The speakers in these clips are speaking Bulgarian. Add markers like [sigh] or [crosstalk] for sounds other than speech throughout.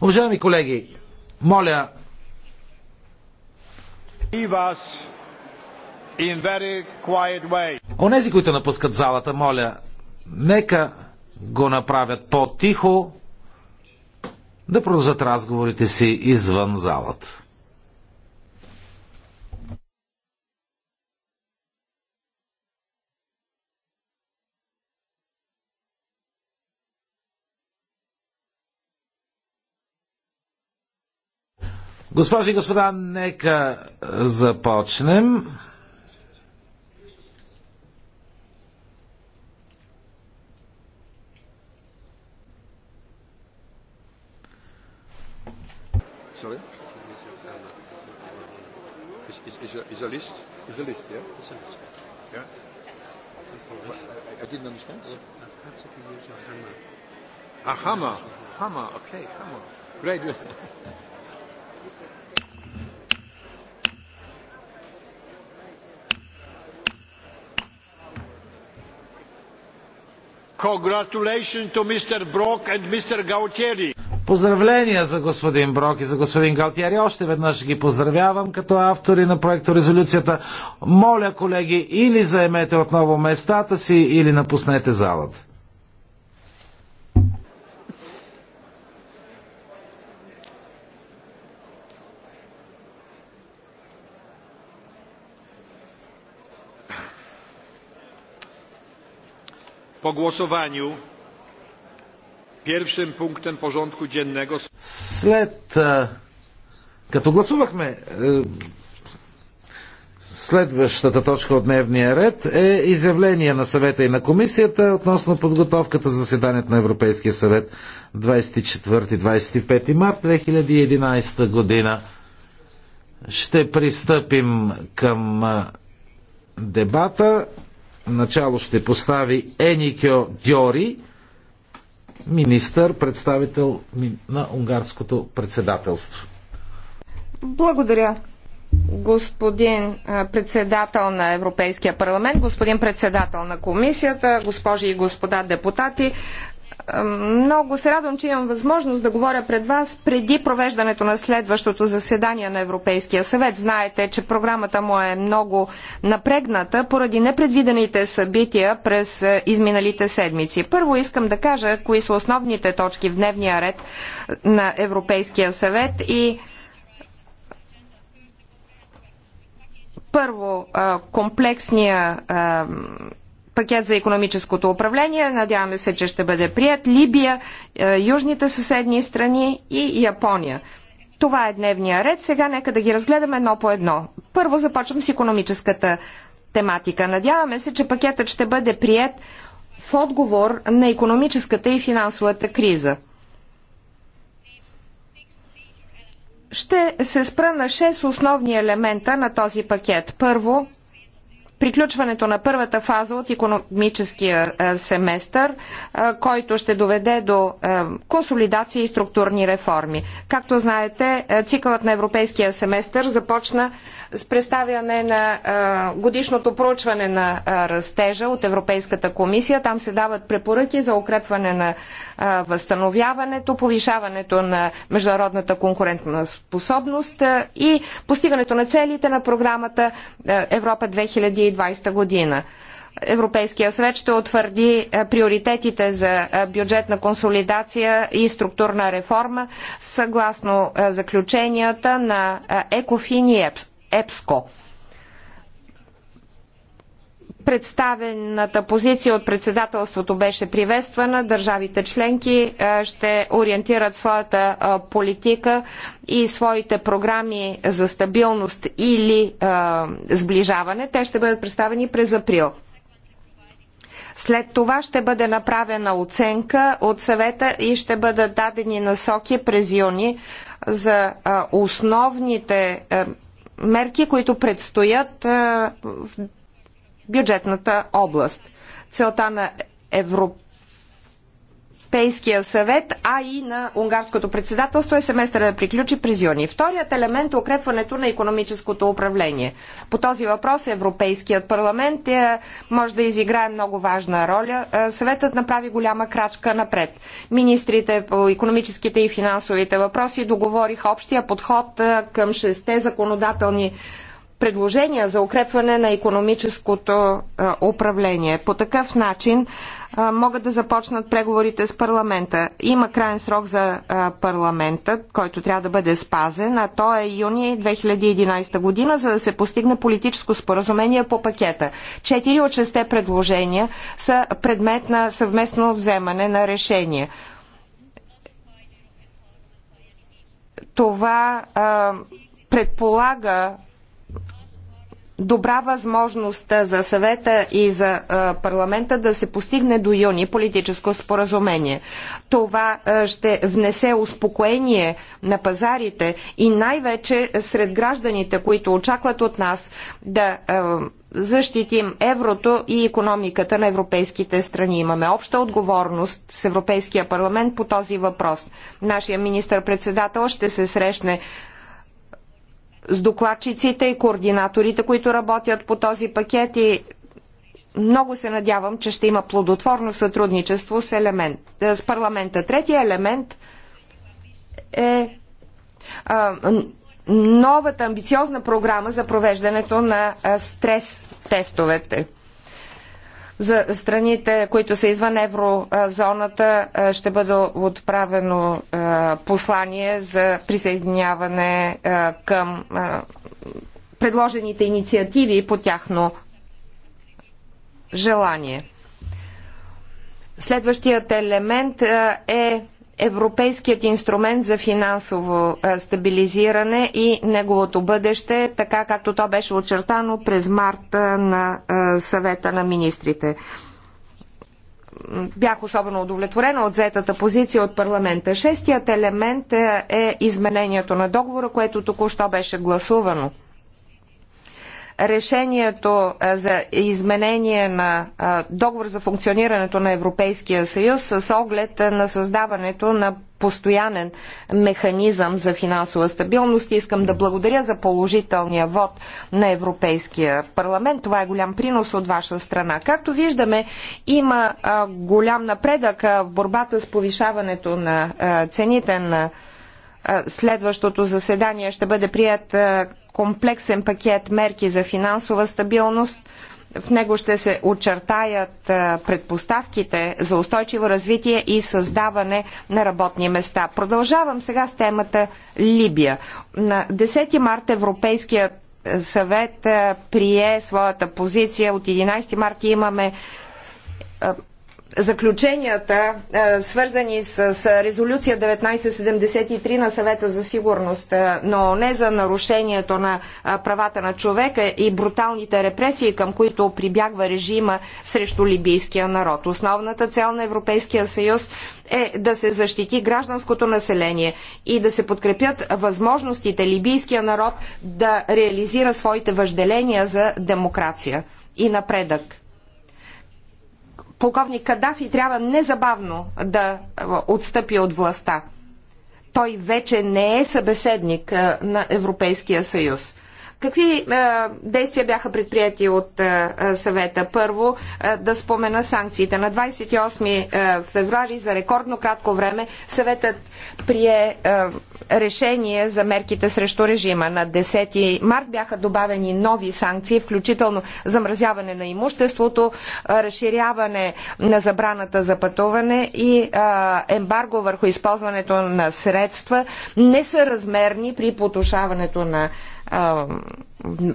Уважаеми колеги, моля. Онези, които напускат залата, моля, нека го направят по-тихо, да продължат разговорите си извън залата. Госпожи и господа, нека започнем. Sorry? Is, is, is, a, is a list? Is a list, yeah? It's a list. Yeah? I, I didn't understand. Perhaps if you use a hammer. A hammer? Hammer, okay, hammer. Great. Congratulations to Mr. Brock and Mr. Gautieri. Поздравления за господин Брок и за господин Галтиери. Още веднъж ги поздравявам като автори на проекто резолюцията. Моля, колеги, или заемете отново местата си, или напуснете залата. Po głosowaniu pierwszym punktem porządku dziennego... След като гласувахме Следващата точка от дневния ред е изявление на съвета и на комисията относно подготовката за заседанието на Европейския съвет 24-25 март 2011 година. Ще пристъпим към дебата начало ще постави Еникио Дьори, министър, представител на унгарското председателство. Благодаря, господин председател на Европейския парламент, господин председател на комисията, госпожи и господа депутати. Много се радвам, че имам възможност да говоря пред вас преди провеждането на следващото заседание на Европейския съвет. Знаете, че програмата му е много напрегната поради непредвидените събития през е, изминалите седмици. Първо искам да кажа кои са основните точки в дневния ред на Европейския съвет и първо комплексния пакет за економическото управление. Надяваме се, че ще бъде прият Либия, е, южните съседни страни и Япония. Това е дневния ред. Сега нека да ги разгледаме едно по едно. Първо започвам с економическата тематика. Надяваме се, че пакетът ще бъде прият в отговор на економическата и финансовата криза. Ще се спра на 6 основни елемента на този пакет. Първо, приключването на първата фаза от економическия е, семестър, е, който ще доведе до е, консолидация и структурни реформи. Както знаете, цикълът на европейския семестър започна с представяне на годишното проучване на растежа от Европейската комисия. Там се дават препоръки за укрепване на възстановяването, повишаването на международната конкурентна способност и постигането на целите на програмата Европа 2020 година. Европейския съвет ще утвърди приоритетите за бюджетна консолидация и структурна реформа съгласно заключенията на ЕКОФИН и ЕПС. ЕПСКО. Представената позиция от председателството беше приветствана. Държавите членки ще ориентират своята политика и своите програми за стабилност или сближаване. Те ще бъдат представени през април. След това ще бъде направена оценка от съвета и ще бъдат дадени насоки през юни за основните мерки, които предстоят в бюджетната област. Целта на Европа Европейския съвет, а и на унгарското председателство е семестъра да приключи през юни. Вторият елемент е укрепването на економическото управление. По този въпрос Европейският парламент е, може да изиграе много важна роля. Е, съветът направи голяма крачка напред. Министрите по економическите и финансовите въпроси договориха общия подход е, към шесте законодателни предложения за укрепване на економическото управление. По такъв начин могат да започнат преговорите с парламента. Има крайен срок за парламента, който трябва да бъде спазен, а то е юни 2011 година, за да се постигне политическо споразумение по пакета. Четири от шесте предложения са предмет на съвместно вземане на решение. Това предполага добра възможност за съвета и за парламента да се постигне до юни политическо споразумение. Това ще внесе успокоение на пазарите и най-вече сред гражданите, които очакват от нас да защитим еврото и економиката на европейските страни. Имаме обща отговорност с Европейския парламент по този въпрос. Нашия министър-председател ще се срещне с докладчиците и координаторите, които работят по този пакет и много се надявам, че ще има плодотворно сътрудничество с, елемент, е, с парламента. Третия елемент е а, новата амбициозна програма за провеждането на стрес тестовете. За страните, които са извън еврозоната, ще бъде отправено послание за присъединяване към предложените инициативи по тяхно желание. Следващият елемент е Европейският инструмент за финансово е, стабилизиране и неговото бъдеще, така както то беше очертано през марта е, на е, съвета на министрите. Бях особено удовлетворена от заетата позиция от парламента. Шестият елемент е изменението на договора, което току-що беше гласувано решението за изменение на договор за функционирането на Европейския съюз с оглед на създаването на постоянен механизъм за финансова стабилност. Искам да благодаря за положителния вод на Европейския парламент. Това е голям принос от ваша страна. Както виждаме, има голям напредък в борбата с повишаването на цените на следващото заседание ще бъде прият комплексен пакет мерки за финансова стабилност. В него ще се очертаят предпоставките за устойчиво развитие и създаване на работни места. Продължавам сега с темата Либия. На 10 марта Европейският съвет прие своята позиция. От 11 марта имаме заключенията, е, свързани с резолюция 1973 на съвета за сигурност е, на не за нарушението на е, правата на човека и бруталните репресии, към които прибягва режима срещу либийския народ. Основната цел на Европейския съюз е да се защити гражданското население и да се подкрепят възможностите либийския народ да реализира своите въжделения за демокрация и напредък полковник Кадафи трябва незабавно да е, отстъпи от властта. Той вече не е събеседник е, на Европейския съюз. Какви действия бяха предприяти от съвета? Първо, да спомена санкциите. На 28 февруари за рекордно кратко време съветът прие решение за мерките срещу режима. На 10 март бяха добавени нови санкции, включително замразяване на имуществото, разширяване на забраната за пътуване и ембарго върху използването на средства, не са размерни при потушаването на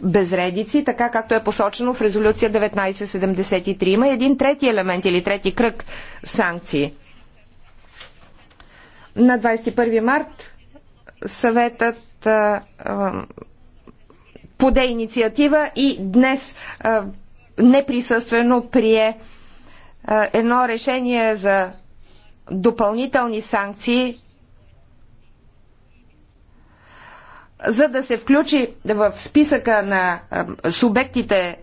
безредици, така както е посочено в резолюция 1973. Има един трети елемент или трети кръг санкции. На 21 март съветът а, а, поде инициатива и днес а, неприсъствено прие едно решение за допълнителни санкции за да се включи в списъка на субектите,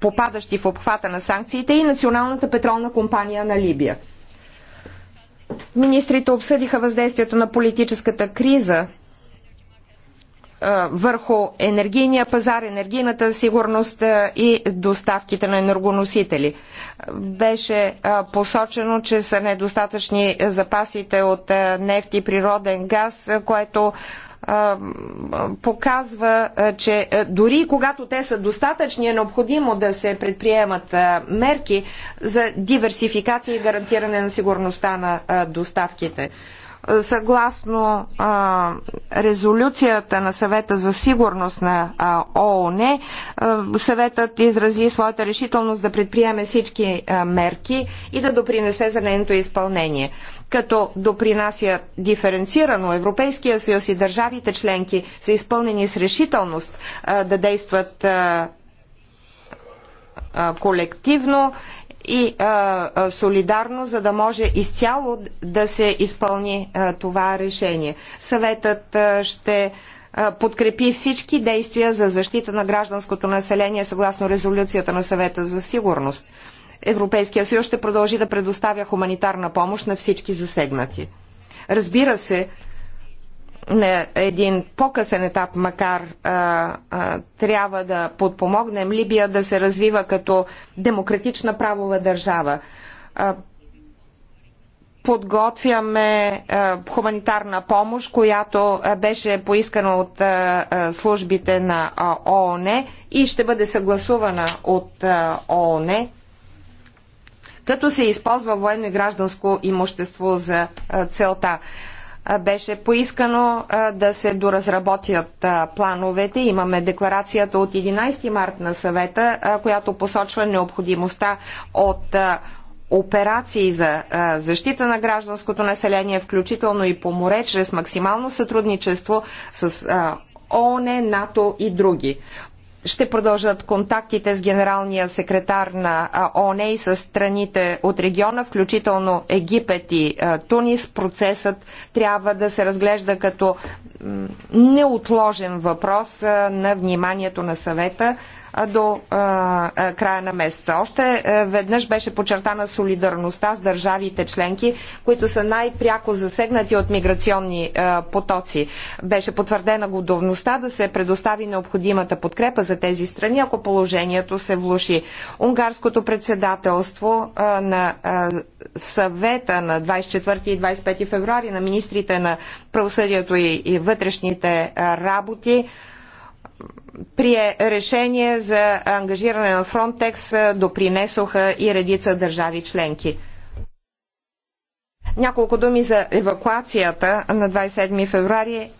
попадащи в обхвата на санкциите и Националната петролна компания на Либия. Министрите обсъдиха въздействието на политическата криза върху енергийния пазар, енергийната сигурност и доставките на енергоносители. Беше посочено, че са недостатъчни запасите от нефт и природен газ, което показва, че дори когато те са достатъчни, е необходимо да се предприемат мерки за диверсификация и гарантиране на сигурността на доставките съгласно а, резолюцията на съвета за сигурност на а, ООН, а, съветът изрази своята решителност да предприеме всички а, мерки и да допринесе за нейното изпълнение. Като допринася диференцирано Европейския съюз и държавите членки са изпълнени с решителност а, да действат а, а, колективно и а, солидарно, за да може изцяло да се изпълни а, това решение. Съветът а, ще подкрепи всички действия за защита на гражданското население съгласно резолюцията на съвета за сигурност. Европейския съюз ще продължи да предоставя хуманитарна помощ на всички засегнати. Разбира се, на един по-късен етап, макар а, а, трябва да подпомогнем Либия да се развива като демократична правова държава. А, подготвяме а, хуманитарна помощ, която а, беше поискана от а, а, службите на а, ООН и ще бъде съгласувана от а, ООН, като се използва военно и гражданско имущество за а, целта беше поискано да се доразработят плановете. Имаме декларацията от 11 март на съвета, която посочва необходимостта от операции за защита на гражданското население, включително и по море, чрез максимално сътрудничество с ООН, НАТО и други. Ще продължат контактите с генералния секретар на ОНЕ и с страните от региона, включително Египет и Тунис. Процесът трябва да се разглежда като неотложен въпрос на вниманието на съвета до края на месеца. Още веднъж беше подчертана солидарността с държавите членки, които са най-пряко засегнати от миграционни потоци. Беше потвърдена готовността да се предостави необходимата подкрепа за тези страни, ако положението се влуши. Унгарското председателство на съвета на 24 и 25 февруари на министрите на правосъдието и вътрешните работи прие решение за ангажиране на Фронтекс, допринесоха и редица държави членки. Няколко думи за евакуацията на 27 февруари.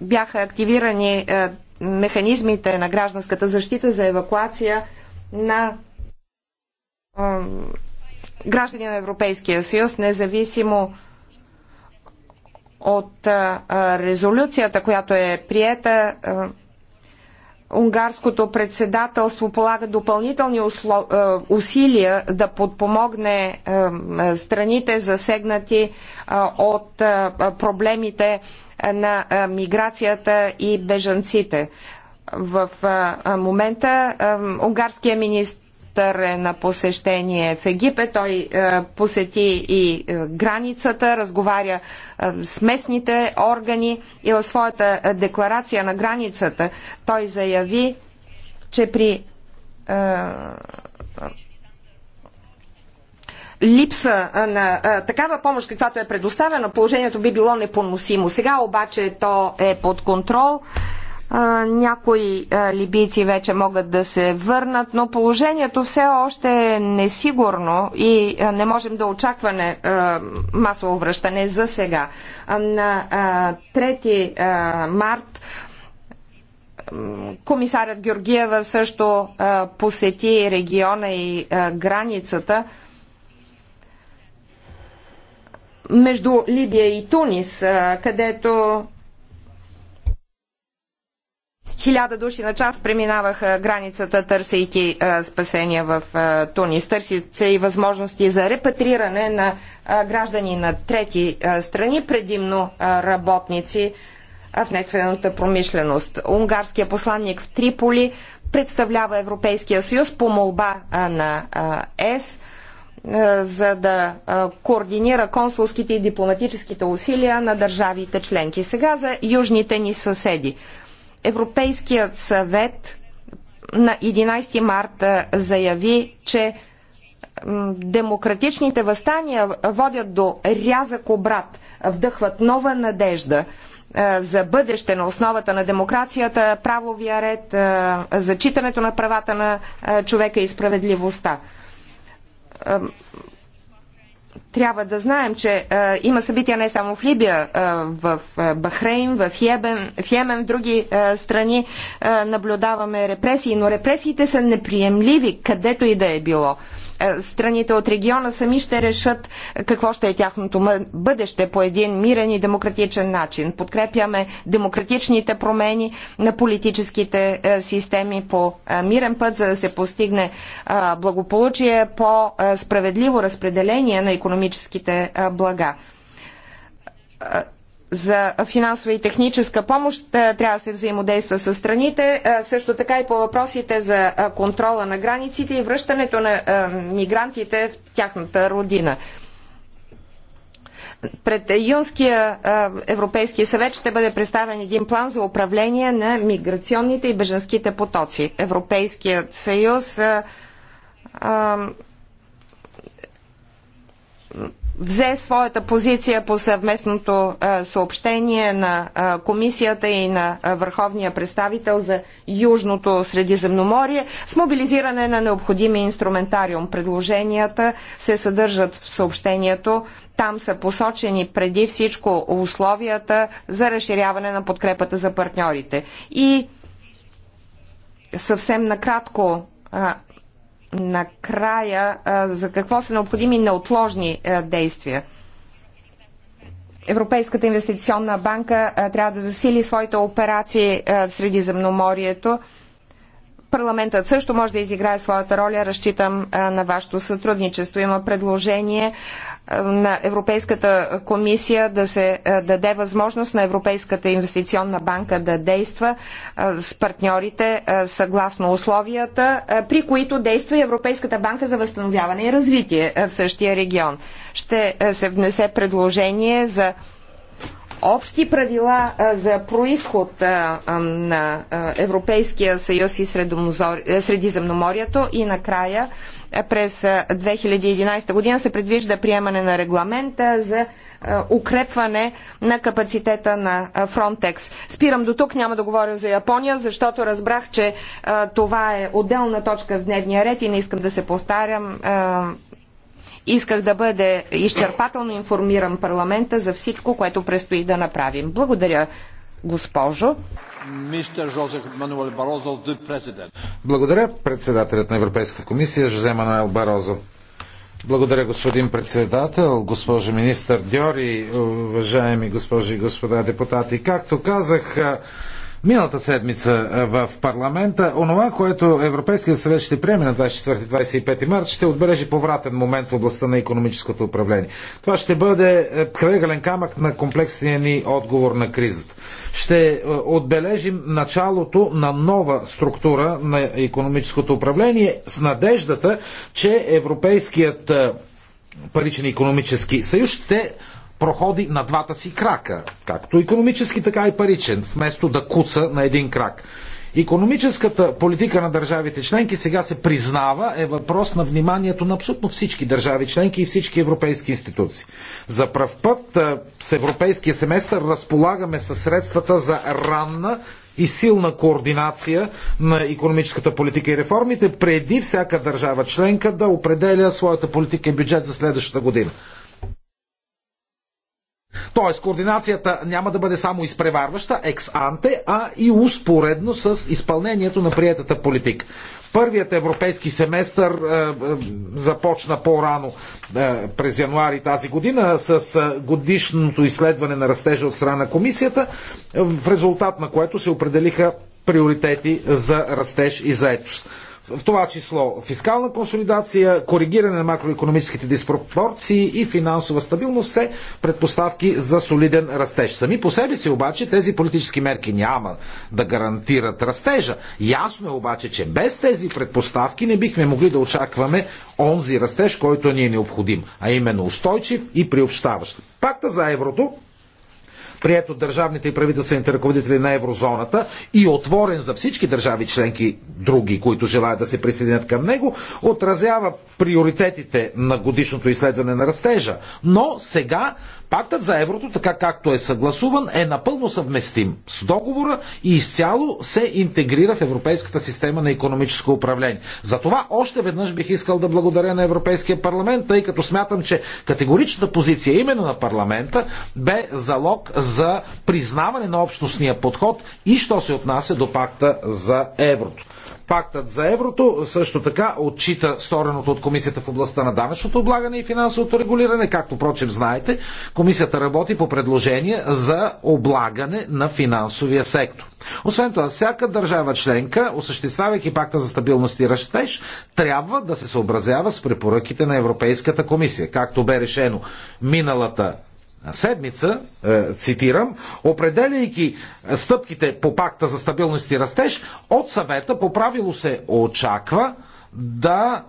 Бяха активирани механизмите на гражданската защита за евакуация на граждани на Европейския съюз, независимо от резолюцията, която е приета унгарското председателство полага допълнителни е, усилия да подпомогне е, страните засегнати е, от проблемите на миграцията и бежанците. В момента унгарския министр министър е на посещение в Египет. Той е, посети и е, границата, разговаря е, с местните органи и в своята е, декларация на границата той заяви, че при е, липса е, на е, такава помощ, каквато е предоставена, положението би било непоносимо. Сега обаче то е под контрол. Някои либийци вече могат да се върнат, но положението все още е несигурно и не можем да очакваме масово връщане за сега. На 3 март комисарят Георгиева също посети региона и границата между Либия и Тунис, където Хиляда души на час преминаваха границата, търсейки е, спасения в е, Тунис. Търсят се и възможности за репатриране на е, граждани на трети страни, предимно работници в нетвената промишленост. Унгарския посланник в Триполи представлява Европейския съюз по молба на ЕС за да координира консулските и дипломатическите усилия на държавите членки. Сега за южните ни съседи. Европейският съвет на 11 марта заяви, че демократичните възстания водят до рязък обрат, вдъхват нова надежда за бъдеще на основата на демокрацията, правовия ред, зачитането на правата на човека и справедливостта трябва да знаем, че е, има събития не само в Либия, е, в е, Бахрейн, в Йебен, в, Йемен, в други е, страни е, наблюдаваме репресии, но репресиите са неприемливи, където и да е било. Е, е, страните от региона сами ще решат какво ще е тяхното бъдеще по един мирен и демократичен начин. Подкрепяме демократичните промени на политическите е, системи по е, мирен път, за да се постигне благополучие по справедливо разпределение на економическите блага за финансова и техническа помощ е, трябва да се взаимодейства с страните, е, също така и по въпросите за е, контрола на границите и връщането на мигрантите в тяхната родина. Пред Юнския Европейски съвет ще бъде представен един план за управление на миграционните и беженските потоци. Европейският съюз а, а, взе своята позиция по съвместното е, съобщение на е, комисията и на е, върховния представител за Южното Средиземноморие с мобилизиране на необходими инструментариум. Предложенията се съдържат в съобщението. Там са посочени преди всичко условията за разширяване на подкрепата за партньорите. И съвсем накратко накрая за какво са необходими неотложни действия. Европейската инвестиционна банка трябва да засили своите операции в Средиземноморието Парламентът също може да изиграе своята роля. Разчитам на вашето сътрудничество. Има предложение на Европейската комисия да се даде възможност на Европейската инвестиционна банка да действа с партньорите съгласно условията, при които действа и Европейската банка за възстановяване и развитие в същия регион. Ще се внесе предложение за общи правила за происход на Европейския съюз и Средиземноморието и накрая през 2011 година се предвижда приемане на регламента за укрепване на капацитета на Фронтекс. Спирам до тук, няма да говоря за Япония, защото разбрах, че това е отделна точка в дневния ред и не искам да се повтарям. Исках да бъде изчерпателно информиран парламента за всичко, което предстои да направим. Благодаря, госпожо. Благодаря, председателят на Европейската комисия Жозе Мануел Барозо. Благодаря, господин председател, госпожо министър Дьори, уважаеми госпожи и господа депутати. Както казах, Миналата седмица в парламента, онова, което Европейският съвет ще приеме на 24-25 марта, ще отбележи повратен момент в областта на економическото управление. Това ще бъде е, кръгален камък на комплексния ни отговор на кризата. Ще е, отбележим началото на нова структура на економическото управление с надеждата, че Европейският е, паричен економически съюз ще проходи на двата си крака, както економически, така и паричен, вместо да куца на един крак. Економическата политика на държавите членки сега се признава е въпрос на вниманието на абсолютно всички държави членки и всички европейски институции. За пръв път е, с европейския семестър разполагаме със средствата за ранна и силна координация на економическата политика и реформите преди всяка държава членка да определя своята политика и бюджет за следващата година. Тоест, координацията няма да бъде само изпреварваща, екс-анте, а и успоредно с изпълнението на приетата политика. Първият европейски семестър е, е, започна по-рано е, през януари тази година с е, годишното изследване на растежа от страна на комисията, в резултат на което се определиха приоритети за растеж и заетост в това число фискална консолидация, коригиране на макроекономическите диспропорции и финансова стабилност, все предпоставки за солиден растеж. Сами по себе си обаче тези политически мерки няма да гарантират растежа. Ясно е обаче, че без тези предпоставки не бихме могли да очакваме онзи растеж, който ни е необходим, а именно устойчив и приобщаващ. Пакта за еврото прият от държавните и правителствените ръководители на еврозоната и отворен за всички държави членки други, които желаят да се присъединят към него, отразява приоритетите на годишното изследване на растежа. Но сега Пактът за еврото, така както е съгласуван, е напълно съвместим с договора и изцяло се интегрира в европейската система на економическо управление. Затова още веднъж бих искал да благодаря на Европейския парламент, тъй като смятам, че категоричната позиция именно на парламента бе залог за признаване на общностния подход и що се отнася до пакта за еврото. Пактът за еврото също така отчита стореното от комисията в областта на данъчното облагане и финансовото регулиране. Както прочим знаете, комисията работи по предложение за облагане на финансовия сектор. Освен това, всяка държава членка, осъществявайки пакта за стабилност и растеж, трябва да се съобразява с препоръките на Европейската комисия, както бе решено миналата седмица, е, цитирам, определяйки стъпките по пакта за стабилност и растеж, от съвета по правило се очаква да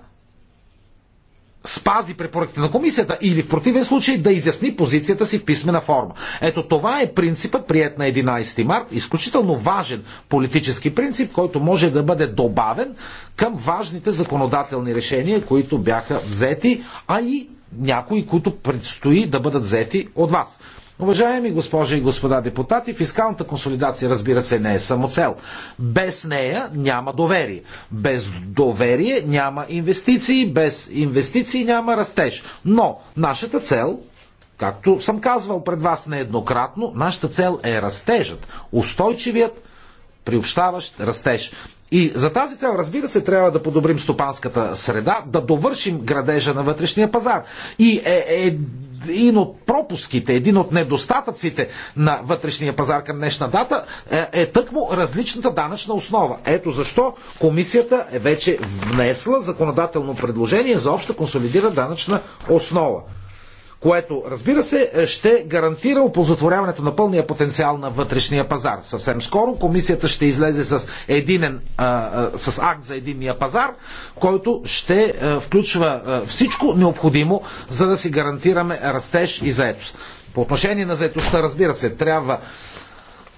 спази препоръките на комисията или в противен случай да изясни позицията си в писмена форма. Ето това е принципът, прият на 11 март, изключително важен политически принцип, който може да бъде добавен към важните законодателни решения, които бяха взети, а и някои, които предстои да бъдат взети от вас. Уважаеми госпожи и господа депутати, фискалната консолидация, разбира се, не е самоцел. Без нея няма доверие. Без доверие няма инвестиции, без инвестиции няма растеж. Но нашата цел, както съм казвал пред вас нееднократно, нашата цел е растежът, устойчивият приобщаващ растеж. И за тази цел, разбира се, трябва да подобрим стопанската среда, да довършим градежа на вътрешния пазар. И е, е, един от пропуските, един от недостатъците на вътрешния пазар към днешна дата е, е тъкмо различната данъчна основа. Ето защо комисията е вече внесла законодателно предложение за обща консолидирана данъчна основа което, разбира се, е, ще гарантира опозотворяването на пълния потенциал на вътрешния пазар. Съвсем скоро комисията ще излезе с, единен, с акт за единния пазар, който ще е, включва е, всичко необходимо, за да си гарантираме растеж и заетост. По отношение на заетостта, разбира се, трябва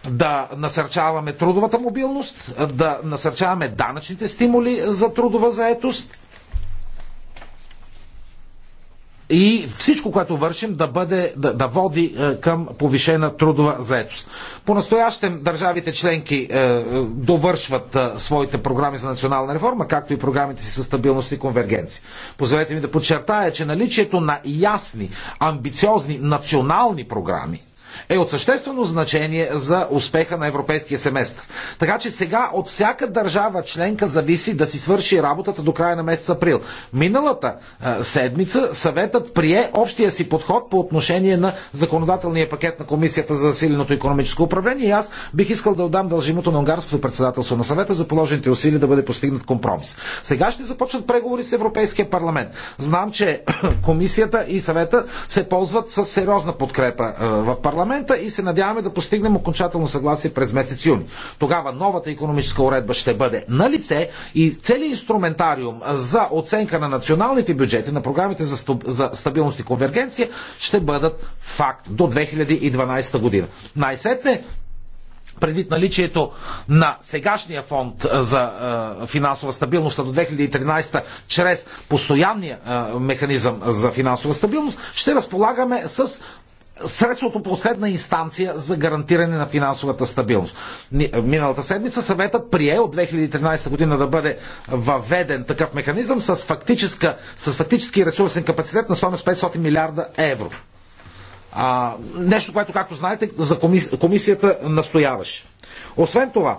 да насърчаваме трудовата мобилност, да насърчаваме данъчните стимули за трудова заетост, и всичко, което вършим, да, бъде, да, да води е, към повишена трудова заетост. По-настоящем държавите членки е, е, довършват е, своите програми за национална реформа, както и програмите си за стабилност и конвергенция. Позволете ми да подчертая, че наличието на ясни, амбициозни национални програми е от съществено значение за успеха на европейския семестър. Така че сега от всяка държава членка зависи да си свърши работата до края на месец април. Миналата седмица съветът прие общия си подход по отношение на законодателния пакет на Комисията за засиленото економическо управление и аз бих искал да отдам дължимото на унгарското председателство на съвета за положените усилия да бъде постигнат компромис. Сега ще започнат преговори с Европейския парламент. Знам, че [coughs] комисията и съвета се ползват с сериозна подкрепа в парламент парламента и се надяваме да постигнем окончателно съгласие през месец юни. Тогава новата економическа уредба ще бъде на лице и целият инструментариум за оценка на националните бюджети, на програмите за, стабилност и конвергенция ще бъдат факт до 2012 година. Най-сетне предвид наличието на сегашния фонд за финансова стабилност до 2013 чрез постоянния механизъм за финансова стабилност, ще разполагаме с средството последна инстанция за гарантиране на финансовата стабилност. Миналата седмица съветът прие от 2013 година да бъде въведен такъв механизъм с, фактическа, с фактически ресурсен капацитет на стоеност 500 милиарда евро. А, нещо, което, както знаете, за комисията настояваше. Освен това,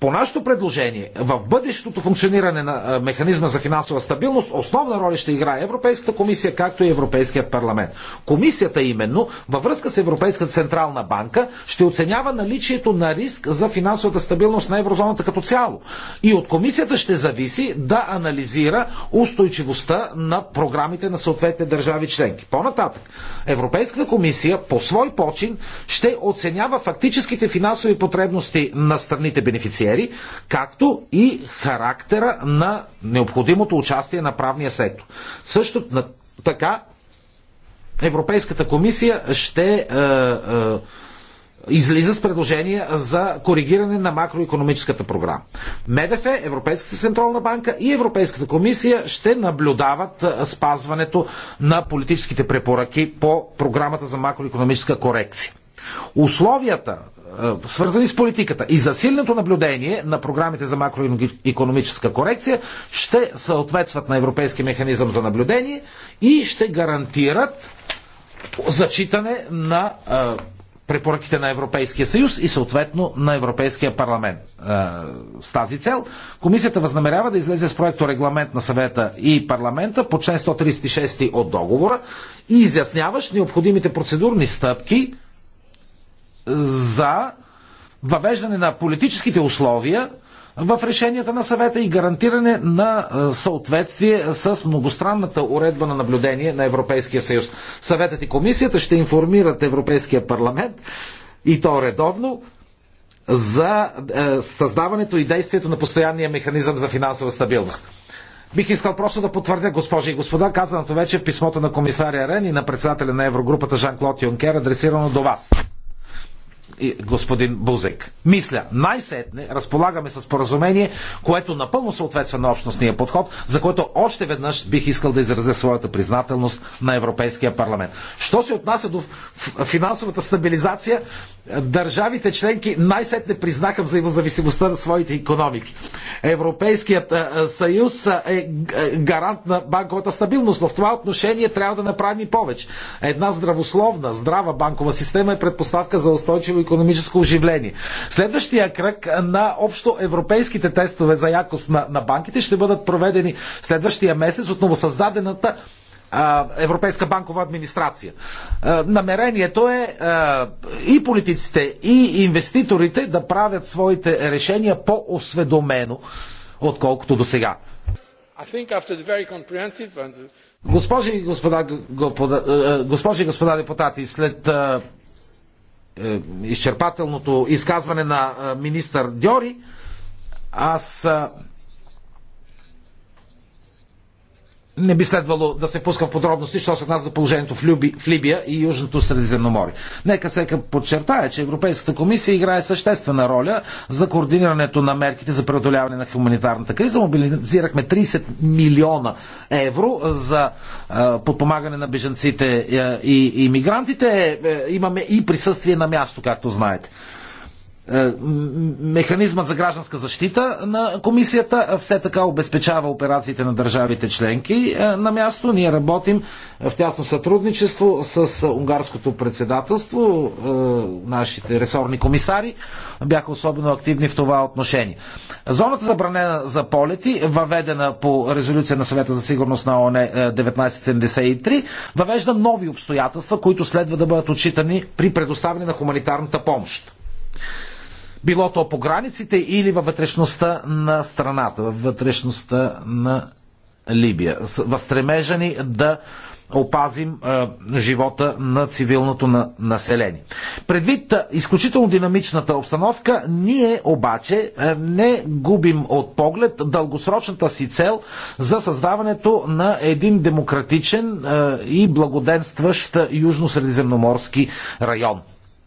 по нашето предложение, в бъдещото функциониране на механизма за финансова стабилност, основна роля ще играе Европейската комисия, както и Европейският парламент. Комисията именно, във връзка с Европейската централна банка, ще оценява наличието на риск за финансовата стабилност на еврозоната като цяло. И от комисията ще зависи да анализира устойчивостта на програмите на съответните държави членки. По-нататък, Европейската комисия по свой почин ще оценява фактическите финансови потребности на страните бенефициенти бенефициери, както и характера на необходимото участие на правния сектор. Също така Европейската комисия ще е, е, излиза с предложения за коригиране на макроекономическата програма. МДФ, е, Европейската централна банка и Европейската комисия ще наблюдават е, спазването на политическите препоръки по програмата за макроекономическа корекция. Условията е, свързани с политиката. И силното наблюдение на програмите за макроекономическа корекция ще съответстват на Европейски механизъм за наблюдение и ще гарантират зачитане на е, препоръките на Европейския съюз и съответно на Европейския парламент. Е, с тази цел комисията възнамерява да излезе с проекто регламент на съвета и парламента по член 136 от договора и изясняваш необходимите процедурни стъпки за въвеждане на политическите условия в решенията на съвета и гарантиране на е, съответствие с многостранната уредба на наблюдение на Европейския съюз. Съветът и комисията ще информират Европейския парламент и то редовно за е, създаването и действието на постоянния механизъм за финансова стабилност. Бих искал просто да потвърдя, госпожи и господа, казаното вече в писмото на комисаря Рен и на председателя на Еврогрупата Жан-Клод Юнкер, адресирано до вас господин Бузек. Мисля, най-сетне разполагаме с поразумение, което напълно съответства на общностния подход, за което още веднъж бих искал да изразя своята признателност на Европейския парламент. Що се отнася до финансовата стабилизация, държавите членки най-сетне признаха взаимозависимостта на своите економики. Европейският съюз е гарант на банковата стабилност, но в това отношение трябва да направим и повече. Една здравословна, здрава банкова система е предпоставка за устойчиво економическо оживление. Следващия кръг на общо европейските тестове за якост на, на банките ще бъдат проведени следващия месец от новосъздадената Европейска банкова администрация. Намерението е и политиците, и инвеститорите да правят своите решения по-осведомено, отколкото до сега. Госпожи и господа депутати, след е, изчерпателното изказване на е, министър Дьори, аз е, не би следвало да се пуска в подробности, що се отнася до положението в, Люби, в Либия и Южното Средиземноморие. Нека всека подчертая, че Европейската комисия играе съществена роля за координирането на мерките за преодоляване на хуманитарната криза. Мобилизирахме 30 милиона евро за подпомагане на беженците и иммигрантите. Е, е, имаме и присъствие на място, както знаете. Е, механизмът за гражданска защита на комисията все така обезпечава операциите на държавите членки е, на място. Ние работим в тясно сътрудничество с унгарското председателство. Е, нашите ресорни комисари бяха особено активни в това отношение. Зоната забранена за полети, въведена по резолюция на съвета за сигурност на ОНЕ 1973, въвежда нови обстоятелства, които следва да бъдат отчитани при предоставяне на хуманитарната помощ било то по границите или във вътрешността на страната, във вътрешността на Либия. В стремежа ни да опазим е, живота на цивилното на, население. Предвид изключително динамичната обстановка, ние обаче е, не губим от поглед дългосрочната си цел за създаването на един демократичен е, и благоденстващ южно-средиземноморски район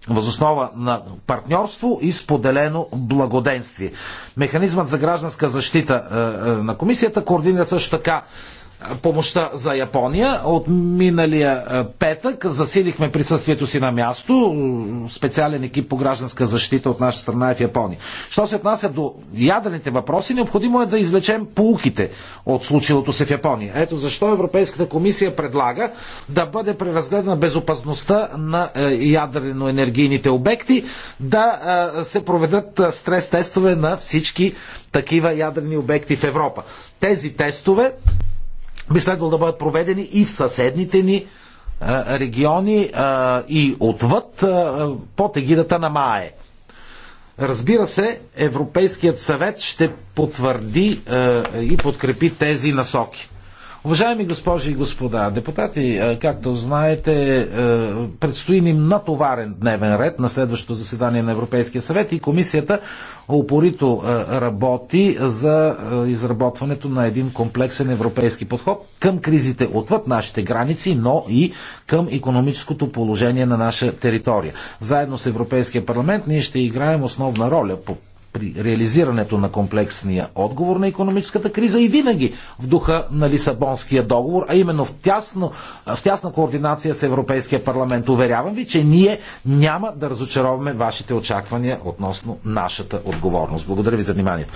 възоснова на партньорство и споделено благоденствие. Механизмът за гражданска защита е, е, на комисията координира също така помощта за Япония. От миналия е, петък засилихме присъствието си на място. Специален екип по гражданска защита от наша страна е в Япония. Що се отнася до ядрените въпроси, необходимо е да извлечем полуките от случилото се в Япония. Ето защо Европейската комисия предлага да бъде преразгледана безопасността на е, ядрено-енергийните обекти, да е, се проведат стрес-тестове на всички такива ядрени обекти в Европа. Тези тестове би следвало да бъдат проведени и в съседните ни е, региони е, и отвъд е, под егидата на МАЕ. Разбира се, Европейският съвет ще потвърди и подкрепи тези насоки. Уважаеми госпожи и господа депутати, е, както знаете, е, предстои ни натоварен дневен ред на следващото заседание на Европейския съвет и комисията опорито е, работи за изработването на един комплексен европейски подход към кризите отвъд нашите граници, но и към економическото положение на наша територия. Заедно с Европейския парламент ние ще играем основна роля по при реализирането на комплексния отговор на економическата криза и винаги в духа на Лисабонския договор, а именно в, тясно, в тясна координация с Европейския парламент. Уверявам ви, че ние няма да разочароваме вашите очаквания относно нашата отговорност. Благодаря ви за вниманието.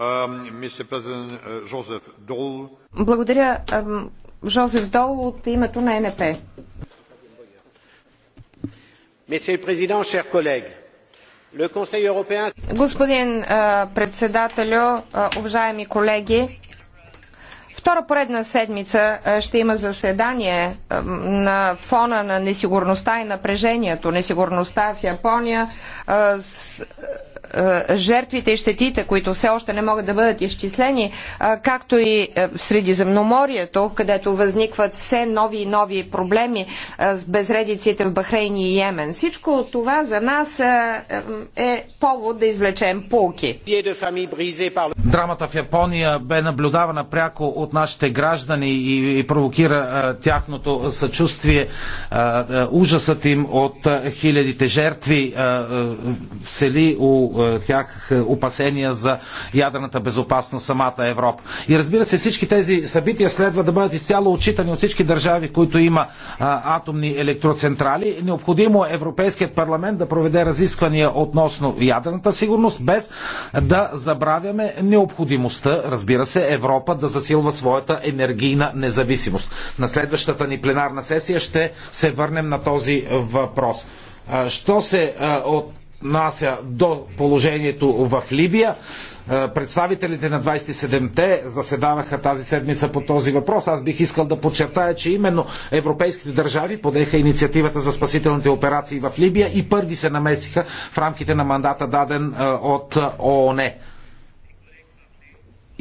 Е, Благодаря, Жозеф Дол от името на НП. Monsieur президент, шер колеги. Господин председателю, уважаеми колеги, втора поредна седмица ще има заседание на фона на несигурността и напрежението. Несигурността в Япония, е, жертвите и щетите, които все още не могат да бъдат изчислени, е, както и е, в Средиземноморието, където възникват все нови и нови проблеми с безредиците в Бахрейн и Йемен. Всичко това за нас е повод да извлечем полки. Драмата в Япония бе наблюдавана пряко от нашите граждани и провокира тяхното съчувствие. Ужасът им от хилядите жертви сели у е, тях е, опасения за ядрената безопасност самата Европа. И разбира се, всички тези събития следва да бъдат изцяло отчитани от всички държави, които има а, е, атомни електроцентрали. Необходимо е Европейският парламент да проведе разисквания относно ядрената сигурност, без да забравяме необходимостта, разбира се, Европа да засилва своята енергийна независимост. На следващата ни пленарна сесия ще се върнем на този въпрос. Що се от нася до положението в Либия. Е, представителите на 27-те заседаваха тази седмица по този въпрос. Аз бих искал да подчертая, че именно европейските държави подеха инициативата за спасителните операции в Либия и първи се намесиха в рамките на мандата даден е, от е, ООН.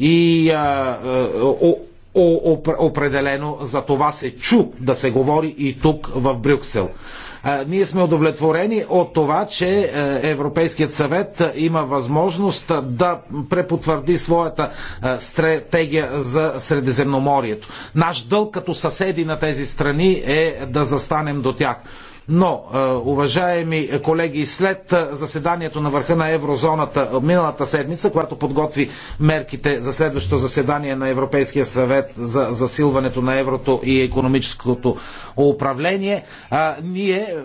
И а, о, о, определено за това се чу да се говори и тук в Брюксел. Ние сме удовлетворени от това, че е, Европейският съвет е, има възможност е, да препотвърди своята стратегия за Средиземноморието. Наш дълг като съседи на тези страни е да застанем до тях. Но, е, уважаеми колеги, след е, заседанието на върха на еврозоната е, миналата седмица, която подготви мерките за следващото заседание на Европейския съвет за засилването на еврото и економическото управление, ние,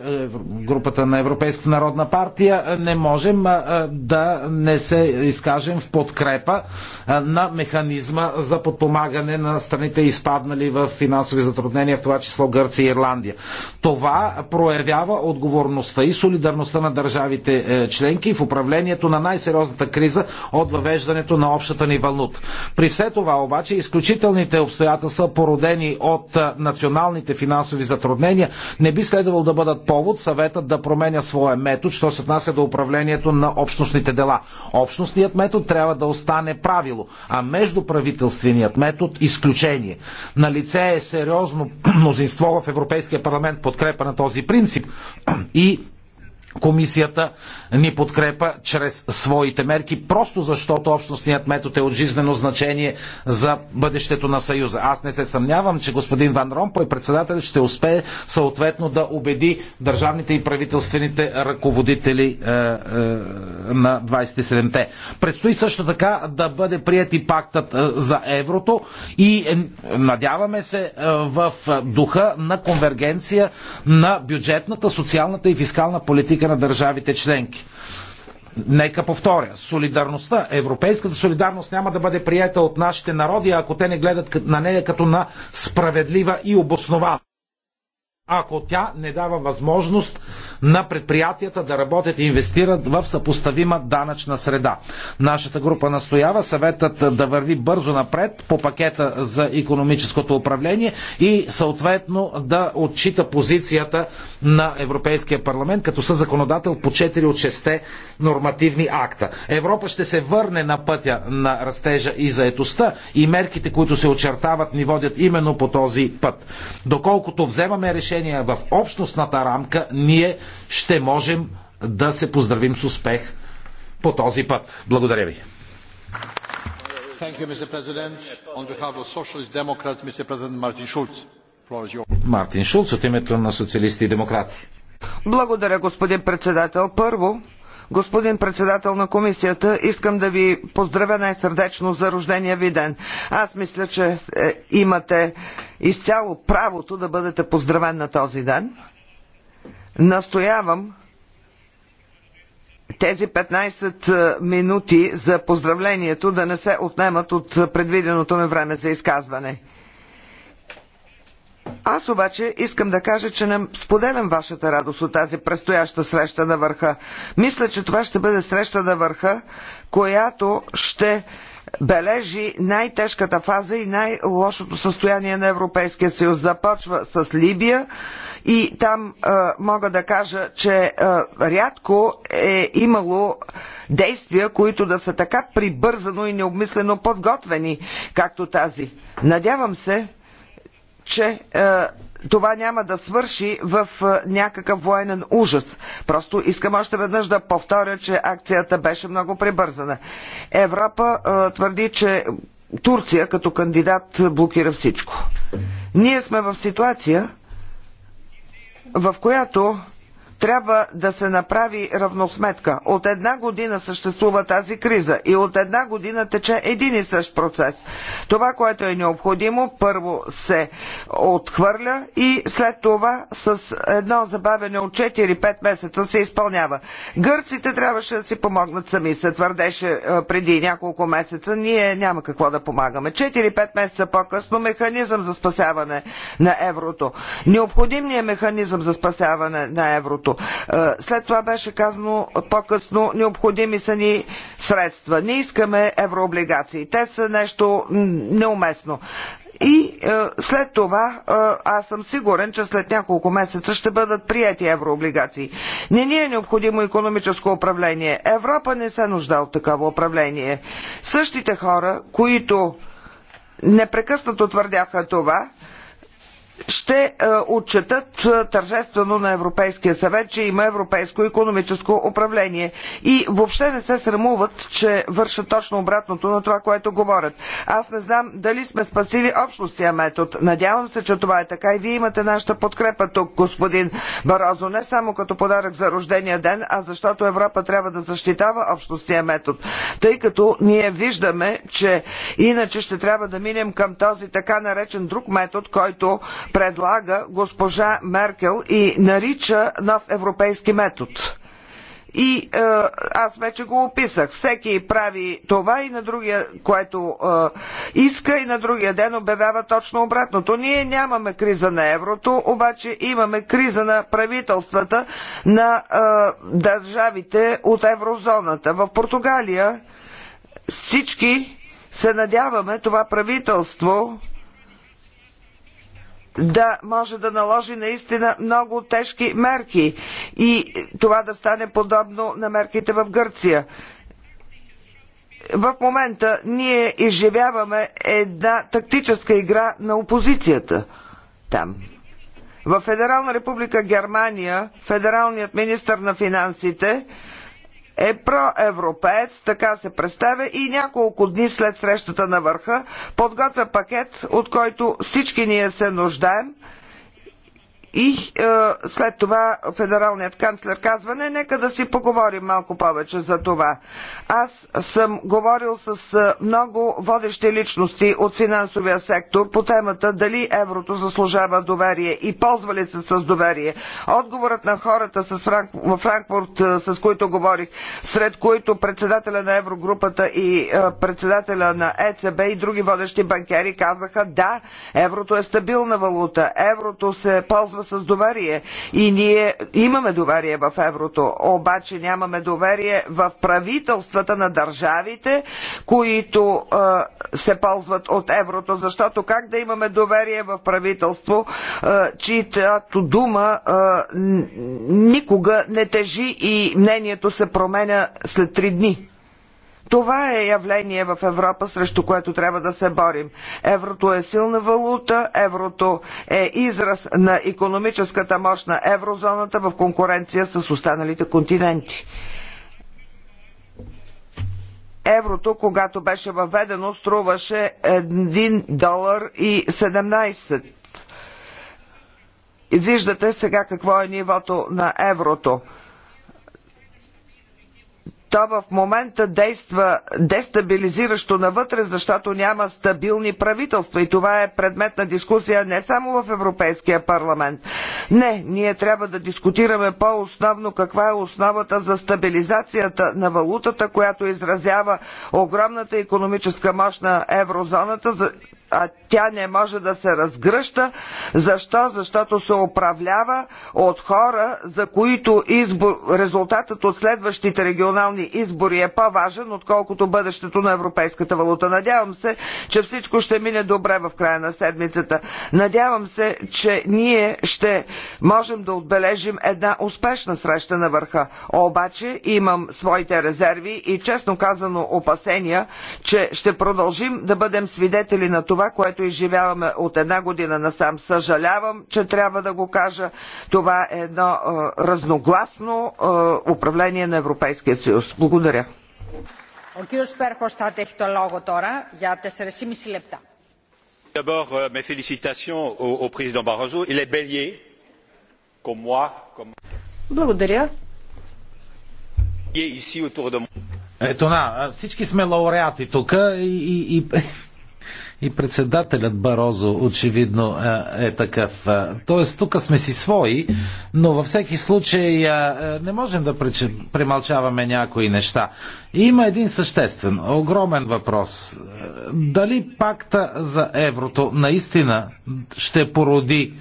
групата на Европейската народна партия, не можем да не се изкажем в подкрепа на механизма за подпомагане на страните изпаднали в финансови затруднения, в това число Гърция и Ирландия. Това проявява проявява отговорността и солидарността на държавите е, членки в управлението на най-сериозната криза от въвеждането на общата ни валута. При все това обаче изключителните обстоятелства, породени от е, националните финансови затруднения, не би следвало да бъдат повод съветът да променя своя метод, що се отнася до управлението на общностните дела. Общностният метод трябва да остане правило, а междуправителственият метод изключение. На лице е сериозно [clears throat] мнозинство в Европейския парламент подкрепа на този принцип принцип. [clears throat] И Комисията ни подкрепа чрез своите мерки, просто защото общностният метод е от жизнено значение за бъдещето на Съюза. Аз не се съмнявам, че господин Ван Ромпой, председател, ще успее съответно да убеди държавните и правителствените ръководители е, е, на 27-те. Предстои също така да бъде прият и пактът е, за еврото и е, надяваме се е, в духа на конвергенция на бюджетната, социалната и фискална политика политика на държавите членки. Нека повторя, солидарността, европейската солидарност няма да бъде приета от нашите народи, ако те не гледат на нея като на справедлива и обоснована ако тя не дава възможност на предприятията да работят и инвестират в съпоставима данъчна среда. Нашата група настоява съветът да върви бързо напред по пакета за економическото управление и съответно да отчита позицията на Европейския парламент като законодател по 4 от 6 нормативни акта. Европа ще се върне на пътя на растежа и заетостта и мерките, които се очертават, ни водят именно по този път. Доколкото вземаме решение решения в общностната рамка, ние ще можем да се поздравим с успех по този път. Благодаря ви. Мартин Шулц от името на социалисти и демократи. Благодаря, господин председател. Първо, Господин председател на комисията, искам да ви поздравя най-сърдечно за рождения ви ден. Аз мисля, че е, имате изцяло правото да бъдете поздравен на този ден. Настоявам тези 15 е, минути за поздравлението да не се отнемат от предвиденото ми време за изказване. Аз обаче искам да кажа, че не споделям вашата радост от тази предстояща среща на върха. Мисля, че това ще бъде среща на върха, която ще бележи най-тежката фаза и най-лошото състояние на Европейския съюз. Започва с Либия и там е, мога да кажа, че е, рядко е имало действия, които да са така прибързано и необмислено подготвени, както тази. Надявам се, че е, това няма да свърши в е, някакъв военен ужас. Просто искам още веднъж да повторя, че акцията беше много прибързана. Европа е, твърди, че Турция като кандидат блокира всичко. Ние сме в ситуация, в която трябва да се направи равносметка. От една година съществува тази криза и от една година тече един и същ процес. Това, което е необходимо, първо се отхвърля и след това с едно забавене от 4-5 месеца се изпълнява. Гърците трябваше да си помогнат сами, се твърдеше е, преди няколко месеца. Ние няма какво да помагаме. 4-5 месеца по-късно механизъм за спасяване на еврото. Необходимният механизъм за спасяване на еврото другото. Е, след това беше казано по-късно, необходими са ни средства. Не искаме еврооблигации. Те са нещо неуместно. И е, след това е, аз съм сигурен, че след няколко месеца ще бъдат прияти еврооблигации. Не ни е необходимо економическо управление. Европа не се нужда от такова управление. Същите хора, които непрекъснато твърдяха това, ще е, отчетат е, тържествено на Европейския съвет, че има европейско економическо управление. И въобще не се срамуват, че вършат точно обратното на това, което говорят. Аз не знам дали сме спасили общностния метод. Надявам се, че това е така и вие имате нашата подкрепа тук, господин Барозо, не само като подарък за рождения ден, а защото Европа трябва да защитава общностния метод. Тъй като ние виждаме, че иначе ще трябва да минем към този така наречен друг метод, който предлага госпожа Меркел и нарича нов европейски метод. И е, аз вече го описах. Всеки прави това и на другия, което е, иска, и на другия ден обявява точно обратното. Ние нямаме криза на еврото, обаче имаме криза на правителствата на е, държавите от еврозоната. В Португалия всички се надяваме това правителство да може да наложи наистина много тежки мерки и това да стане подобно на мерките в Гърция в момента ние изживяваме една тактическа игра на опозицията там. В Федерална република Германия федералният министр на финансите е проевропеец, така се представя и няколко дни след срещата на върха подготвя пакет, от който всички ние се нуждаем и е, след това федералният канцлер казва, не, нека да си поговорим малко повече за това. Аз съм говорил с е, много водещи личности от финансовия сектор по темата дали еврото заслужава доверие и ползва ли се с доверие. Отговорът на хората с Франк... в Франкфурт, е, с които говорих, сред които председателя на Еврогрупата и е, председателя на ЕЦБ и други водещи банкери казаха, да, еврото е стабилна валута, еврото се ползва с доверие. И ние имаме доверие в еврото, обаче нямаме доверие в правителствата на държавите, които е, се ползват от еврото, защото как да имаме доверие в правителство, е, чиято дума е, никога не тежи и мнението се променя след три дни. Това е явление в Европа, срещу което трябва да се борим. Еврото е силна валута, еврото е израз на економическата мощ на еврозоната в конкуренция с останалите континенти. Еврото, когато беше въведено, струваше 1 долар и 17. Виждате сега какво е нивото на еврото то в момента действа дестабилизиращо навътре, защото няма стабилни правителства и това е предмет на дискусия не само в Европейския парламент. Не, ние трябва да дискутираме по-основно каква е основата за стабилизацията на валутата, която изразява огромната економическа мощ на еврозоната, а тя не може да се разгръща. Защо? Защото се управлява от хора, за които избор... резултатът от следващите регионални избори е по-важен, отколкото бъдещето на европейската валута. Надявам се, че всичко ще мине добре в края на седмицата. Надявам се, че ние ще можем да отбележим една успешна среща на върха. Обаче имам своите резерви и честно казано опасения, че ще продължим да бъдем свидетели на това, това, което изживяваме от една година насам. Съжалявам, че трябва да го кажа. Това е едно е, разногласно е, управление на Европейския съюз. Благодаря. D'abord, mes félicitations au, président Barroso. Il est bélier, comme moi. Comme... Благодаря. Ето на, всички сме лауреати тук и, и, и и председателят Барозо очевидно е, е такъв. Е, тоест, тук сме си свои, но във всеки случай е, не можем да премалчаваме някои неща. И има един съществен, огромен въпрос. Дали пакта за еврото наистина ще породи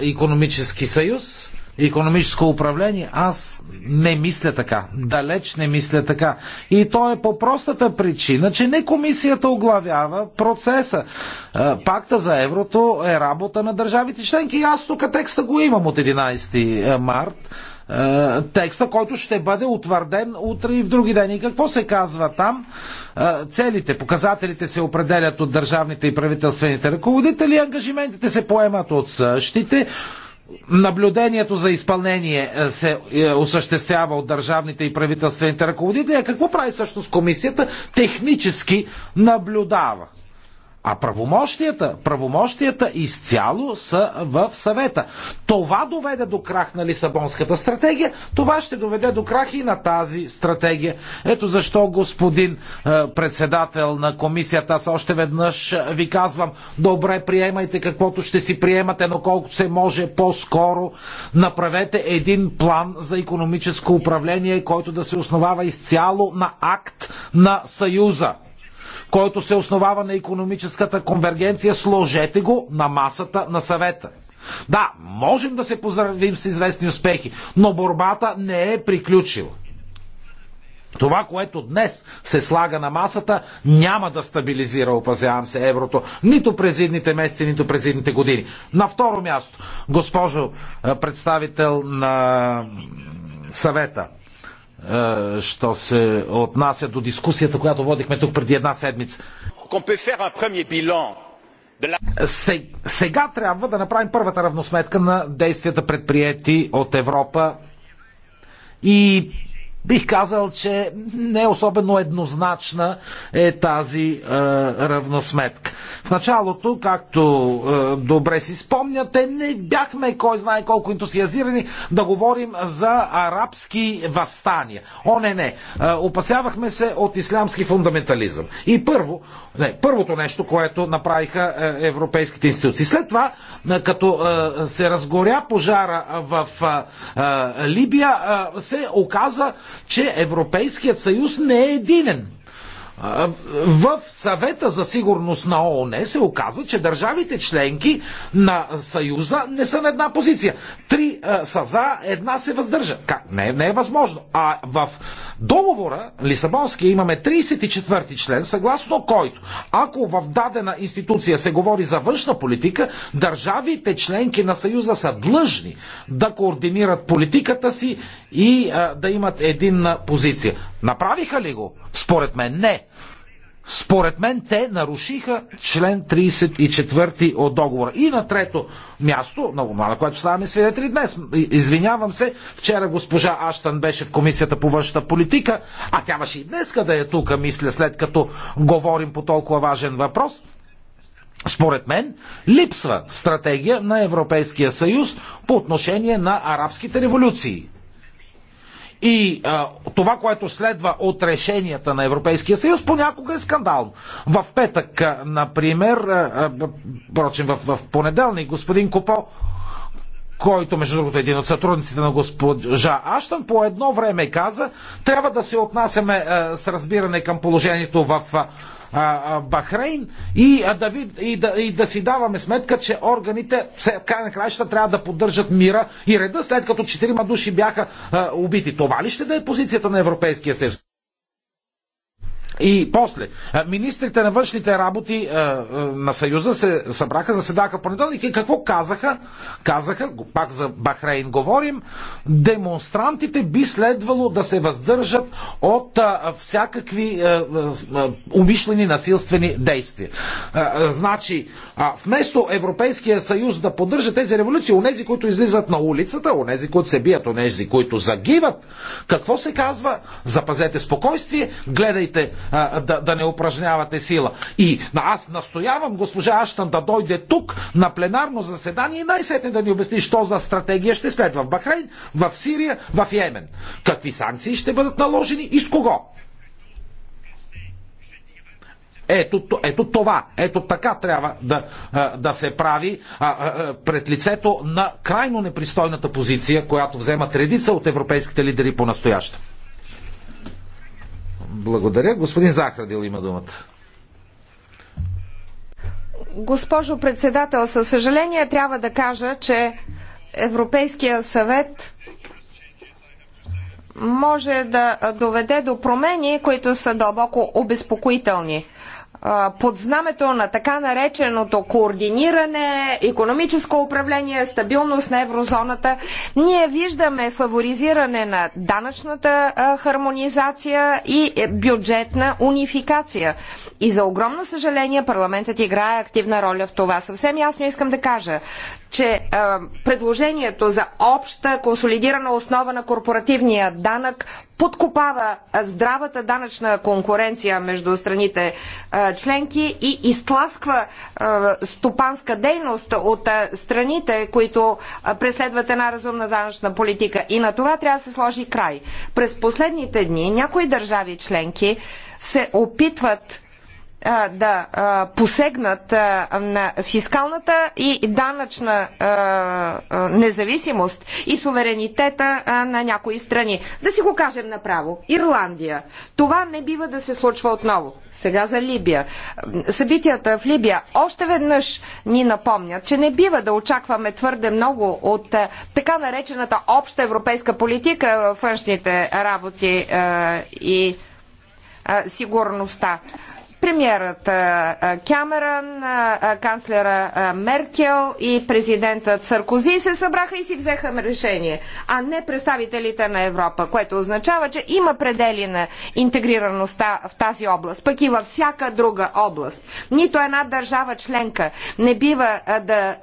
економически съюз? економическо управление, аз не мисля така. Далеч не мисля така. И то е по простата причина, че не комисията оглавява процеса. Пакта за еврото е работа на държавите членки. И аз тук текста го имам от 11 е, март текста, който ще бъде утвърден утре и в други ден. И какво се казва там? Целите, показателите се определят от държавните и правителствените ръководители, ангажиментите се поемат от същите, наблюдението за изпълнение е, се е, осъществява от държавните и правителствените ръководители, а какво прави всъщност комисията? Технически наблюдава. А правомощията, правомощията изцяло са в съвета. Това доведе до крах на Лисабонската стратегия, това ще доведе до крах и на тази стратегия. Ето защо, господин е, председател на комисията, аз още веднъж е, ви казвам, добре приемайте каквото ще си приемате, но колкото се може по-скоро направете един план за економическо управление, който да се основава изцяло на акт на Съюза който се основава на економическата конвергенция, сложете го на масата на съвета. Да, можем да се поздравим с известни успехи, но борбата не е приключила. Това, което днес се слага на масата, няма да стабилизира, опазявам се, еврото, нито през едните месеци, нито през едните години. На второ място, госпожо представител на съвета, е, що се отнася до дискусията, която водихме тук преди една седмица. Сега трябва да направим първата равносметка на действията предприяти от Европа и бих казал, че не особено еднозначна е тази е, равносметка. В началото, както е, добре си спомняте, не бяхме кой знае колко ентусиазирани да говорим за арабски възстания. О, не, не. Е, опасявахме се от ислямски фундаментализъм. И първо, не, първото нещо, което направиха е, европейските институции. След това, е, като е, се разгоря пожара в е, е, Либия, е, се оказа че Европейският съюз не е единен в съвета за сигурност на ООН се оказа, че държавите членки на Съюза не са на една позиция. Три са за, една се въздържа. Как? Не, не е възможно. А в договора Лисабонския имаме 34 член, съгласно който ако в дадена институция се говори за външна политика, държавите членки на Съюза са длъжни да координират политиката си и а, да имат един позиция. Направиха ли го? Според мен не. Според мен те нарушиха член 34 от договора. И на трето място, много мало, което ставаме свидетели днес, извинявам се, вчера госпожа Аштан беше в комисията по външната политика, а тя беше и днес да е тук, мисля, след като говорим по толкова важен въпрос. Според мен липсва стратегия на Европейския съюз по отношение на арабските революции. И а, това, което следва от решенията на Европейския съюз, понякога е скандално. В петък, например, впрочем, в, в понеделник, господин Копо който, между другото, е един от сътрудниците на госпожа Аштан, по едно време каза, трябва да се отнасяме с разбиране към положението в а, а, Бахрейн и, а, да, ви, и, да, и да си даваме сметка, че органите в край на краища трябва да поддържат мира и реда, след като четирима души бяха а, убити. Това ли ще да е позицията на Европейския съюз? И после, министрите на външните работи на Съюза се събраха, заседаха понеделник и какво казаха? Казаха, пак за Бахрейн говорим, демонстрантите би следвало да се въздържат от всякакви умишлени насилствени действия. Значи, вместо Европейския съюз да поддържа тези революции, онези, които излизат на улицата, онези, които се бият, онези, които загиват, какво се казва? Запазете спокойствие, гледайте а, да, да не упражнявате сила. И аз настоявам госпожа Аштан да дойде тук на пленарно заседание и най-сетне да ни обясни, що за стратегия ще следва в Бахрейн, в Сирия, в Йемен. Какви санкции ще бъдат наложени и с кого? Ето, ето това, ето така трябва да, да се прави пред лицето на крайно непристойната позиция, която вземат редица от европейските лидери по настояща. Благодаря. Господин Захрадил има думата. Госпожо председател, със съжаление трябва да кажа, че Европейския съвет може да доведе до промени, които са дълбоко обезпокоителни под знамето на така нареченото координиране, економическо управление, стабилност на еврозоната, ние виждаме фаворизиране на данъчната хармонизация и е, бюджетна унификация. И за огромно съжаление парламентът играе активна роля в това. Съвсем ясно искам да кажа, че предложението за обща консолидирана основа на корпоративния данък подкопава здравата данъчна конкуренция между страните членки и изтласква стопанска дейност от страните, които преследват една разумна данъчна политика. И на това трябва да се сложи край. През последните дни някои държави членки се опитват да посегнат на фискалната и данъчна независимост и суверенитета на някои страни. Да си го кажем направо. Ирландия. Това не бива да се случва отново. Сега за Либия. Събитията в Либия още веднъж ни напомнят, че не бива да очакваме твърде много от така наречената обща европейска политика в външните работи и сигурността премьерът Кямерън, канцлера Меркел и президентът Саркози се събраха и си взеха решение, а не представителите на Европа, което означава, че има предели на интегрираността в тази област, пък и във всяка друга област. Нито една държава членка не бива да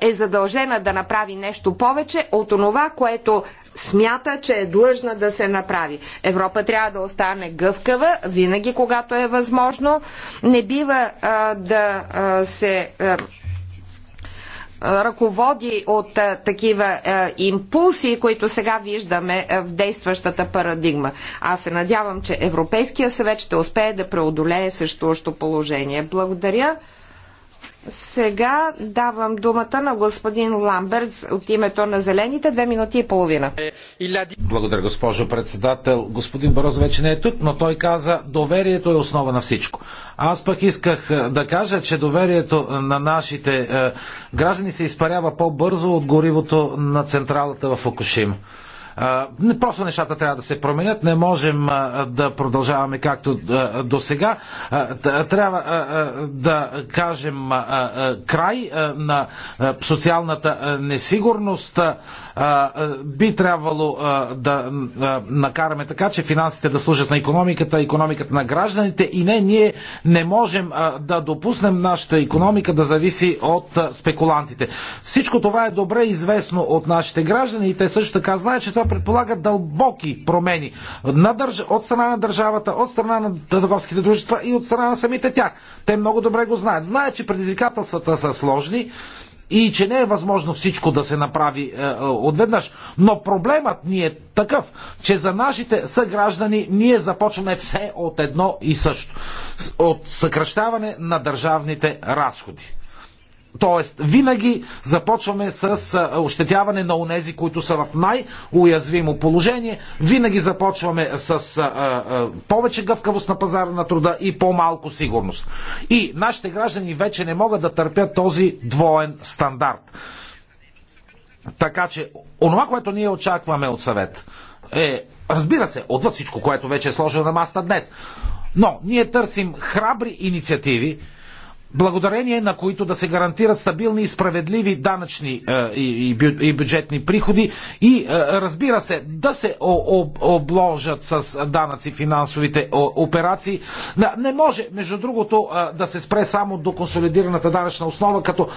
е задължена да направи нещо повече от онова, което смята, че е длъжна да се направи. Европа трябва да остане гъвкава, винаги когато е възможно. Не бива а, да а, се. А, ръководи от а, такива а, импулси, които сега виждаме а, в действащата парадигма. Аз се надявам, че Европейския съвет ще успее да преодолее същото положение. Благодаря. Сега давам думата на господин Ламберт от името на Зелените. Две минути и половина. Благодаря, госпожо председател. Господин Бороз вече не е тук, но той каза, доверието е основа на всичко. Аз пък исках е, да кажа, че доверието е, на нашите е, граждани се изпарява по-бързо от горивото на централата в Окушима. Просто нещата трябва да се променят. Не можем да продължаваме както до сега. Трябва да кажем край на социалната несигурност. Би трябвало да накараме така, че финансите да служат на економиката, економиката на гражданите и не, ние не можем да допуснем нашата економика да зависи от спекулантите. Всичко това е добре известно от нашите граждани и те също така знаят, че това предполага дълбоки промени на държ... от страна на държавата, от страна на търговските дружества и от страна на самите тях. Те много добре го знаят. Знаят, че предизвикателствата са сложни и че не е възможно всичко да се направи е, е, отведнъж. Но проблемът ни е такъв, че за нашите съграждани ние започваме все от едно и също. От съкръщаване на държавните разходи. Тоест, винаги започваме с ощетяване на онези, които са в най-уязвимо положение. Винаги започваме с а, а, повече гъвкавост на пазара на труда и по-малко сигурност. И нашите граждани вече не могат да търпят този двоен стандарт. Така че, онова, което ние очакваме от съвет е, разбира се, отвъд всичко, което вече е сложено на маста днес. Но ние търсим храбри инициативи, благодарение на които да се гарантират стабилни и справедливи данъчни е, и бюджетни приходи и е, разбира се да се обложат с данъци финансовите операции. Не може, между другото, е, да се спре само до консолидираната данъчна основа като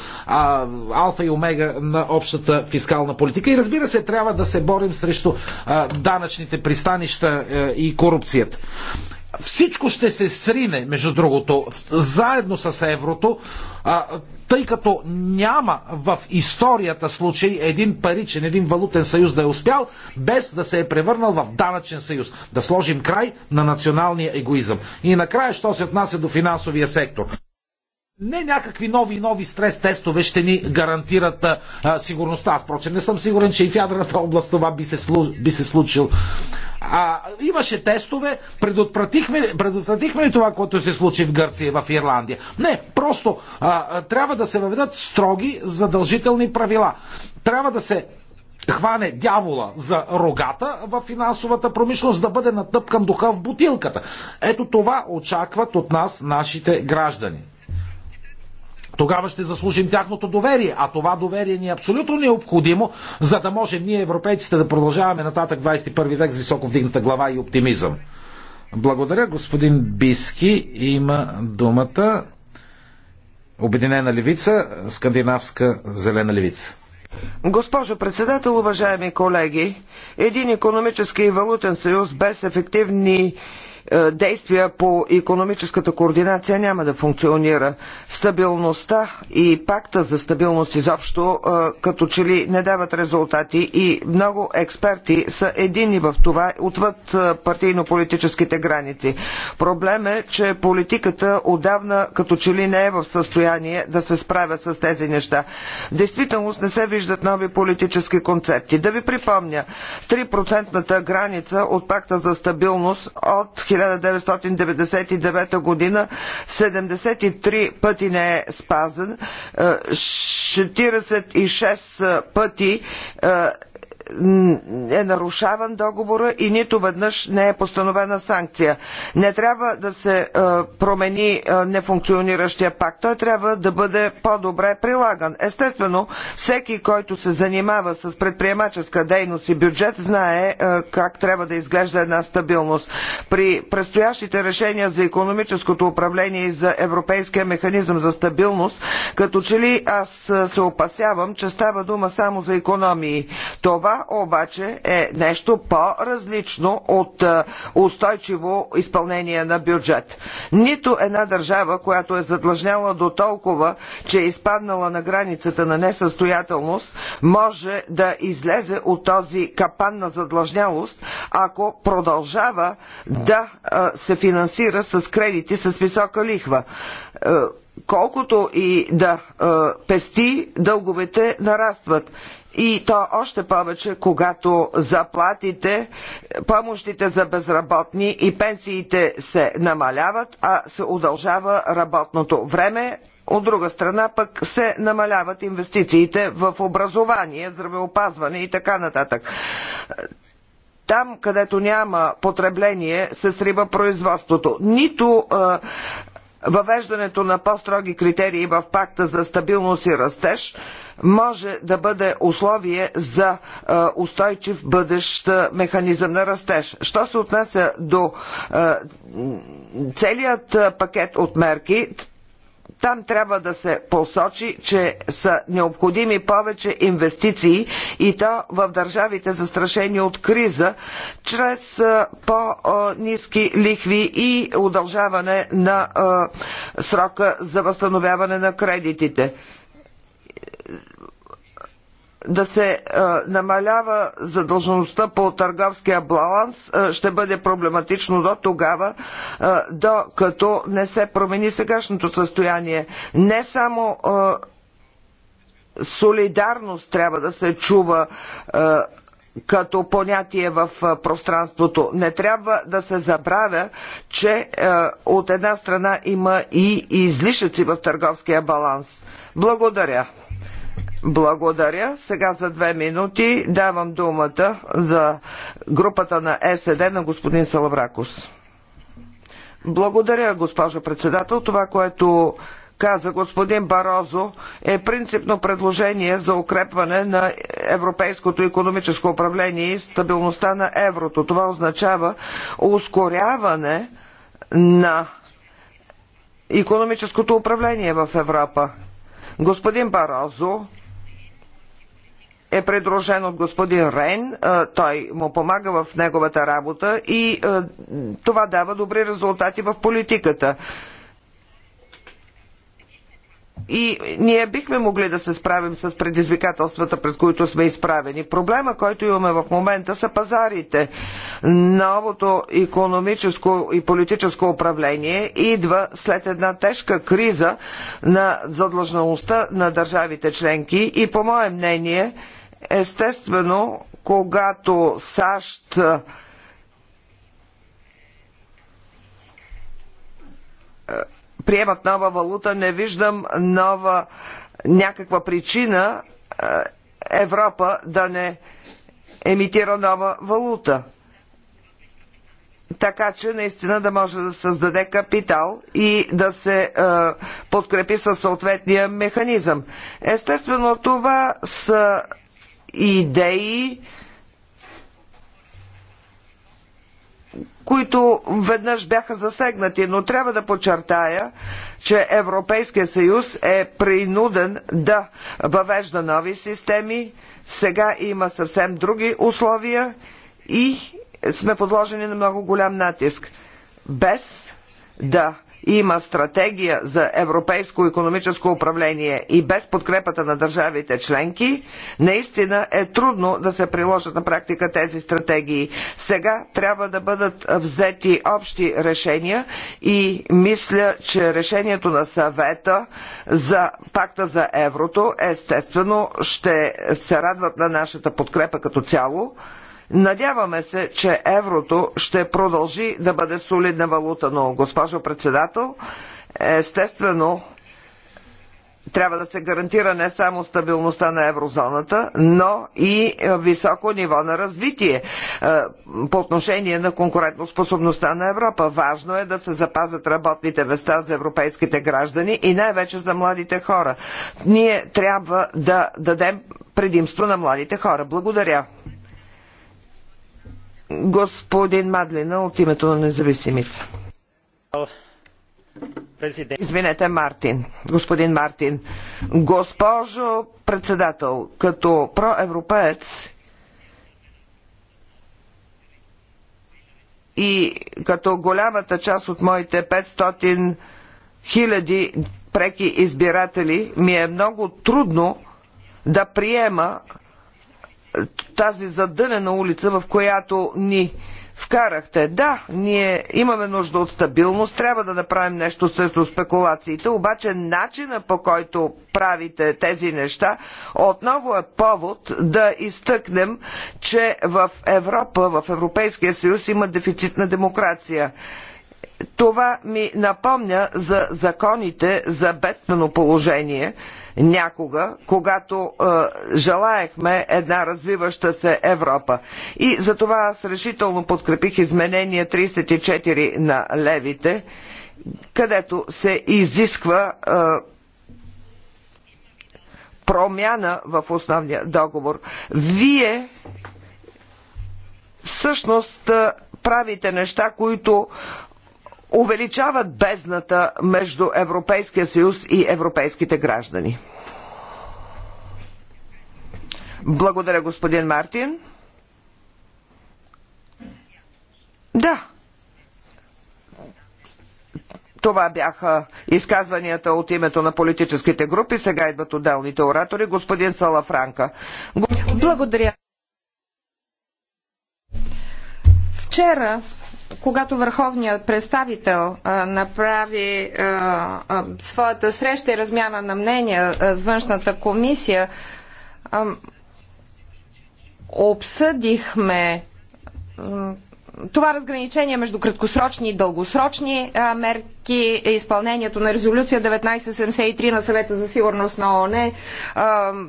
алфа и омега на общата фискална политика. И разбира се, трябва да се борим срещу данъчните пристанища и корупцията. Всичко ще се срине, между другото, заедно с еврото, а, тъй като няма в историята случай един паричен, един валутен съюз да е успял, без да се е превърнал в данъчен съюз. Да сложим край на националния егоизъм. И накрая, що се отнася до финансовия сектор не някакви нови и нови стрес тестове ще ни гарантират а, сигурността. Аз, проче не съм сигурен, че и в ядрената област това би се, слу, би се случил. А, имаше тестове, предотвратихме, предотвратихме ли това, което се случи в Гърция и в Ирландия? Не, просто а, а, трябва да се въведат строги задължителни правила. Трябва да се хване дявола за рогата в финансовата промишленост да бъде натъпкан духа в бутилката. Ето това очакват от нас нашите граждани. Тогава ще заслужим тяхното доверие, а това доверие ни е абсолютно необходимо, за да можем ние, европейците, да продължаваме нататък 21 век с високо вдигната глава и оптимизъм. Благодаря, господин Биски. Има думата Обединена левица, скандинавска зелена левица. Госпожо председател, уважаеми колеги, един економически и валутен съюз без ефективни е, действия по економическата координация няма да функционира. Стабилността и пакта за стабилност изобщо е, като че ли не дават резултати и много експерти са едини в това отвъд е, партийно-политическите граници. Проблем е, че политиката отдавна като че ли не е в състояние да се справя с тези неща. действителност не се виждат нови политически концепти. Да ви припомня, 3% граница от пакта за стабилност от 1999 година 73 пъти не е спазен, 46 е, пъти е, е нарушаван договора и нито веднъж не е постановена санкция. Не трябва да се е, промени е, нефункциониращия пакт. Той трябва да бъде по-добре прилаган. Естествено, всеки, който се занимава с предприемаческа дейност и бюджет, знае е, как трябва да изглежда една стабилност. При предстоящите решения за економическото управление и за европейския механизъм за стабилност, като че ли аз се опасявам, че става дума само за економии. Това това обаче е нещо по-различно от е, устойчиво изпълнение на бюджет. Нито една държава, която е задлъжняла до толкова, че е изпаднала на границата на несъстоятелност, може да излезе от този капан на задлъжнялост, ако продължава да е, се финансира с кредити с висока лихва е, колкото и да пести, дълговете нарастват и то още повече, когато заплатите, помощите за безработни и пенсиите се намаляват, а се удължава работното време, от друга страна пък се намаляват инвестициите в образование, здравеопазване и така нататък. Там, където няма потребление, се срива производството. Нито е, въвеждането на по-строги критерии в пакта за стабилност и растеж може да бъде условие за устойчив бъдещ механизъм на растеж. Що се отнася до целият пакет от мерки, там трябва да се посочи, че са необходими повече инвестиции и то в държавите застрашени от криза, чрез по-низки лихви и удължаване на срока за възстановяване на кредитите да се е, намалява задължеността по търговския баланс е, ще бъде проблематично до тогава, е, докато не се промени сегашното състояние. Не само солидарност трябва да се чува като понятие в пространството. Не трябва да се забравя, че от една страна има и излишъци в търговския баланс. Благодаря. Благодаря. Сега за две минути давам думата за групата на СД на господин Салабракус. Благодаря, госпожо председател. Това, което каза господин Барозо, е принципно предложение за укрепване на европейското економическо управление и стабилността на еврото. Това означава ускоряване на економическото управление в Европа. Господин Барозо е предложен от господин Рейн. Е, той му помага в неговата работа и е, това дава добри резултати в политиката. И ние бихме могли да се справим с предизвикателствата, пред които сме изправени. Проблема, който имаме в момента, са пазарите. Новото економическо и политическо управление идва след една тежка криза на задлъжналостта на държавите членки и, по мое мнение, Естествено, когато САЩ е, приемат нова валута, не виждам нова някаква причина е, Европа да не емитира нова валута. Така че наистина да може да създаде капитал и да се е, подкрепи със съответния механизъм. Естествено, това са идеи, които веднъж бяха засегнати, но трябва да подчертая, че Европейския съюз е принуден да въвежда нови системи. Сега има съвсем други условия и сме подложени на много голям натиск. Без да има стратегия за европейско економическо управление и без подкрепата на държавите членки, наистина е трудно да се приложат на практика тези стратегии. Сега трябва да бъдат взети общи решения и мисля, че решението на съвета за пакта за еврото естествено ще се радват на нашата подкрепа като цяло. Надяваме се, че еврото ще продължи да бъде солидна валута, но, госпожо председател, естествено трябва да се гарантира не само стабилността на еврозоната, но и високо ниво на развитие е, по отношение на конкурентоспособността на Европа. Важно е да се запазят работните места за европейските граждани и най-вече за младите хора. Ние трябва да дадем предимство на младите хора. Благодаря господин Мадлина от името на независимите. Извинете, Мартин. Господин Мартин. Госпожо председател, като проевропеец и като голямата част от моите 500 хиляди преки избиратели, ми е много трудно да приема тази задънена улица, в която ни вкарахте. Да, ние имаме нужда от стабилност, трябва да направим нещо срещу спекулациите, обаче начина по който правите тези неща отново е повод да изтъкнем, че в Европа, в Европейския съюз има дефицит на демокрация. Това ми напомня за законите за бедствено положение – някога, когато е, желаехме една развиваща се Европа. И затова аз решително подкрепих изменение 34 на левите, където се изисква е, промяна в основния договор. Вие всъщност е, правите неща, които увеличават бездната между Европейския съюз и европейските граждани. Благодаря, господин Мартин. Да. Това бяха изказванията от името на политическите групи. Сега идват отделните оратори. Господин Салафранка. Господин... Благодаря. Вчера, когато върховният представител а, направи а, а, своята среща и размяна на мнения с външната комисия, а, обсъдихме това разграничение между краткосрочни и дългосрочни мерки, изпълнението на резолюция 1973 на съвета за сигурност на ООН,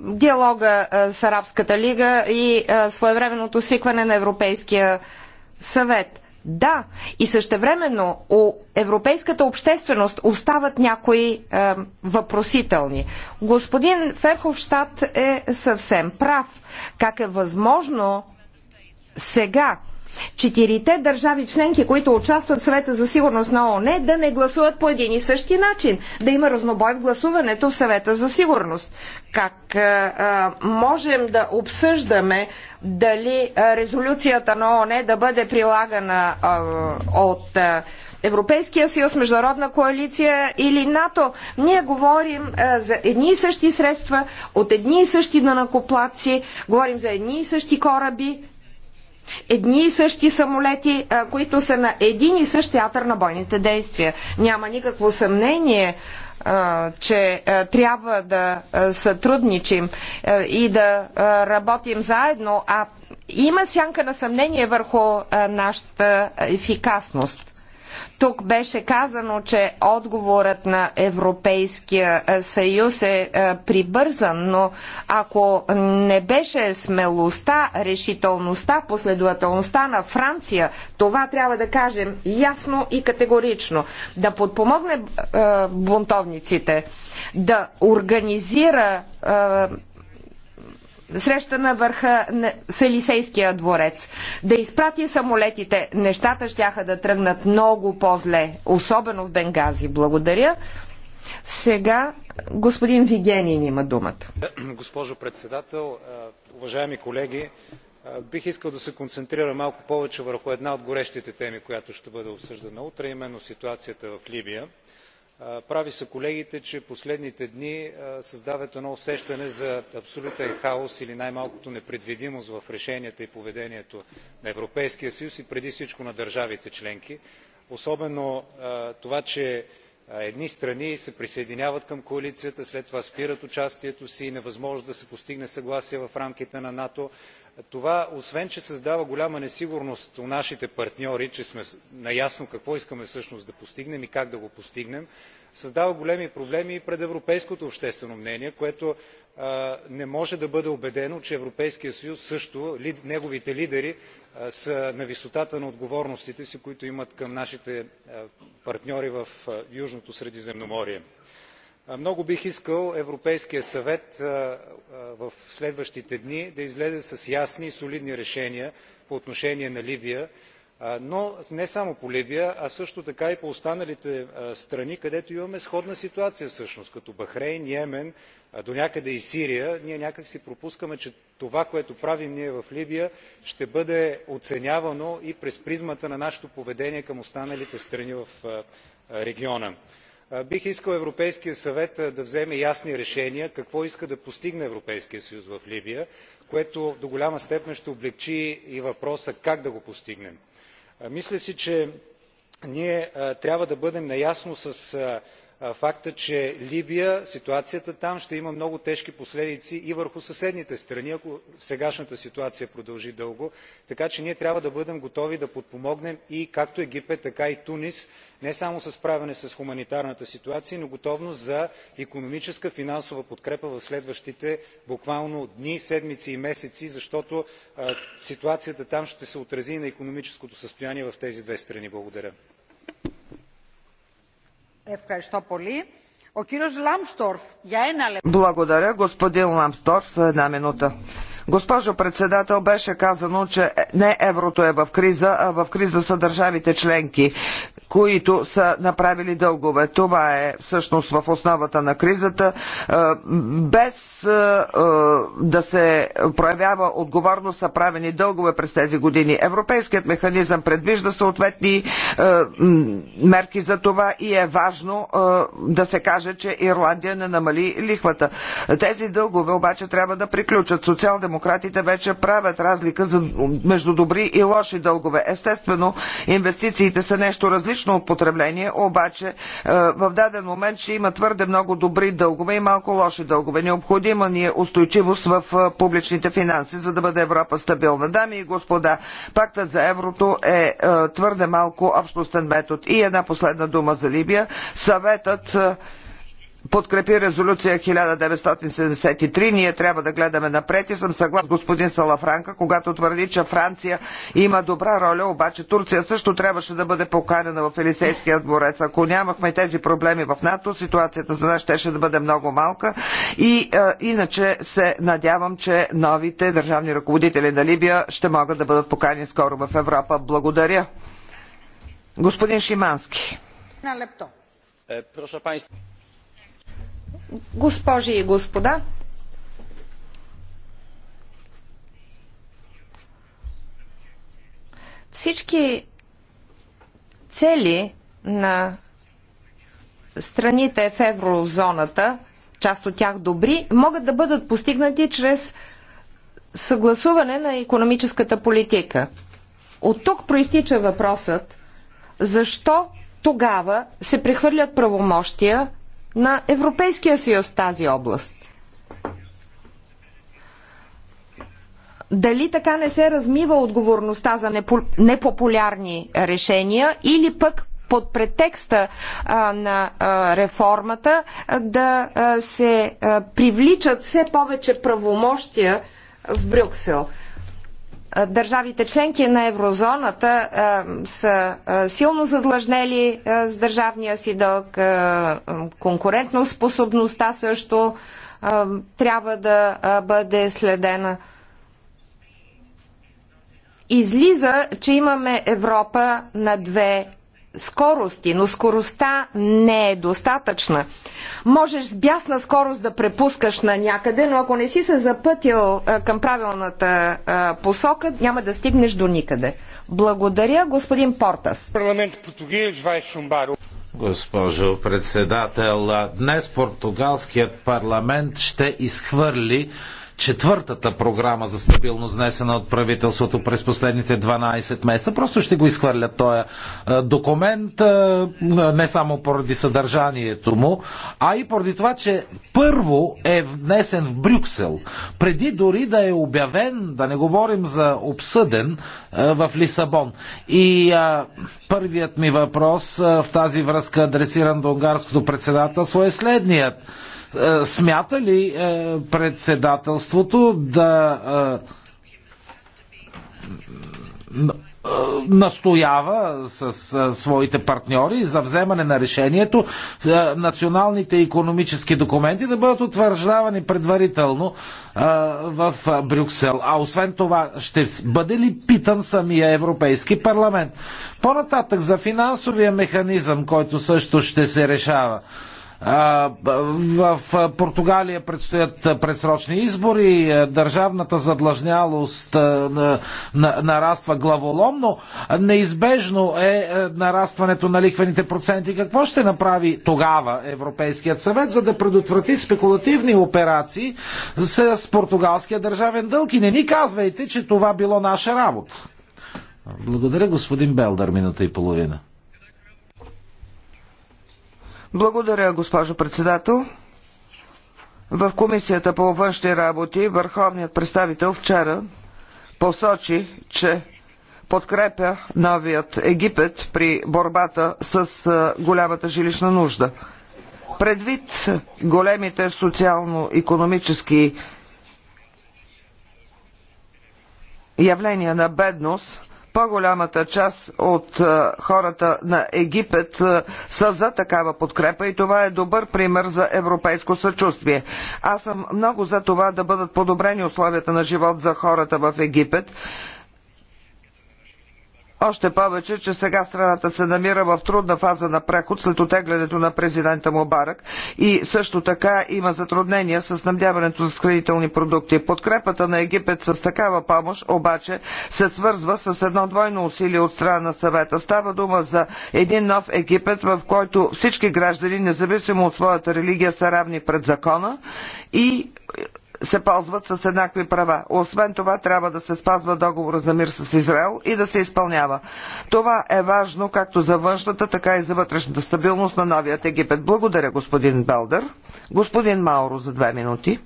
диалога с Арабската лига и своевременното свикване на Европейския съвет. Да, и същевременно у европейската общественост остават някои е, въпросителни. Господин Ферховщад е съвсем прав. Как е възможно сега четирите държави членки, които участват в съвета за сигурност на ООН, да не гласуват по един и същи начин, да има разнобой в гласуването в съвета за сигурност. Как а, а, можем да обсъждаме дали а, резолюцията на ООН да бъде прилагана а, от а, Европейския съюз, международна коалиция или НАТО. Ние говорим а, за едни и същи средства, от едни и същи нанакоплаци, говорим за едни и същи кораби, едни и същи самолети, които са на един и същ театър на бойните действия. Няма никакво съмнение, че трябва да сътрудничим и да работим заедно, а има сянка на съмнение върху нашата ефикасност. Тук беше казано, че отговорът на Европейския е, съюз е, е прибързан, но ако не беше смелостта, решителността, последователността на Франция, това трябва да кажем ясно и категорично. Да подпомогне е, бунтовниците, да организира среща на върха на Фелисейския дворец, да изпрати самолетите, нещата щяха да тръгнат много по-зле, особено в Бенгази. Благодаря. Сега господин Вигенин има думата. Госпожо председател, уважаеми колеги, бих искал да се концентрирам малко повече върху една от горещите теми, която ще бъде обсъждана утре, именно ситуацията в Либия прави са колегите че последните дни създават едно усещане за абсолютен хаос или най малкото непредвидимост в решенията и поведението на европейския съюз и преди всичко на държавите членки особено това че едни страни се присъединяват към коалицията след това спират участието си и е невъзможно да се постигне съгласие в рамките на нато това освен че създава голяма несигурност у нашите партньори че сме наясно какво искаме всъщност да постигнем и как да го постигнем създава големи проблеми и пред европейското обществено мнение което не може да бъде убедено че европейският съюз също неговите лидери са на висотата на отговорностите си които имат към нашите партньори в южното средиземноморие много бих искал европейският съвет в следващите дни да излезе с ясни и солидни решения по отношение на либия но не само по либия а също така и по останалите страни където имаме сходна ситуация всъщност като бахрейн йемен донякъде и сирия. ние някак си пропускаме че това което правим ние в либия ще бъде оценявано и през призмата на нашето поведение към останалите страни в региона бих искал европейският съвет да вземе ясни решения какво иска да постигне европейският съюз в либия което до голяма степен ще облекчи и въпроса как да го постигнем. мисля си че ние трябва да бъдем наясно с факта че либия ситуацията там ще има много тежки последици и върху съседните страни ако сегашната ситуация продължи дълго така че ние трябва да бъдем готови да подпомогнем както египет така и тунис не само със справяне с хуманитарната ситуация но готовност за икономическа финансова подкрепа в следващите буквално дни седмици и месеци защото ситуацията там ще се отрази и на икономическото състояние в тези две страни. благодаря. Благодаря, господин Ламсторф, за една минута. Госпожо председател, беше казано, че не еврото е в криза, а в криза са държавите членки които са направили дългове. Това е всъщност в основата на кризата. Е, без е, е, да се проявява отговорност са правени дългове през тези години. Европейският механизъм предвижда съответни мерки за това и е важно да се каже, че Ирландия не намали лихвата. Тези дългове обаче трябва да приключат. Социал-демократите вече правят разлика между добри и лоши дългове. Естествено, инвестициите са нещо различно вътрешно употребление, обаче е, в даден момент ще има твърде много добри дългове и малко лоши дългове. Необходима ни е устойчивост в е, публичните финанси, за да бъде Европа стабилна. Дами и господа, пактът за еврото е, е твърде малко общностен метод. И една последна дума за Либия. Съветът подкрепи резолюция 1973. Ние трябва да гледаме напред и съм съгласен с господин Салафранка, когато твърди, че Франция има добра роля, обаче Турция също трябваше да бъде поканена в Елисейския дворец. Ако нямахме тези проблеми в НАТО, ситуацията за нас щеше да бъде много малка и е, иначе се надявам, че новите държавни ръководители на Либия ще могат да бъдат поканени скоро в Европа. Благодаря. Господин Шимански. Proszę Państwa госпожи и господа, всички цели на страните в еврозоната, част от тях добри, могат да бъдат постигнати чрез съгласуване на економическата политика. От тук проистича въпросът защо тогава се прехвърлят правомощия на Европейския съюз в тази област. Дали така не се размива отговорността за непопулярни решения или пък под претекста а, на а, реформата да а, се а, привличат все повече правомощия в Брюксел държавите членки на еврозоната са силно задлъжнели с държавния си дълг, конкурентно способността също трябва да бъде следена. Излиза, че имаме Европа на две скорости, но скоростта не е достатъчна. Можеш с бясна скорост да препускаш на някъде, но ако не си се запътил към правилната посока, няма да стигнеш до никъде. Благодаря, господин Портас. Парламент Португиз Госпожо председател, днес португалският парламент ще изхвърли четвъртата програма за стабилност, внесена от правителството през последните 12 месеца. Просто ще го изхвърлят този документ, не само поради съдържанието му, а и поради това, че първо е внесен в Брюксел, преди дори да е обявен, да не говорим за обсъден, в Лисабон. И а, първият ми въпрос в тази връзка, адресиран до унгарското председателство, е следният е, смята ли е, председателството да е, настоява с, своите партньори за вземане на решението националните економически документи да бъдат утвърждавани предварително в Брюксел. А освен това, ще бъде ли питан самия Европейски парламент? По-нататък за финансовия механизъм, който също ще се решава. В Португалия предстоят предсрочни избори, държавната задлъжнялост нараства главоломно, неизбежно е, е нарастването на лихвените проценти. Какво ще направи тогава Европейският съвет, за да предотврати спекулативни операции с португалския държавен дълг? И не ни казвайте, че това било наша работа. Благодаря, господин Белдър, минута и половина. Благодаря, госпожо председател. В Комисията по външни работи върховният представител вчера посочи, че подкрепя новият Египет при борбата с голямата жилищна нужда. Предвид големите социално-економически явления на бедност, по-голямата част от е, хората на Египет е, са за такава подкрепа и това е добър пример за европейско съчувствие. Аз съм много за това да бъдат подобрени условията на живот за хората в Египет. Още повече, че сега страната се намира в трудна фаза на преход след отеглянето на президента Мубарак и също така има затруднения с снабдяването с хранителни продукти. Подкрепата на Египет с такава помощ обаче се свързва с едно двойно усилие от страна на съвета. Става дума за един нов Египет, в който всички граждани, независимо от своята религия, са равни пред закона и се ползват с еднакви права. Освен това, трябва да се спазва договора за мир с Израел и да се изпълнява. Това е важно както за външната, така и за вътрешната стабилност на новият Египет. Благодаря, господин Белдър. Господин Мауро за две минути.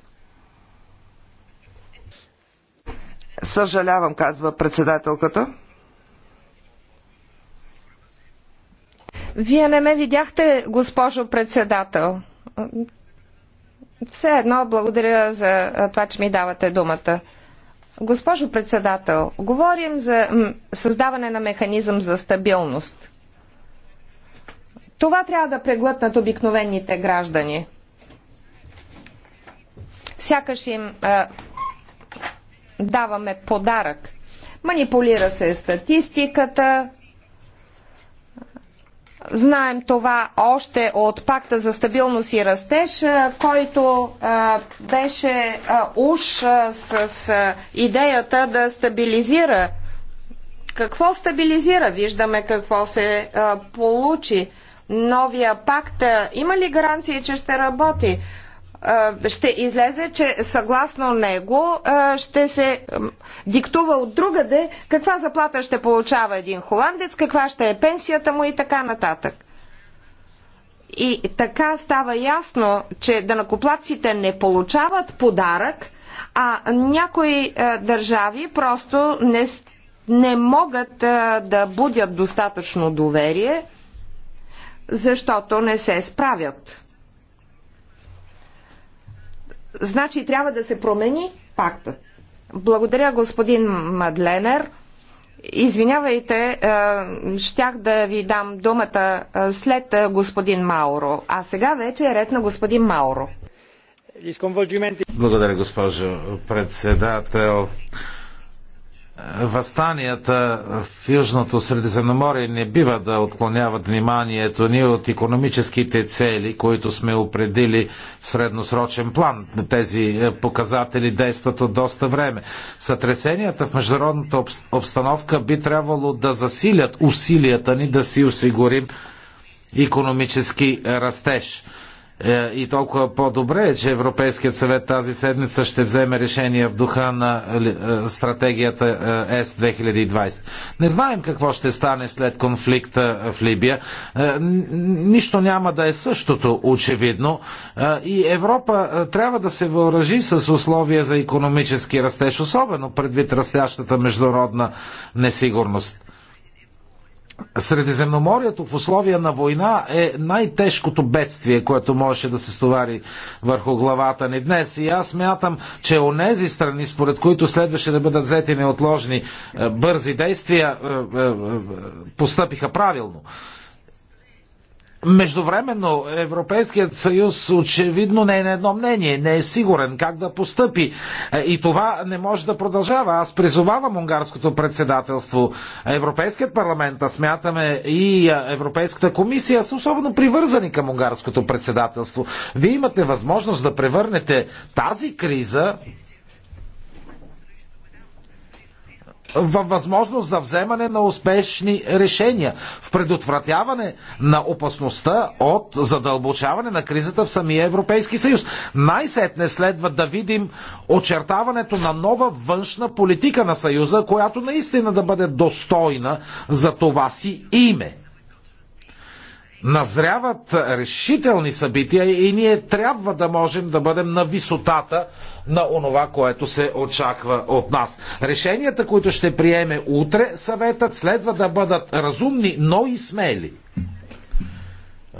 Съжалявам, казва председателката. Вие не ме видяхте, госпожо председател. Все едно благодаря за това, че ми давате думата. Госпожо председател, говорим за създаване на механизъм за стабилност. Това трябва да преглътнат обикновените граждани. Сякаш им а, даваме подарък. Манипулира се статистиката, Знаем това още от пакта за стабилност и растеж, който беше уж с идеята да стабилизира. Какво стабилизира? Виждаме какво се получи новия пакт има ли гаранция, че ще работи? ще излезе, че съгласно него ще се диктува от другаде каква заплата ще получава един холандец, каква ще е пенсията му и така нататък. И така става ясно, че дънакоплаците не получават подарък, а някои държави просто не, не могат да будят достатъчно доверие, защото не се справят. Значи трябва да се промени пакта. Благодаря, господин Мадленер. Извинявайте, е, щях да ви дам думата е, след е, господин Мауро, а сега вече е ред на господин Мауро. Благодаря, госпожо председател. Възстанията в Южното Средиземноморие не бива да отклоняват вниманието ни от економическите цели, които сме определили в средносрочен план. Тези е, показатели действат от доста време. Сътресенията в международната обстановка би трябвало да засилят усилията ни да си осигурим економически е, растеж е, и толкова по-добре, е, че Европейският съвет тази седмица ще вземе решение в духа на е, стратегията е, С 2020. Не знаем какво ще стане след конфликта в Либия. Нищо няма да е същото, очевидно. И Европа трябва да се въоръжи с условия за економически растеж, особено предвид растящата международна несигурност. Средиземноморието в условия на война е най-тежкото бедствие, което можеше да се стовари върху главата ни днес. И аз мятам, че онези страни, според които следваше да бъдат взети неотложни е, бързи действия, е, е, постъпиха правилно. Междувременно Европейският съюз очевидно не е на едно мнение, не е сигурен как да постъпи. Е, и това не може да продължава. Аз призовавам унгарското председателство, Европейският парламент, а смятаме и е, Европейската комисия са особено привързани към унгарското председателство. Вие имате възможност да превърнете тази криза във възможност за вземане на успешни решения, в предотвратяване на опасността от задълбочаване на кризата в самия Европейски съюз. Най-сетне следва да видим очертаването на нова външна политика на съюза, която наистина да бъде достойна за това си име назряват решителни събития и ние трябва да можем да бъдем на висотата на онова, което се очаква от нас. Решенията, които ще приеме утре съветът, следва да бъдат разумни, но и смели.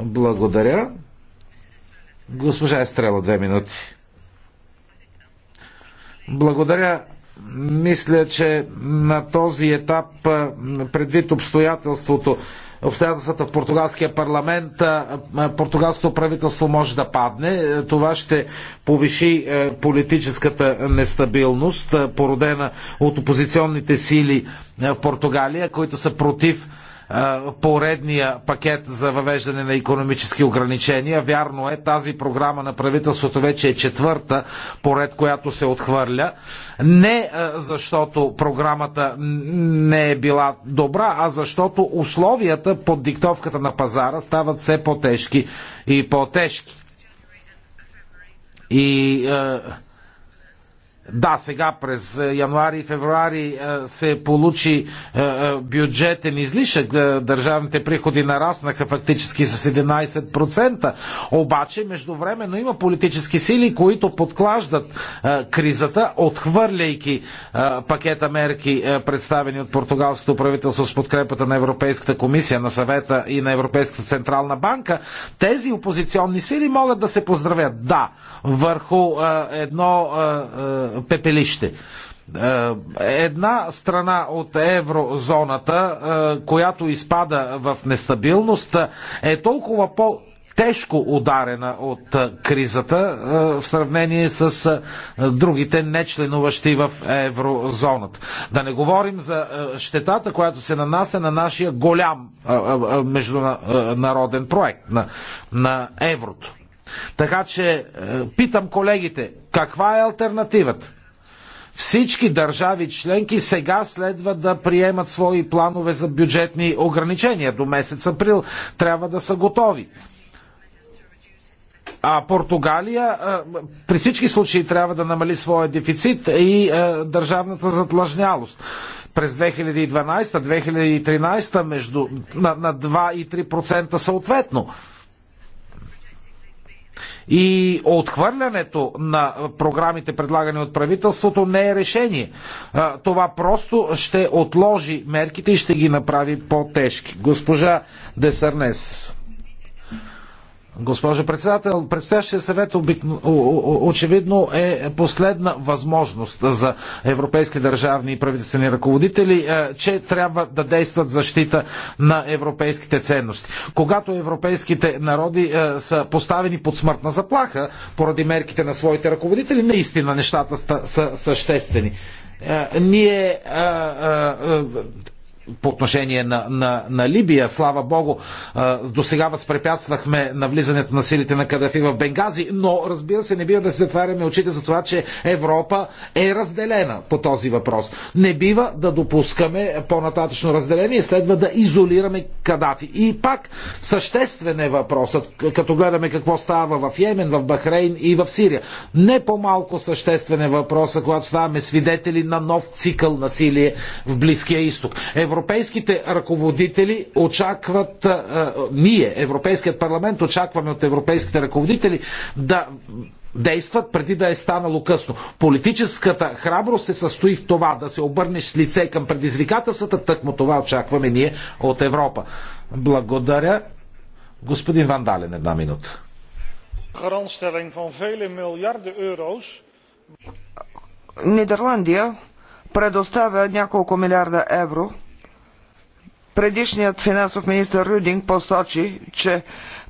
Благодаря. Госпожа Естрела, две минути. Благодаря. Мисля, че на този етап, предвид обстоятелството, обстоятелствата в португалския парламент, португалското правителство може да падне. Е, това ще повиши е, политическата нестабилност, е, породена от опозиционните сили в Португалия, които са против поредния пакет за въвеждане на економически ограничения. Вярно е, тази програма на правителството вече е четвърта, поред която се отхвърля. Не защото програмата не е била добра, а защото условията под диктовката на пазара стават все по-тежки и по-тежки. И е, да, сега през е, януари и февруари е, се получи е, бюджетен излишък. Държавните приходи нараснаха фактически с 11%. Обаче, междувременно има политически сили, които подклаждат кризата, отхвърляйки пакета мерки, представени от португалското правителство с подкрепата на Европейската комисия, на съвета и на Европейската централна банка. Тези опозиционни сили могат да се поздравят. Да, върху едно пепелище. Е, една страна от еврозоната, е, която изпада в нестабилност, е толкова по- тежко ударена от е, кризата в сравнение с другите нечленуващи в еврозоната. Да не говорим за щетата, която се нанася на нашия голям международен проект, на, на еврото. Така че е, питам колегите, каква е альтернативата? Всички държави членки сега следва да приемат свои планове за бюджетни ограничения. До месец април трябва да са готови. А Португалия е, при всички случаи трябва да намали своя дефицит и е, държавната затлъжнялост. През 2012-2013 между на, на 2 и 3% съответно. И отхвърлянето на програмите, предлагани от правителството, не е решение. Това просто ще отложи мерките и ще ги направи по-тежки. Госпожа Десарнес. Госпожо председател, предстоящия съвет обикно, очевидно е последна възможност за европейски държавни и правителствени ръководители, е, че трябва да действат защита на европейските ценности. Когато европейските народи е, са поставени под смъртна заплаха поради мерките на своите ръководители, наистина нещата са съществени е, ние а, а, по отношение на, на, на Либия. Слава Богу, до сега възпрепятствахме навлизането на силите на Кадафи в Бенгази, но разбира се, не бива да се затваряме очите за това, че Европа е разделена по този въпрос. Не бива да допускаме по-нататъчно разделение, следва да изолираме Кадафи. И пак съществен е въпросът, като гледаме какво става в Йемен, в Бахрейн и в Сирия. Не по-малко съществен е въпросът, когато ставаме свидетели на нов цикъл насилие в Близкия изток. Европа европейските ръководители очакват, ние, Европейският парламент, очакваме от европейските ръководители да действат преди да е станало късно. Политическата храброст се състои в това да се обърнеш с лице към предизвикателствата, тъкмо това очакваме ние от Европа. Благодаря. Господин Вандален, една минута. van vele miljarden euro's. Нидерландия предоставя няколко милиарда евро Предишният финансов министр Рюдинг посочи, че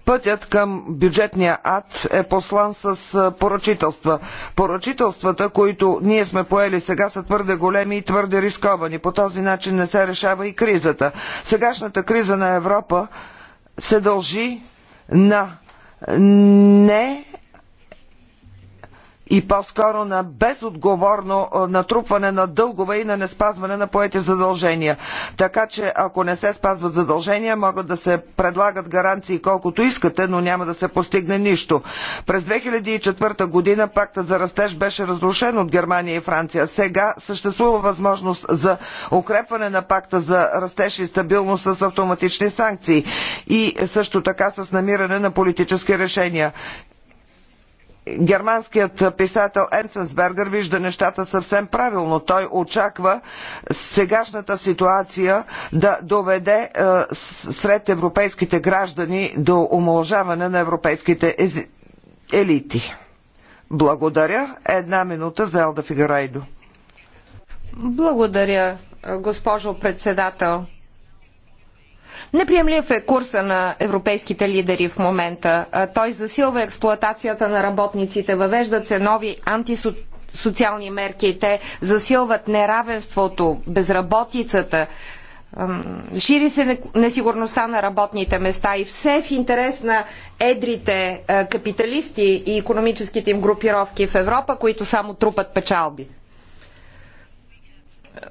пътят към бюджетния ад е послан с поръчителства. Поръчителствата, които ние сме поели сега, са твърде големи и твърде рисковани. По този начин не се решава и кризата. Сегашната криза на Европа се дължи на не и по-скоро на безотговорно натрупване на дългове и на неспазване на поети задължения. Така че ако не се спазват задължения, могат да се предлагат гаранции колкото искате, но няма да се постигне нищо. През 2004 година пакта за растеж беше разрушен от Германия и Франция. Сега съществува възможност за укрепване на пакта за растеж и стабилност с автоматични санкции и също така с намиране на политически решения германският писател Енценсбергер вижда нещата съвсем правилно. Той очаква сегашната ситуация да доведе е, сред европейските граждани до омалжаване на европейските ези... елити. Благодаря. Една минута за Елда Фигарайдо. Благодаря, госпожо председател. Неприемлив е курса на европейските лидери в момента. Той засилва експлоатацията на работниците, въвеждат се нови антисоциални мерки, те засилват неравенството, безработицата, шири се несигурността на работните места и все в интерес на едрите капиталисти и економическите им групировки в Европа, които само трупат печалби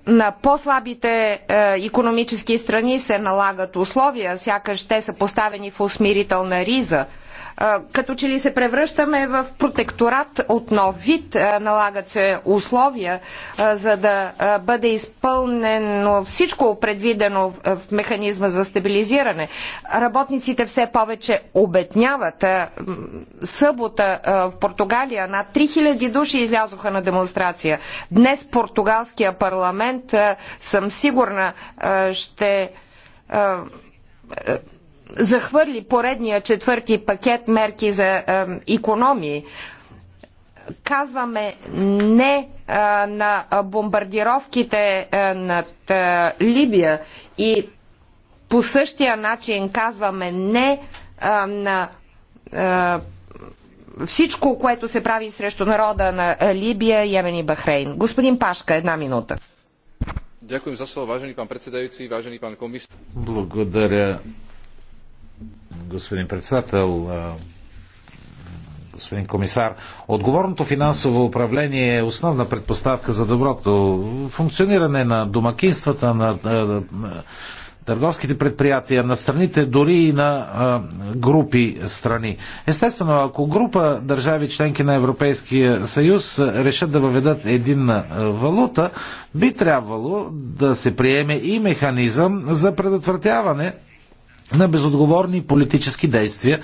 на по-слабите економически страни се налагат условия, сякаш те са поставени в усмирителна риза като че ли се превръщаме в протекторат от нов вид. Налагат се условия, за да бъде изпълнено всичко предвидено в механизма за стабилизиране. Работниците все повече обедняват. Събота в Португалия над 3000 души излязоха на демонстрация. Днес португалския парламент съм сигурна ще захвърли поредния четвърти пакет мерки за економии. Казваме не е, на бомбардировките е, над е, Либия и по същия начин казваме не на всичко, което се прави срещу народа на Либия, Йемен и Бахрейн. Господин Пашка, една минута. Благодаря, господин председател, господин комисар. Отговорното финансово управление е основна предпоставка за доброто функциониране на домакинствата, на, на, на търговските предприятия, на страните, дори и на а, групи страни. Естествено, ако група държави членки на Европейския съюз решат да въведат единна валута, би трябвало да се приеме и механизъм за предотвратяване на безотговорни политически действия,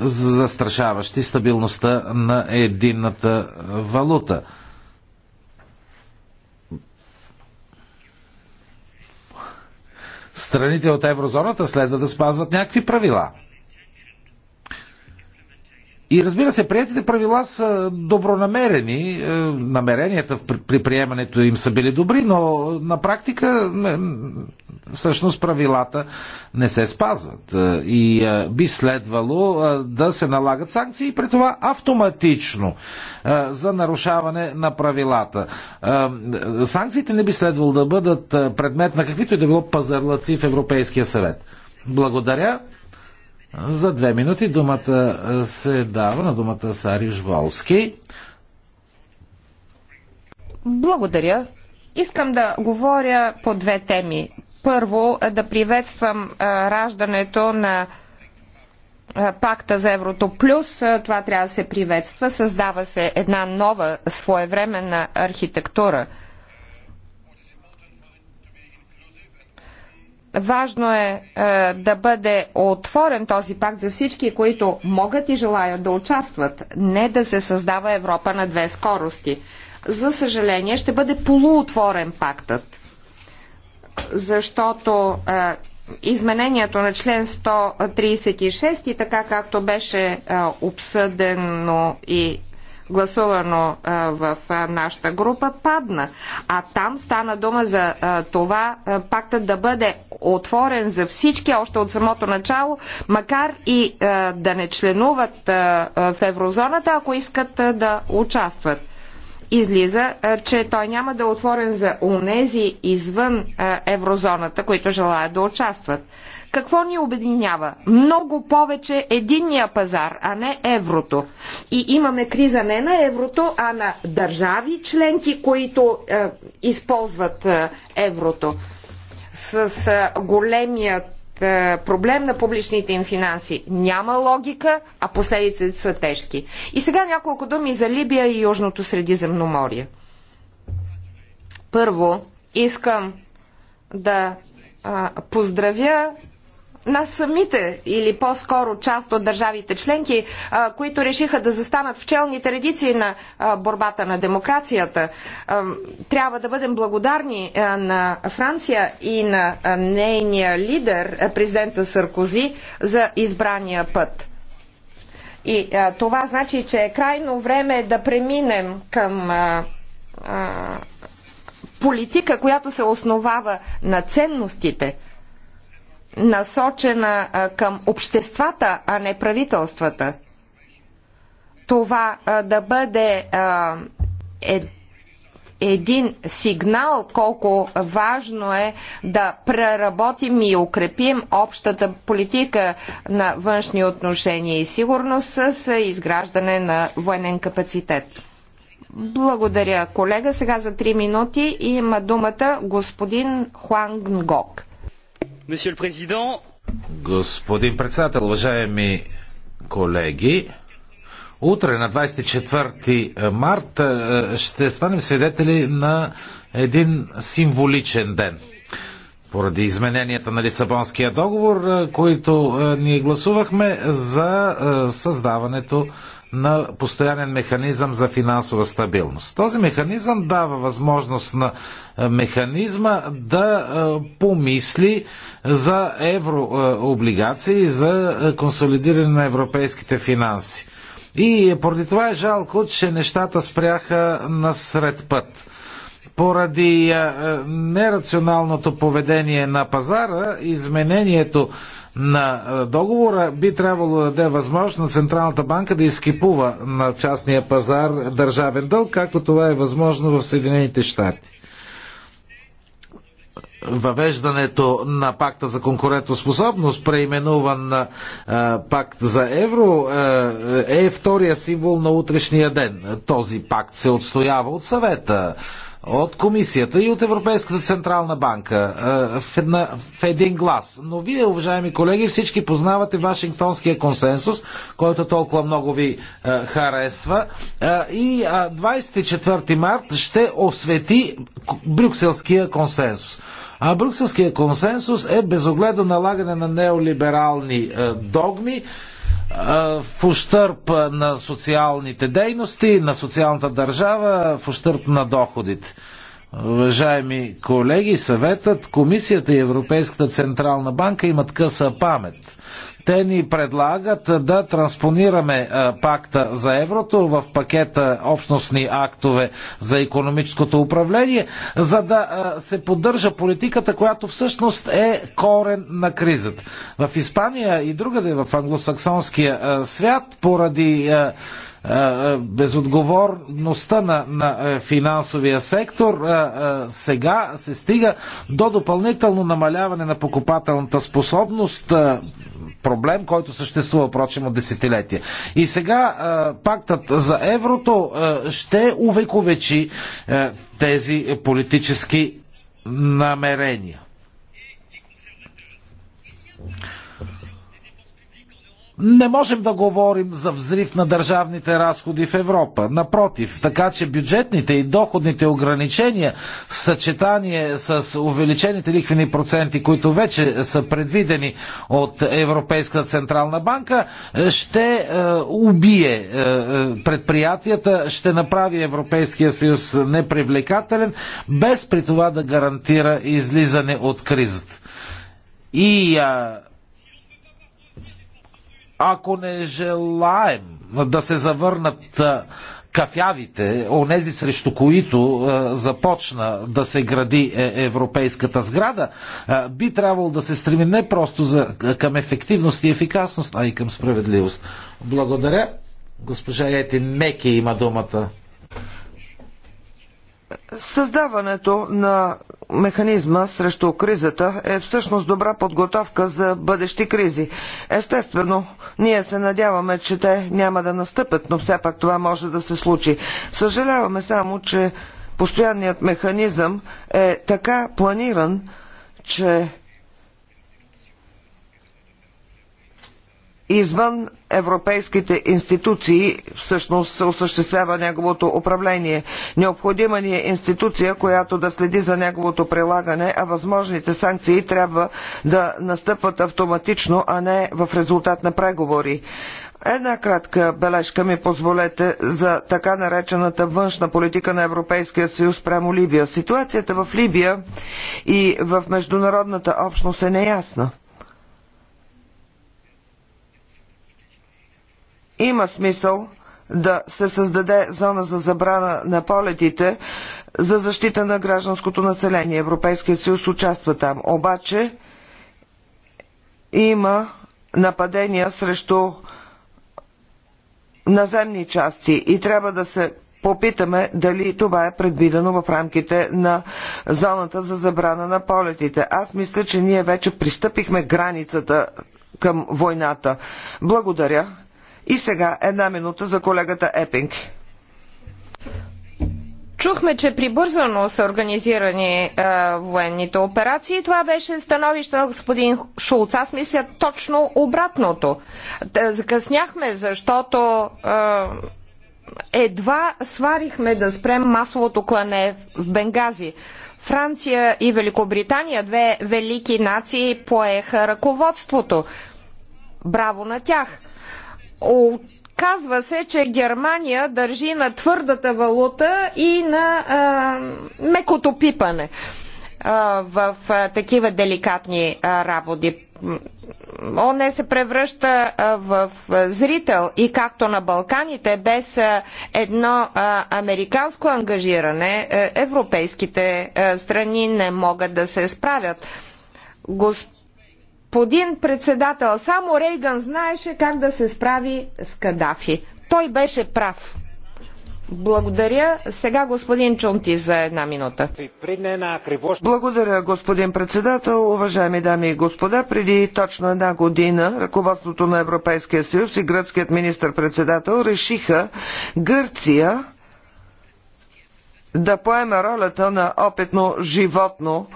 застрашаващи стабилността на единната валута. Страните от еврозоната следва да спазват някакви правила – и разбира се, приятите правила са добронамерени, е, намеренията при приемането им са били добри, но на практика всъщност правилата не се спазват. Е, и е, би следвало да се налагат санкции при това автоматично за нарушаване на правилата. Санкциите не би следвало да бъдат предмет на каквито и да било пазарлаци в Европейския съвет. Благодаря. За две минути думата се дава на думата Сариш Жволски. Благодаря. Искам да говоря по две теми. Първо, да приветствам раждането на пакта за Еврото Плюс. Това трябва да се приветства. Създава се една нова своевременна архитектура – Важно е, е да бъде отворен този пакт за всички, които могат и желаят да участват, не да се създава Европа на две скорости. За съжаление, ще бъде полуотворен пактът, защото е, изменението на член 136 и така както беше е, обсъдено и гласувано в нашата група, падна. А там стана дума за това пактът да бъде отворен за всички още от самото начало, макар и да не членуват в еврозоната, ако искат да участват. Излиза, че той няма да е отворен за унези извън еврозоната, които желаят да участват. Какво ни обединява? Много повече единния пазар, а не еврото. И имаме криза не на еврото, а на държави членки, които е, използват е, еврото. С е, големият е, проблем на публичните им финанси няма логика, а последиците са тежки. И сега няколко думи за Либия и Южното Средиземноморие. Първо, искам да а, поздравя на самите или по-скоро част от държавите членки, които решиха да застанат в челните редици на борбата на демокрацията. Трябва да бъдем благодарни на Франция и на нейния лидер, президента Саркози, за избрания път. И а, това значи, че е крайно време да преминем към а, а, политика, която се основава на ценностите – насочена към обществата, а не правителствата. Това да бъде е, един сигнал колко важно е да преработим и укрепим общата политика на външни отношения и сигурност с изграждане на военен капацитет. Благодаря, колега. Сега за 3 минути има думата господин Хуан Гок. Господин председател, уважаеми колеги, утре на 24 март е, ще станем свидетели на един символичен ден. Поради измененията на Лисабонския договор, е, които е, ние гласувахме за създаването на постоянен механизъм за финансова стабилност. Този механизъм дава възможност на е, механизма да е, помисли за еврооблигации, за е, консолидиране на европейските финанси. И поради това е жалко, че нещата спряха насред път поради нерационалното поведение на пазара, изменението на договора би трябвало да даде възможност на Централната банка да изкипува на частния пазар държавен дълг, както това е възможно в Съединените щати въвеждането на пакта за конкурентоспособност, преименуван на пакт за евро, е втория символ на утрешния ден. Този пакт се отстоява от съвета от комисията и от Европейската централна банка в, една, в един глас. Но вие, уважаеми колеги, всички познавате Вашингтонския консенсус, който толкова много ви харесва. И 24 март ще освети Брюкселския консенсус. А Брюкселския консенсус е безогледно налагане на неолиберални догми, в ущърп на социалните дейности, на социалната държава, в ущърп на доходите. Уважаеми колеги, съветът, комисията и Европейската централна банка имат къса памет. Те ни предлагат да транспонираме е, пакта за еврото в пакета общностни актове за економическото управление, за да е, се поддържа политиката, която всъщност е корен на кризата. В Испания и другаде в англосаксонския е, свят поради безотговорността на, на финансовия сектор, сега се стига до допълнително намаляване на покупателната способност, проблем, който съществува, прочим, от десетилетия. И сега пактът за еврото ще увековечи тези политически намерения не можем да говорим за взрив на държавните разходи в Европа. Напротив, така че бюджетните и доходните ограничения в съчетание с увеличените ликвени проценти, които вече са предвидени от Европейска централна банка, ще е, убие е, е, предприятията, ще направи Европейския съюз непривлекателен, без при това да гарантира излизане от кризата. И Е, ако не желаем да се завърнат кафявите, онези срещу които започна да се гради е, европейската сграда, би трябвало да се стреми не просто за, към ефективност и ефикасност, а и към справедливост. Благодаря. Госпожа Ети Меки има думата. Създаването на механизма срещу кризата е всъщност добра подготовка за бъдещи кризи. Естествено, ние се надяваме, че те няма да настъпят, но все пак това може да се случи. Съжаляваме само, че постоянният механизъм е така планиран, че извън европейските институции всъщност се осъществява неговото управление. Необходима ни е институция, която да следи за неговото прилагане, а възможните санкции трябва да настъпват автоматично, а не в резултат на преговори. Една кратка бележка ми позволете за така наречената външна политика на Европейския съюз прямо Либия. Ситуацията в Либия и в международната общност е неясна. Има смисъл да се създаде зона за забрана на полетите за защита на гражданското население. Европейския съюз участва там. Обаче има нападения срещу наземни части и трябва да се попитаме дали това е предвидено в рамките на зоната за забрана на полетите. Аз мисля, че ние вече пристъпихме границата към войната. Благодаря. И сега една минута за колегата Епинг. Чухме, че прибързано са организирани е, военните операции. Това беше становище на господин Шулц. Аз мисля точно обратното. Е, закъсняхме, защото е, едва сварихме да спрем масовото клане в Бенгази. Франция и Великобритания, две велики нации, поеха ръководството. Браво на тях! Казва се, че Германия държи на твърдата валута и на а, мекото пипане а, в а, такива деликатни а, работи. ОНЕ се превръща в зрител и както на Балканите, без едно американско ангажиране, европейските страни не могат да се справят. Госп господин председател, само Рейган знаеше как да се справи с Кадафи. Той беше прав. Благодаря. Сега господин Чунти за една минута. Благодаря, господин председател. Уважаеми дами и господа, преди точно една година ръководството на Европейския съюз и гръцкият министр-председател решиха Гърция да поеме ролята на опитно животно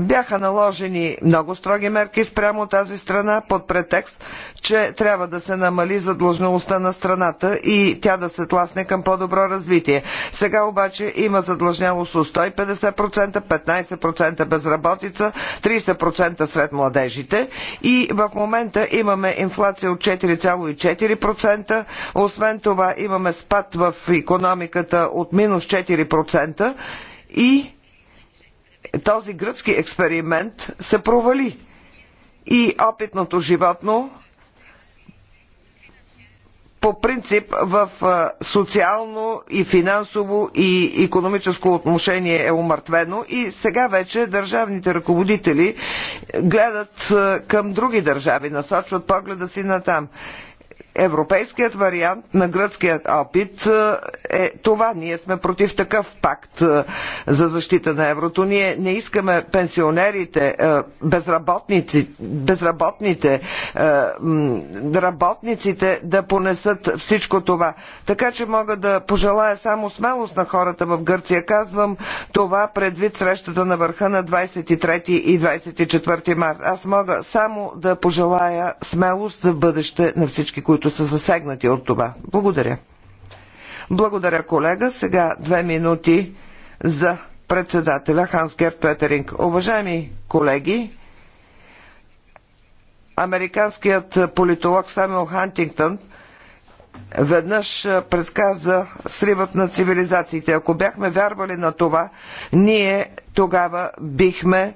бяха наложени много строги мерки спрямо тази страна под претекст, че трябва да се намали задлъжнялостта на страната и тя да се тласне към по-добро развитие. Сега обаче има задлъжнялост от 150%, 15% безработица, 30% сред младежите и в момента имаме инфлация от 4,4%. Освен това имаме спад в економиката от минус 4% и този гръцки експеримент се провали. И опитното животно по принцип в социално и финансово и економическо отношение е умъртвено и сега вече държавните ръководители гледат към други държави, насочват погледа си на там. Европейският вариант на гръцкият опит е, е това. Ние сме против такъв пакт е, за защита на еврото. Ние не искаме пенсионерите, е, безработници, безработните, работниците да понесат всичко това. Така че мога да пожелая само смелост на хората в Гърция. Казвам това предвид срещата на върха на 23 и 24 март. Аз мога само да пожелая смелост за бъдеще на всички, които които са засегнати от това. Благодаря. Благодаря, колега. Сега две минути за председателя Ханс Герт Петеринг. Уважаеми колеги, американският политолог Самюел Хантингтън веднъж предсказа сривът на цивилизациите. Ако бяхме вярвали на това, ние тогава бихме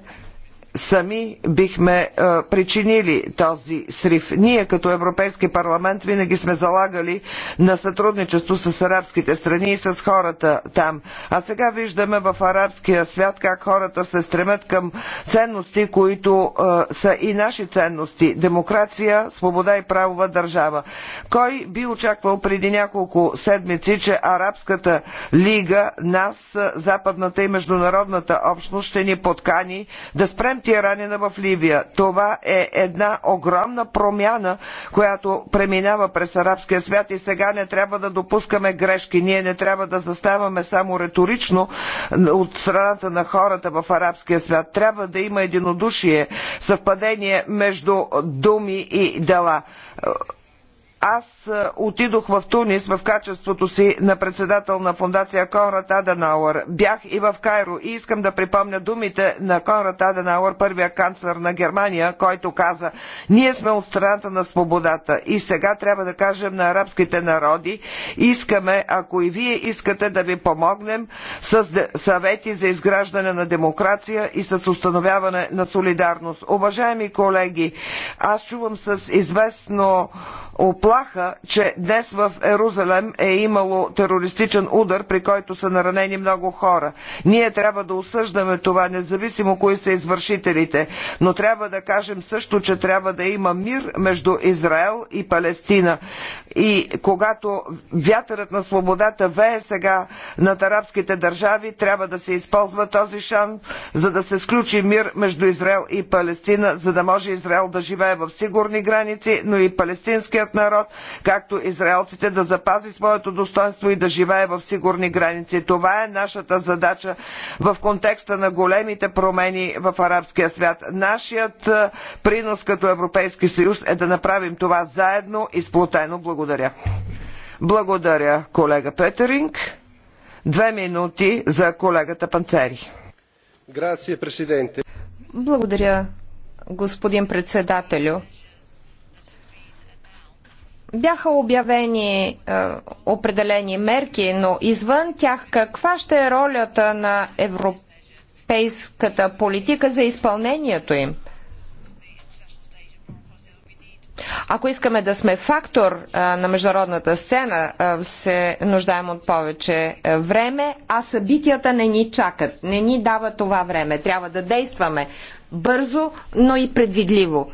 сами бихме а, причинили този срив. Ние като Европейски парламент винаги сме залагали на сътрудничество с арабските страни и с хората там. А сега виждаме в арабския свят как хората се стремят към ценности, които а, са и наши ценности. Демокрация, свобода и правова държава. Кой би очаквал преди няколко седмици, че Арабската лига, нас, западната и международната общност ще ни подкани да спрем ти е ранена в Ливия. Това е една огромна промяна, която преминава през арабския свят и сега не трябва да допускаме грешки. Ние не трябва да заставаме само риторично от страната на хората в арабския свят. Трябва да има единодушие, съвпадение между думи и дела. Аз е, отидох в Тунис в качеството си на председател на фундация Конрад Аденауър. Бях и в Кайро и искам да припомня думите на Конрад Аденауър, първия канцлер на Германия, който каза Ние сме от страната на свободата и сега трябва да кажем на арабските народи искаме, ако и вие искате да ви помогнем с съвети за изграждане на демокрация и с установяване на солидарност. Уважаеми колеги, аз чувам с известно оплаха, че днес в Ерузалем е имало терористичен удар, при който са наранени много хора. Ние трябва да осъждаме това, независимо кои са извършителите, но трябва да кажем също, че трябва да има мир между Израел и Палестина. И когато вятърът на свободата вее сега над арабските държави, трябва да се използва този шан, за да се сключи мир между Израел и Палестина, за да може Израел да живее в сигурни граници, но и палестинският народ, както израелците, да запази своето достоинство и да живее в сигурни граници. Това е нашата задача в контекста на големите промени в арабския свят. Нашият е, принос като Европейски съюз е да направим това заедно и сплотено. Благодаря. Благодаря. Благодаря, колега Петеринг. Две минути за колегата Панцери. Грация, президенте. Благодаря, господин председателю. Бяха обявени е, определени мерки, но извън тях каква ще е ролята на европейската политика за изпълнението им? Ако искаме да сме фактор а, на международната сцена, а, се нуждаем от повече а, време, а събитията не ни чакат, не ни дава това време. Трябва да действаме бързо, но и предвидливо.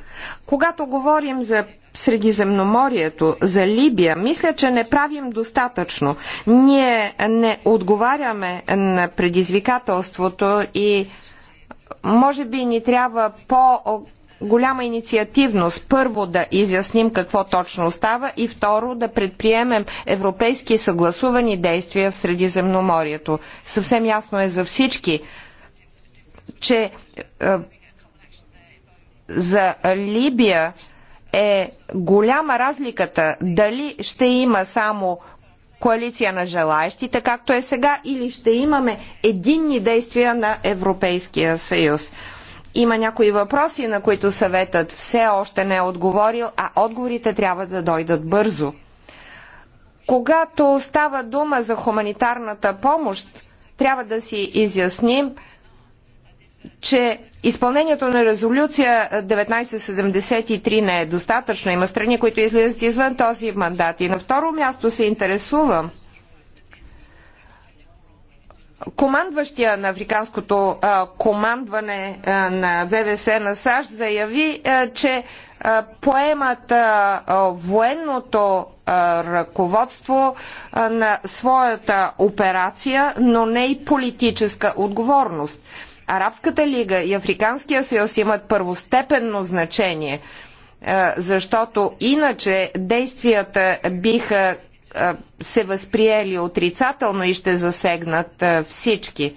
Когато говорим за Средиземноморието, за Либия, мисля, че не правим достатъчно. Ние не отговаряме на предизвикателството и може би ни трябва по голяма инициативност. Първо да изясним какво точно става и второ да предприемем европейски съгласувани действия в Средиземноморието. Съвсем ясно е за всички, че е, за Либия е голяма разликата дали ще има само коалиция на желаящите, както е сега, или ще имаме единни действия на Европейския съюз. Има някои въпроси, на които съветът все още не е отговорил, а отговорите трябва да дойдат бързо. Когато става дума за хуманитарната помощ, трябва да си изясним, че изпълнението на резолюция 1973 не е достатъчно. Има страни, които излизат извън този мандат. И на второ място се интересувам – командващия на африканското командване на ВВС на САЩ заяви, че поемат военното ръководство на своята операция, но не и политическа отговорност. Арабската лига и Африканския съюз имат първостепенно значение, защото иначе действията биха се възприели отрицателно и ще засегнат всички.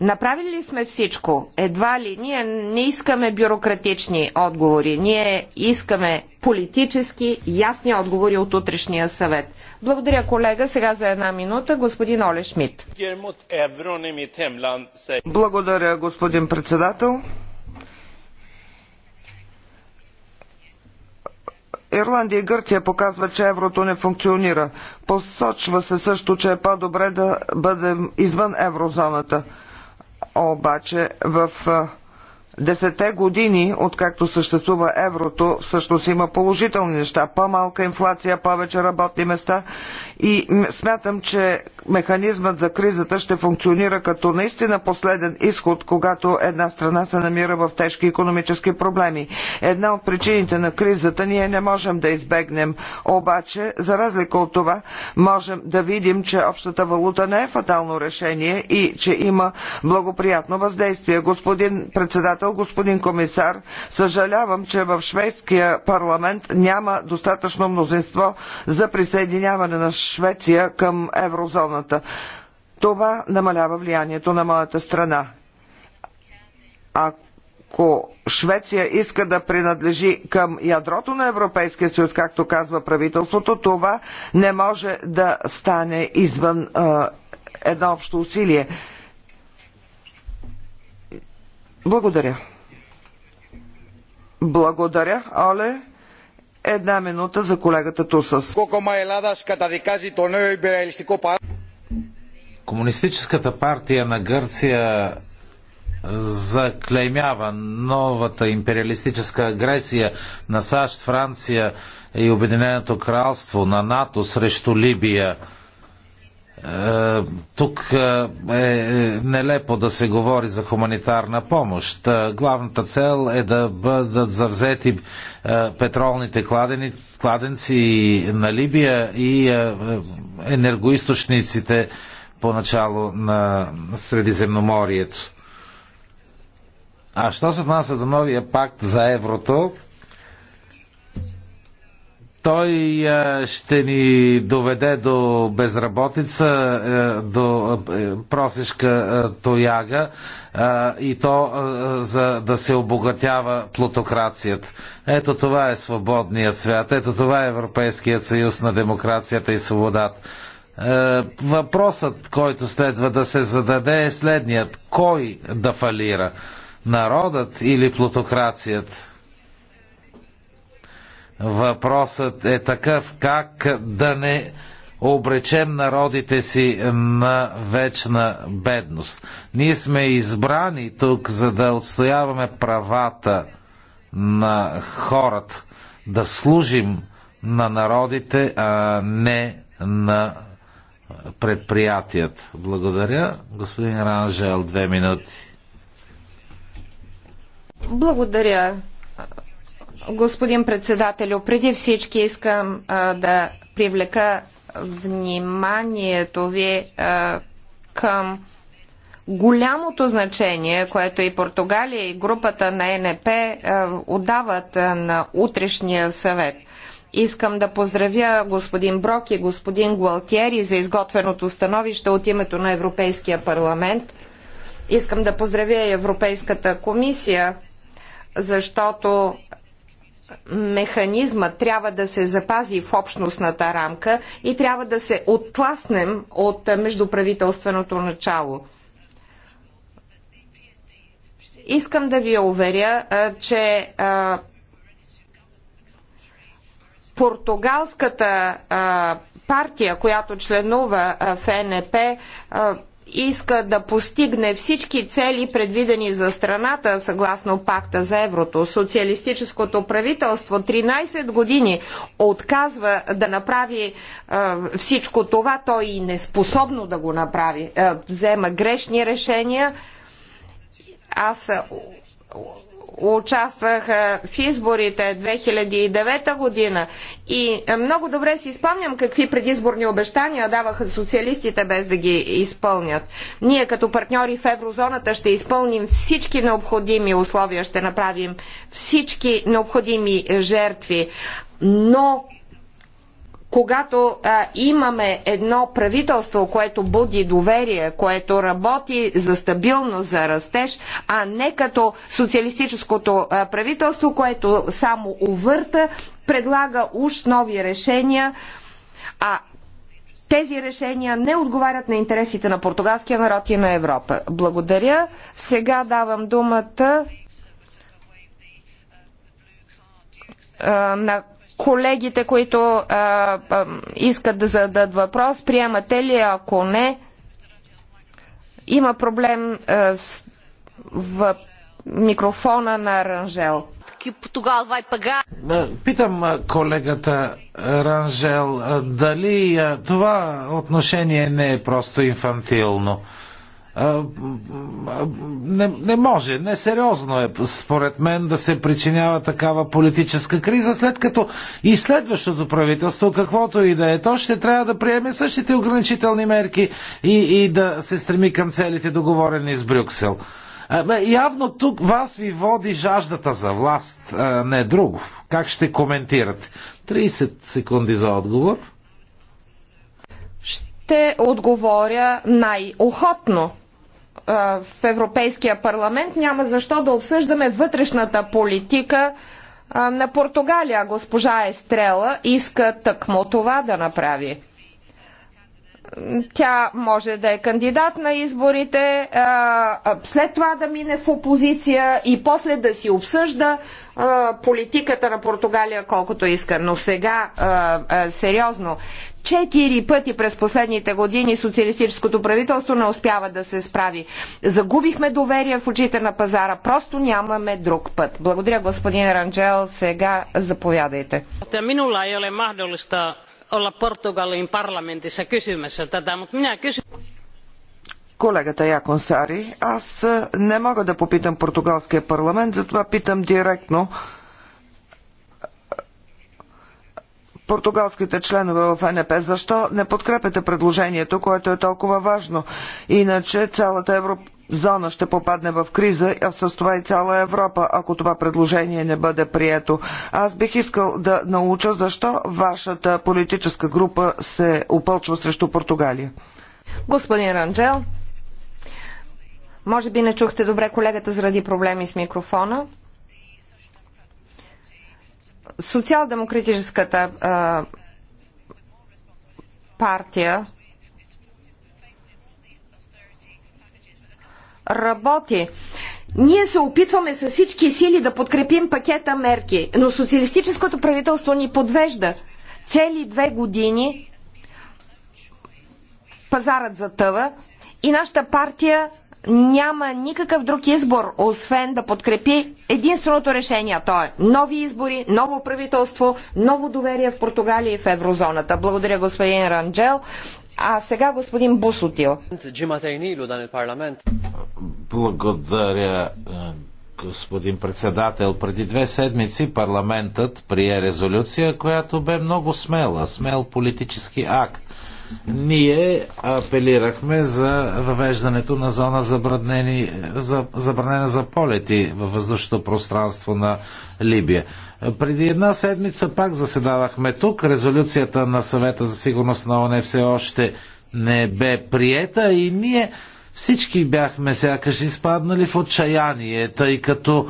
Направили сме всичко. Едва ли ние не искаме бюрократични отговори. Ние искаме политически ясни отговори от утрешния съвет. Благодаря, колега. Сега за една минута господин Оле Шмидт. Благодаря, господин председател. Ирландия и Гърция показват, че еврото не функционира. Посочва се също, че е по-добре да бъдем извън еврозоната. Обаче в десете години, откакто съществува еврото, всъщност има положителни неща. По-малка инфлация, повече работни места и смятам, че механизмът за кризата ще функционира като наистина последен изход, когато една страна се намира в тежки економически проблеми. Една от причините на кризата ние не можем да избегнем, обаче за разлика от това можем да видим, че общата валута не е фатално решение и че има благоприятно въздействие. Господин председател, господин комисар, съжалявам, че в шведския парламент няма достатъчно мнозинство за присъединяване на Швеция към еврозоната зоната. Това намалява влиянието на моята страна. Ако Швеция иска да принадлежи към ядрото на Европейския съюз, както казва правителството, това не може да стане извън а, е, едно общо усилие. Благодаря. Благодаря, Оле. Една минута за колегата Тусас. Комунистическата партия на Гърция заклеймява новата империалистическа агресия на САЩ, Франция и Обединеното кралство, на НАТО срещу Либия. Е, тук е, е нелепо да се говори за хуманитарна помощ. Е, главната цел е да бъдат завзети петролните кладенци на Либия и енергоисточниците поначало на Средиземноморието. А що се отнася до новия пакт за еврото, той е, ще ни доведе до безработица, е, до е, просешка тояга и то за да се обогатява плутокрацията. Ето това е свободният свят, ето това е Европейският съюз на демокрацията и свободата. Е, въпросът, който следва да се зададе е следният. Кой да фалира? Народът или плутокрацият? Въпросът е такъв как да не обречем народите си на вечна бедност. Ние сме избрани тук, за да отстояваме правата на хората, да служим на народите, а не на предприятията. Благодаря. Господин Ранжел, две минути. Благодаря, господин председателю. Преди всички искам а, да привлека вниманието ви а, към голямото значение, което и Португалия и групата на НП а, отдават а, на утрешния съвет – Искам да поздравя господин Брок и господин Гуалтиери за изготвеното становище от името на Европейския парламент. Искам да поздравя и Европейската комисия, защото механизма трябва да се запази в общностната рамка и трябва да се оттласнем от междуправителственото начало. Искам да ви уверя, че португалската а, партия, която членува а, в НП, а, иска да постигне всички цели, предвидени за страната, съгласно пакта за еврото. Социалистическото правителство 13 години отказва да направи а, всичко това, той и неспособно да го направи. А, взема грешни решения. Аз участваха в изборите 2009 година и е, много добре си спомням какви предизборни обещания даваха социалистите без да ги изпълнят. Ние като партньори в еврозоната ще изпълним всички необходими условия, ще направим всички необходими жертви, но когато а, имаме едно правителство, което буди доверие, което работи за стабилност, за растеж, а не като социалистическото а, правителство, което само увърта, предлага уж нови решения, а тези решения не отговарят на интересите на португалския народ и на Европа. Благодаря. Сега давам думата а, на колегите, които а, а, искат да зададат въпрос, приемате ли, ако не, има проблем а, с, в микрофона на Ранжел. Питам колегата Ранжел, дали това отношение не е просто инфантилно? не, не може, несериозно е според мен да се причинява такава политическа криза, след като и следващото правителство, каквото и да е то, ще трябва да приеме същите ограничителни мерки и, и да се стреми към целите договорени с Брюксел. Явно тук вас ви води жаждата за власт, а не друго. Как ще коментирате? 30 секунди за отговор. Ще отговоря най-охотно в Европейския парламент, няма защо да обсъждаме вътрешната политика на Португалия. Госпожа Естрела иска тъкмо това да направи. Тя може да е кандидат на изборите, след това да мине в опозиция и после да си обсъжда политиката на Португалия колкото иска. Но сега, сериозно, четири пъти през последните години социалистическото правителство не успява да се справи. Загубихме доверие в очите на пазара. Просто нямаме друг път. Благодаря, господин Ранджел. Сега заповядайте. Колегата Якон Сари, аз не мога да попитам португалския парламент, затова питам директно португалските членове в НП. Защо не подкрепяте предложението, което е толкова важно? Иначе цялата еврозона зона ще попадне в криза, а с това и цяла Европа, ако това предложение не бъде прието. Аз бих искал да науча защо вашата политическа група се опълчва срещу Португалия. Господин Ранджел, може би не чухте добре колегата заради проблеми с микрофона социал-демократическата партия работи. Ние се опитваме с всички сили да подкрепим пакета мерки, но социалистическото правителство ни подвежда. Цели две години пазарът затъва и нашата партия няма никакъв друг избор, освен да подкрепи единственото решение. То е нови избори, ново правителство, ново доверие в Португалия и в еврозоната. Благодаря господин Ранджел. А сега господин Бусотил. Благодаря, е, господин председател. Преди две седмици парламентът прие резолюция, която бе много смела, смел политически акт ние апелирахме за въвеждането на зона забранени, за, забранена за полети във въздушното пространство на Либия. Преди една седмица пак заседавахме тук. Резолюцията на съвета за сигурност на ОНЕ все още не бе приета и ние всички бяхме сякаш изпаднали в отчаяние, тъй като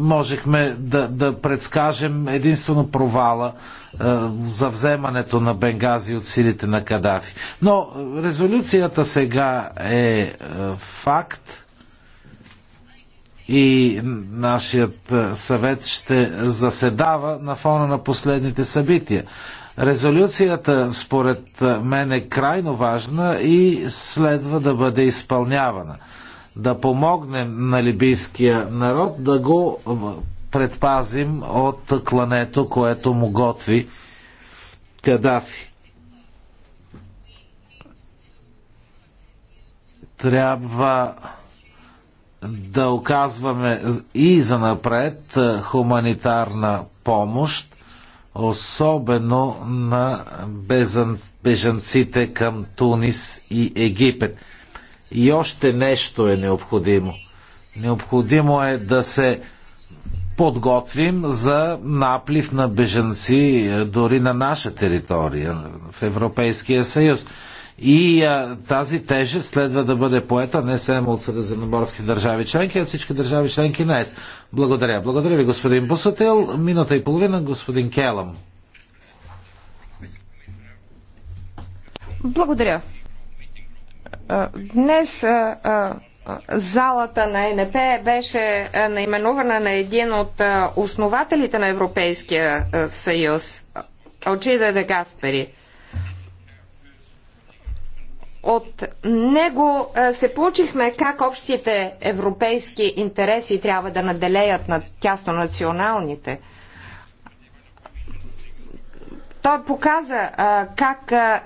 можехме да, да предскажем единствено провала е, за вземането на Бенгази от силите на Кадафи. Но е, резолюцията сега е, е факт и нашият е, съвет ще заседава на фона на последните събития. Резолюцията, според мен, е крайно важна и следва да бъде изпълнявана. Да помогнем на либийския народ да го предпазим от клането, което му готви Кадафи. Трябва да оказваме и занапред хуманитарна помощ особено на бежанците към Тунис и Египет. И още нещо е необходимо. Необходимо е да се подготвим за наплив на бежанци е, дори на наша територия в Европейския съюз. И а, тази тежест следва да бъде поета не само от средиземноморски държави членки, а от всички държави членки на ЕС. Благодаря. Благодаря ви, господин Бусател. Минута и половина, господин Келам. Благодаря. Днес залата на НП беше наименувана на един от основателите на Европейския съюз, Алчида де Гаспери. От него е, се получихме как общите европейски интереси трябва да наделеят на тясно националните. Той показа е, как е,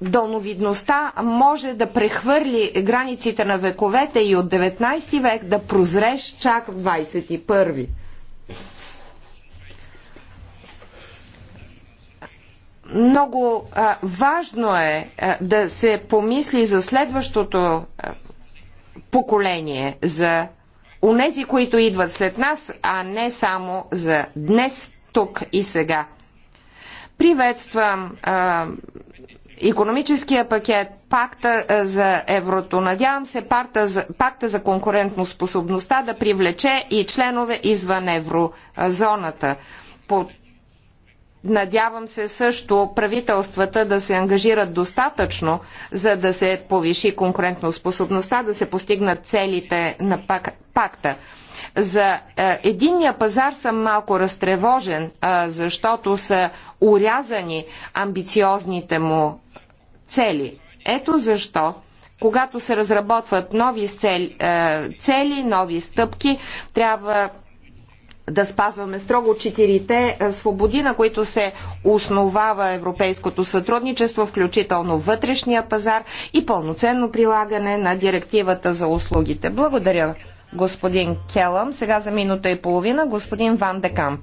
дълновидността може да прехвърли границите на вековете и от 19 век да прозреш чак в 21. Много а, важно е а, да се помисли за следващото а, поколение, за унези, които идват след нас, а не само за днес, тук и сега. Приветствам а, економическия пакет, пакта за еврото. Надявам се пакта за, пакта за способността да привлече и членове извън еврозоната. По Надявам се също правителствата да се ангажират достатъчно, за да се повиши конкурентоспособността, да се постигнат целите на пакта. За е, единния пазар съм малко разтревожен, е, защото са урязани амбициозните му цели. Ето защо когато се разработват нови е, цели, нови стъпки, трябва да спазваме строго четирите е, свободи, на които се основава европейското сътрудничество, включително вътрешния пазар и пълноценно прилагане на директивата за услугите. Благодаря, господин Келъм. Сега за минута и половина господин Ван Декамп.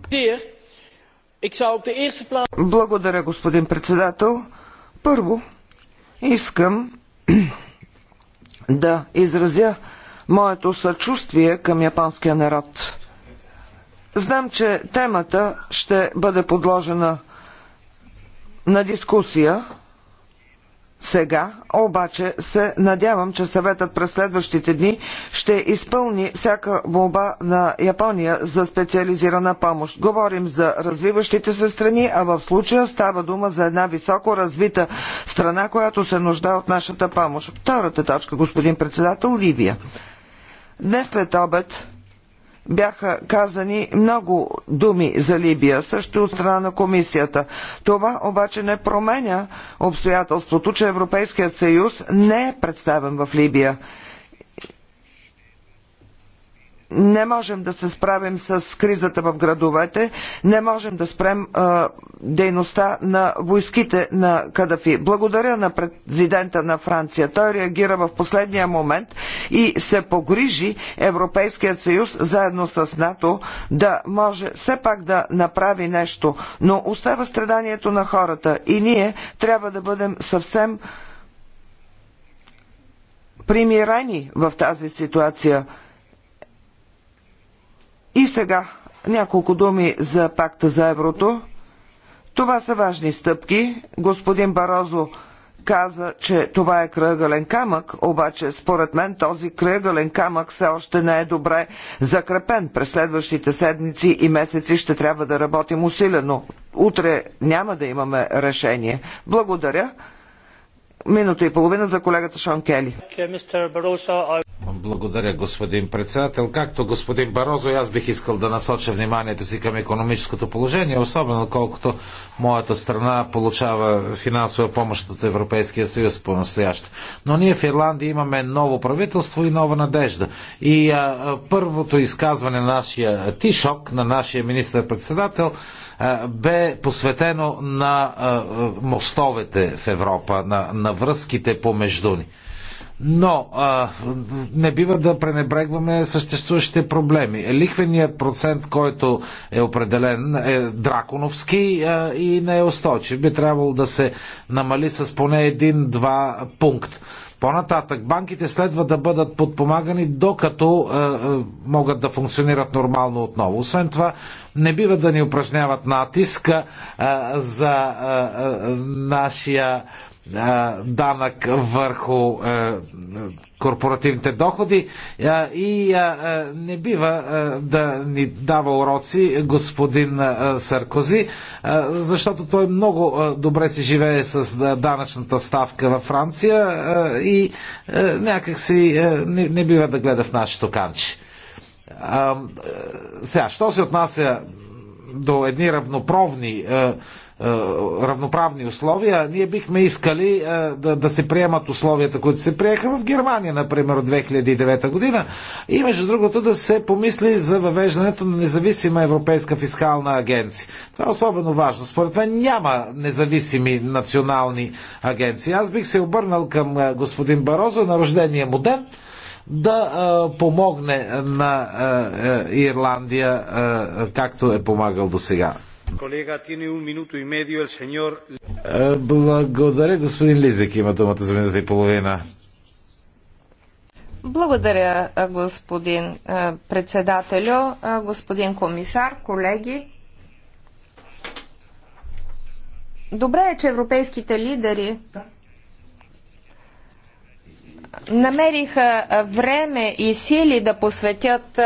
Благодаря, господин председател. Първо, искам [clears throat] да изразя моето съчувствие към японския народ. Знам, че темата ще бъде подложена на дискусия сега, обаче се надявам, че съветът през следващите дни ще изпълни всяка молба на Япония за специализирана помощ. Говорим за развиващите се страни, а в случая става дума за една високо развита страна, която се нужда от нашата помощ. Втората точка, господин председател, Ливия. Днес след обед бяха казани много думи за Либия, също от страна на комисията. Това обаче не променя обстоятелството, че Европейският съюз не е представен в Либия не можем да се справим с кризата в градовете, не можем да спрем а, дейността на войските на Кадафи. Благодаря на президента на Франция. Той реагира в последния момент и се погрижи Европейският съюз заедно с НАТО да може все пак да направи нещо, но остава страданието на хората и ние трябва да бъдем съвсем примирени в тази ситуация. И сега няколко думи за пакта за еврото. Това са важни стъпки. Господин Барозо каза, че това е кръгълен камък, обаче според мен този кръгълен камък все още не е добре закрепен. През следващите седмици и месеци ще трябва да работим усилено. Утре няма да имаме решение. Благодаря. Минута и половина за колегата Шон Кели. Благодаря, господин председател. Както господин Барозо, аз бих искал да насоча вниманието си към економическото положение, особено колкото моята страна получава финансова помощ от Европейския съюз по-настояще. Но ние в Ирландия имаме ново правителство и нова надежда. И а, първото изказване на нашия Тишок, на нашия министър-председател, бе посветено на а, мостовете в Европа, на, на връзките помежду ни. Но а, не бива да пренебрегваме съществуващите проблеми. Лихвеният процент, който е определен, е драконовски а, и не е устойчив. Би трябвало да се намали с поне един-два пункт. По-нататък, банките следва да бъдат подпомагани, докато е, е, могат да функционират нормално отново. Освен това, не бива да ни упражняват натиска е, за е, е, нашия е, данък върху е, корпоративните доходи е, и не бива да ни дава уроци господин Саркози, защото той много добре си живее с данъчната ставка във Франция и някакси не, не бива да гледа в нашето канче. Сега, що се отнася до едни равноправни е, равноправни условия, ние бихме искали е, да, да се приемат условията, които се приеха в Германия, например, от 2009 година. И между другото да се помисли за въвеждането на независима Европейска фискална агенция. Това е особено важно. Според мен няма независими национални агенции. Аз бих се обърнал към е, господин Барозо на рождения му ден да а, помогне на а, а, Ирландия, а, както е помагал до сега. Е, благодаря, господин Лизик. Има думата за минута и половина. Благодаря, господин председателю, господин комисар, колеги. Добре е, че европейските лидери намериха време и сили да посветят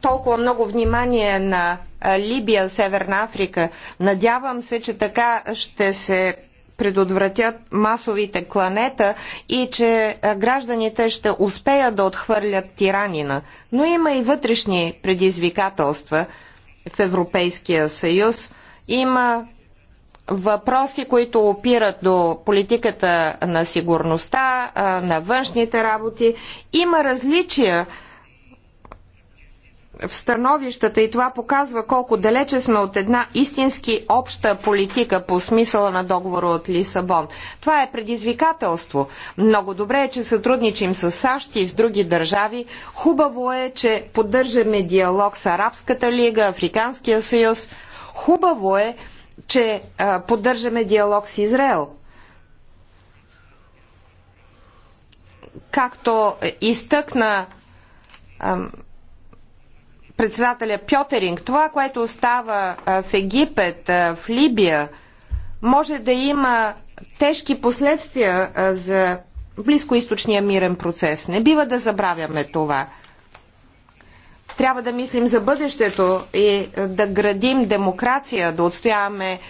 толкова много внимание на Либия, Северна Африка. Надявам се, че така ще се предотвратят масовите кланета и че гражданите ще успеят да отхвърлят тиранина. Но има и вътрешни предизвикателства в Европейския съюз. Има въпроси, които опират до политиката на сигурността, на външните работи. Има различия в становищата и това показва колко далече сме от една истински обща политика по смисъла на договора от Лисабон. Това е предизвикателство. Много добре е, че сътрудничим с САЩ и с други държави. Хубаво е, че поддържаме диалог с Арабската лига, Африканския съюз. Хубаво е, че а, поддържаме диалог с Израел. Както изтъкна председателя Пьотеринг, това, което остава в Египет, в Либия, може да има тежки последствия за близкоисточния мирен процес. Не бива да забравяме това. Трябва да мислим за бъдещето и да градим демокрация, да отстояваме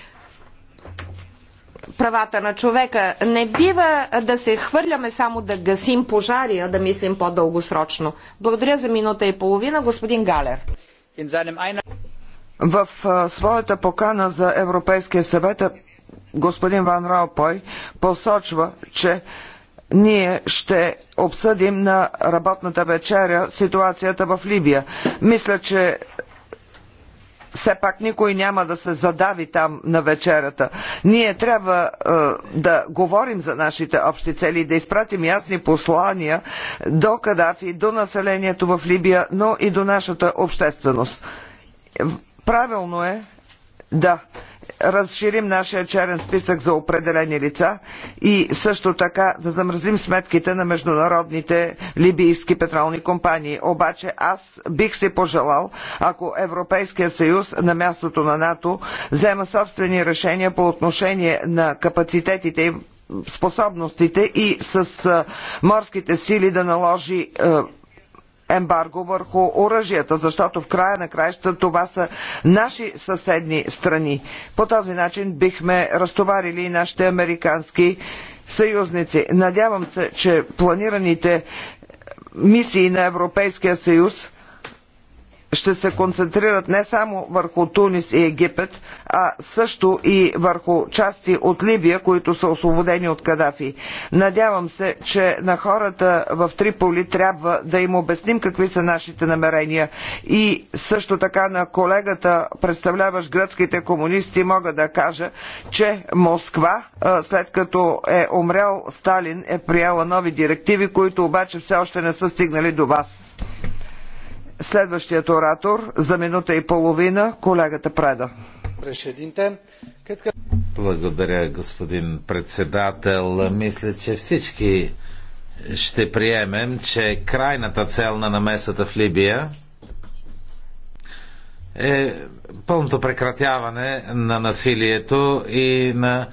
правата на човека. Не бива да се хвърляме само да гасим пожари, а да мислим по-дългосрочно. Благодаря за минута и половина, господин Галер. В своята покана за Европейския съвет господин Ван Ропой посочва, че ние ще обсъдим на работната вечеря ситуацията в Либия. Мисля, че все пак никой няма да се задави там на вечерата. Ние трябва е, да говорим за нашите общи цели и да изпратим ясни послания до Кадафи, до населението в Либия, но и до нашата общественост. Правилно е да разширим нашия черен списък за определени лица и също така да замразим сметките на международните либийски петролни компании. Обаче аз бих си пожелал, ако Европейския съюз на мястото на НАТО взема собствени решения по отношение на капацитетите и способностите и с морските сили да наложи ембарго върху оръжията, защото в края на краища това са наши съседни страни. По този начин бихме разтоварили и нашите американски съюзници. Надявам се, че планираните мисии на Европейския съюз ще се концентрират не само върху Тунис и Египет, а също и върху части от Либия, които са освободени от Кадафи. Надявам се, че на хората в Триполи трябва да им обясним какви са нашите намерения. И също така на колегата, представляващ гръцките комунисти, мога да кажа, че Москва, след като е умрял Сталин, е приела нови директиви, които обаче все още не са стигнали до вас. Следващият оратор за минута и половина, колегата Преда. Благодаря, господин председател. Мисля, че всички ще приемем, че крайната цел на намесата в Либия е пълното прекратяване на насилието и на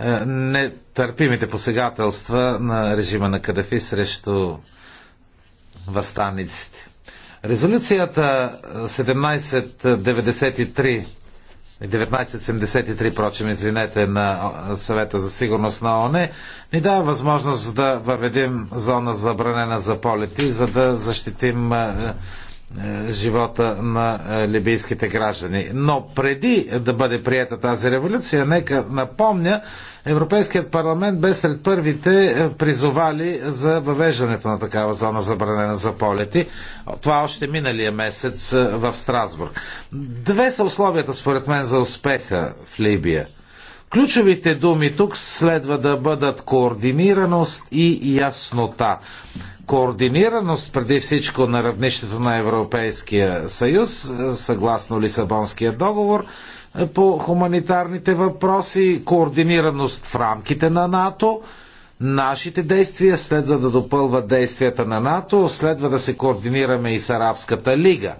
е, нетърпимите посегателства на режима на Кадафи срещу възстанниците. Резолюцията 1793 1973, прочим, извинете, на съвета за сигурност на ОНЕ ни дава възможност да въведем зона забранена за полети, за да защитим е, живота на е, либийските граждани. Но преди да бъде прията тази революция, нека напомня, Европейският парламент бе сред първите е, призовали за въвеждането на такава зона забранена за полети. Това още миналия месец в Страсбург. Две са условията, според мен, за успеха в Либия. Ключовите думи тук следва да бъдат координираност и яснота координираност преди всичко на равнището на Европейския съюз, е, съгласно Лисабонския договор, е, по хуманитарните въпроси, координираност в рамките на НАТО. Нашите действия следва да допълват действията на НАТО, следва да се координираме и с Арабската лига.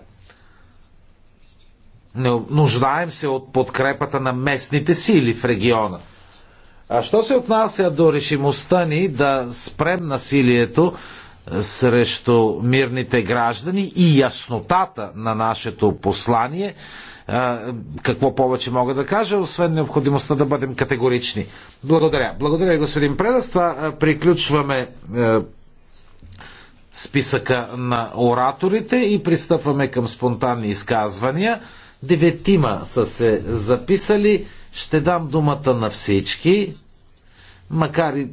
Не, нуждаем се от подкрепата на местните сили в региона. А що се отнася до решимостта ни да спрем насилието, срещу мирните граждани и яснотата на нашето послание. Какво повече мога да кажа, освен необходимостта да бъдем категорични. Благодаря. Благодаря, господин Предас. Това приключваме списъка на ораторите и пристъпваме към спонтанни изказвания. Деветима са се записали. Ще дам думата на всички, макар и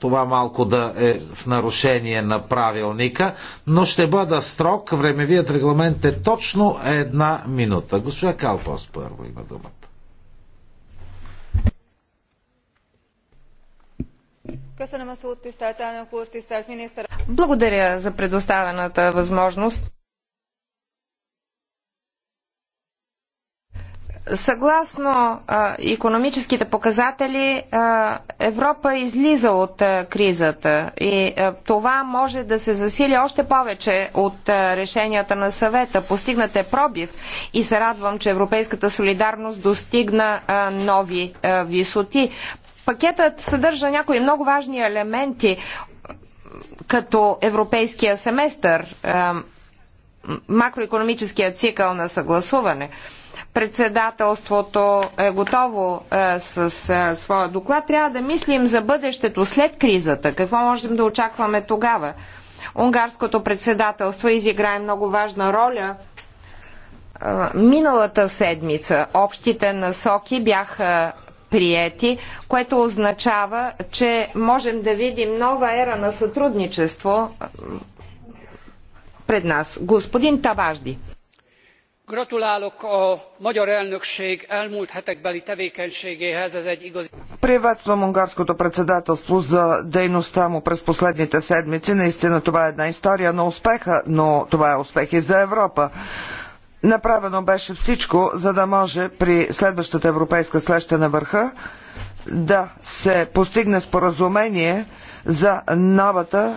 това малко да е в нарушение на правилника, но ще бъда строг. Времевият регламент е точно една минута. Госпожа Калпос първо има думата. Благодаря за предоставената възможност. Съгласно а, економическите показатели, а, Европа излиза от а, кризата и а, това може да се засили още повече от а, решенията на съвета. Постигнат е пробив и се радвам, че европейската солидарност достигна а, нови а, висоти. Пакетът съдържа някои много важни елементи, като европейския семестър, макроекономическия цикъл на съгласуване. А, председателството е готово е, с е, своя доклад, трябва да мислим за бъдещето след кризата. Какво можем да очакваме тогава? Унгарското председателство изиграе много важна роля. Е, миналата седмица общите насоки бяха приети, което означава, че можем да видим нова ера на сътрудничество е, пред нас. Господин Табажди gratulálok a magyar elnökség elmúlt hetekbeli tevékenységéhez ez egy igazi. Приветствам унгарското председателство за дейността му през последните седмици. Наистина това е една история на успеха, но това е успех и за Европа. Направено беше всичко, за да може при следващата европейска среща на върха да се постигне споразумение за новата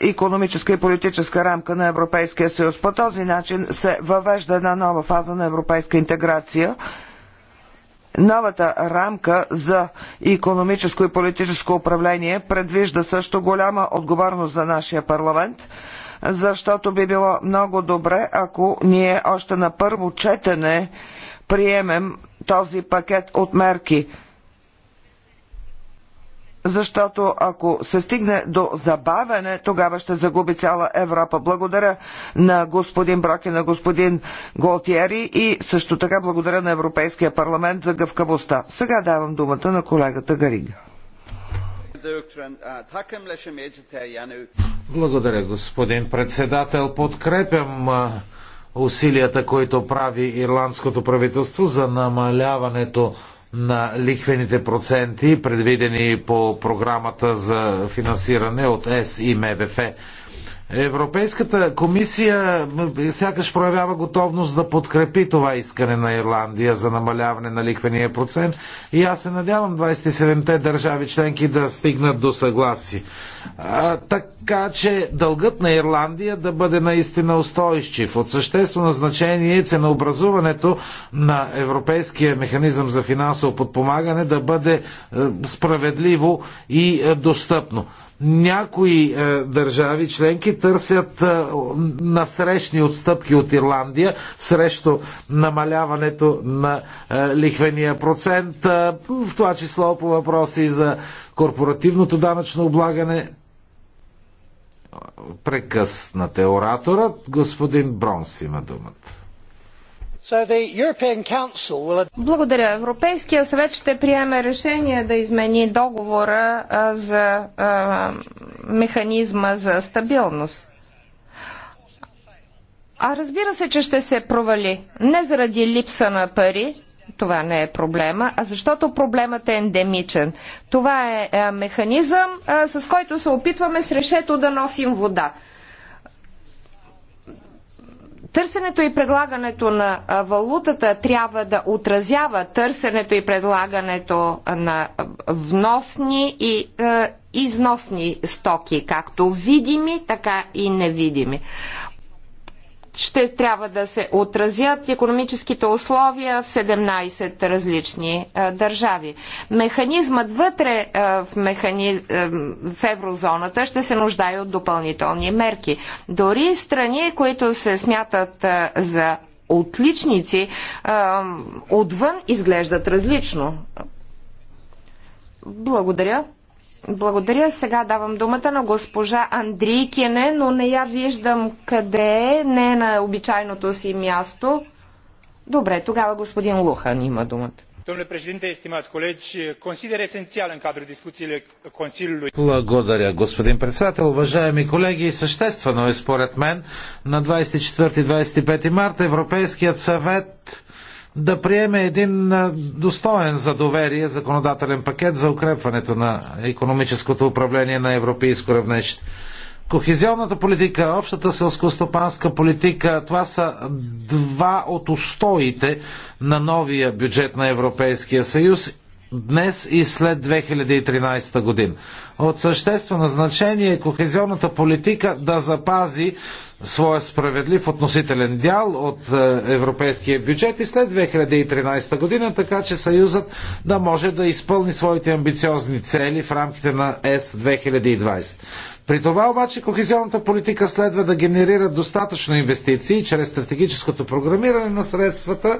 економическа и политическа рамка на Европейския съюз. По този начин се въвежда една нова фаза на европейска интеграция Новата рамка за економическо и политическо управление предвижда също голяма отговорност за нашия парламент, защото би било много добре, ако ние още на първо четене приемем този пакет от мерки – защото ако се стигне до забавене, тогава ще загуби цяла Европа. Благодаря на господин Брок и на господин Голтиери и също така благодаря на Европейския парламент за гъвкавостта. Сега давам думата на колегата Гарига. Благодаря, господин председател. Подкрепям усилията, които прави ирландското правителство за намаляването на лихвените проценти, предвидени по програмата за финансиране от ЕС и МВФ Европейската комисия сякаш проявява готовност да подкрепи това искане на Ирландия за намаляване на ликвения процент и аз се надявам 27-те държави членки да стигнат до съгласи. А, така че дългът на Ирландия да бъде наистина устойчив. От съществено значение е ценообразуването на Европейския механизъм за финансово подпомагане да бъде е, справедливо и е, достъпно някои е, държави членки търсят е, насрещни отстъпки от Ирландия срещу намаляването на е, лихвения процент, е, в това число по въпроси за корпоративното данъчно облагане. Прекъснате ораторът, господин Бронс има думата. Благодаря. Европейския съвет ще приеме решение да измени договора за механизма за стабилност. А разбира се, че ще се провали. Не заради липса на пари, това не е проблема, а защото проблемът е ендемичен. Това е механизъм, с който се опитваме с решето да носим вода. Търсенето и предлагането на валутата трябва да отразява търсенето и предлагането на вносни и износни стоки, както видими, така и невидими ще трябва да се отразят економическите условия в 17 различни а, държави. Механизмът вътре а, в, механиз... а, в еврозоната ще се нуждае от допълнителни мерки. Дори страни, които се смятат а, за отличници, а, отвън изглеждат различно. Благодаря. Благодаря. Сега давам думата на госпожа Андрийкине, но не я виждам къде е, не е на обичайното си място. Добре, тогава господин Лухан има думата. Domnule președinte, estimați colegi, consider esențial în cadrul discuțiile Consiliului. Благодаря, господин председател. Уважаеми колеги, съществено е според мен на 24-25 марта Европейският съвет да приеме един достоен за доверие законодателен пакет за укрепването на економическото управление на европейско равнище. Кохезионната политика, общата селско-стопанска политика, това са два от устоите на новия бюджет на Европейския съюз днес и след 2013 година. От съществено значение е кохезионната политика да запази своя справедлив относителен дял от е, европейския бюджет и след 2013 година, така че Съюзът да може да изпълни своите амбициозни цели в рамките на С 2020. При това обаче кохезионната политика следва да генерира достатъчно инвестиции чрез стратегическото програмиране на средствата,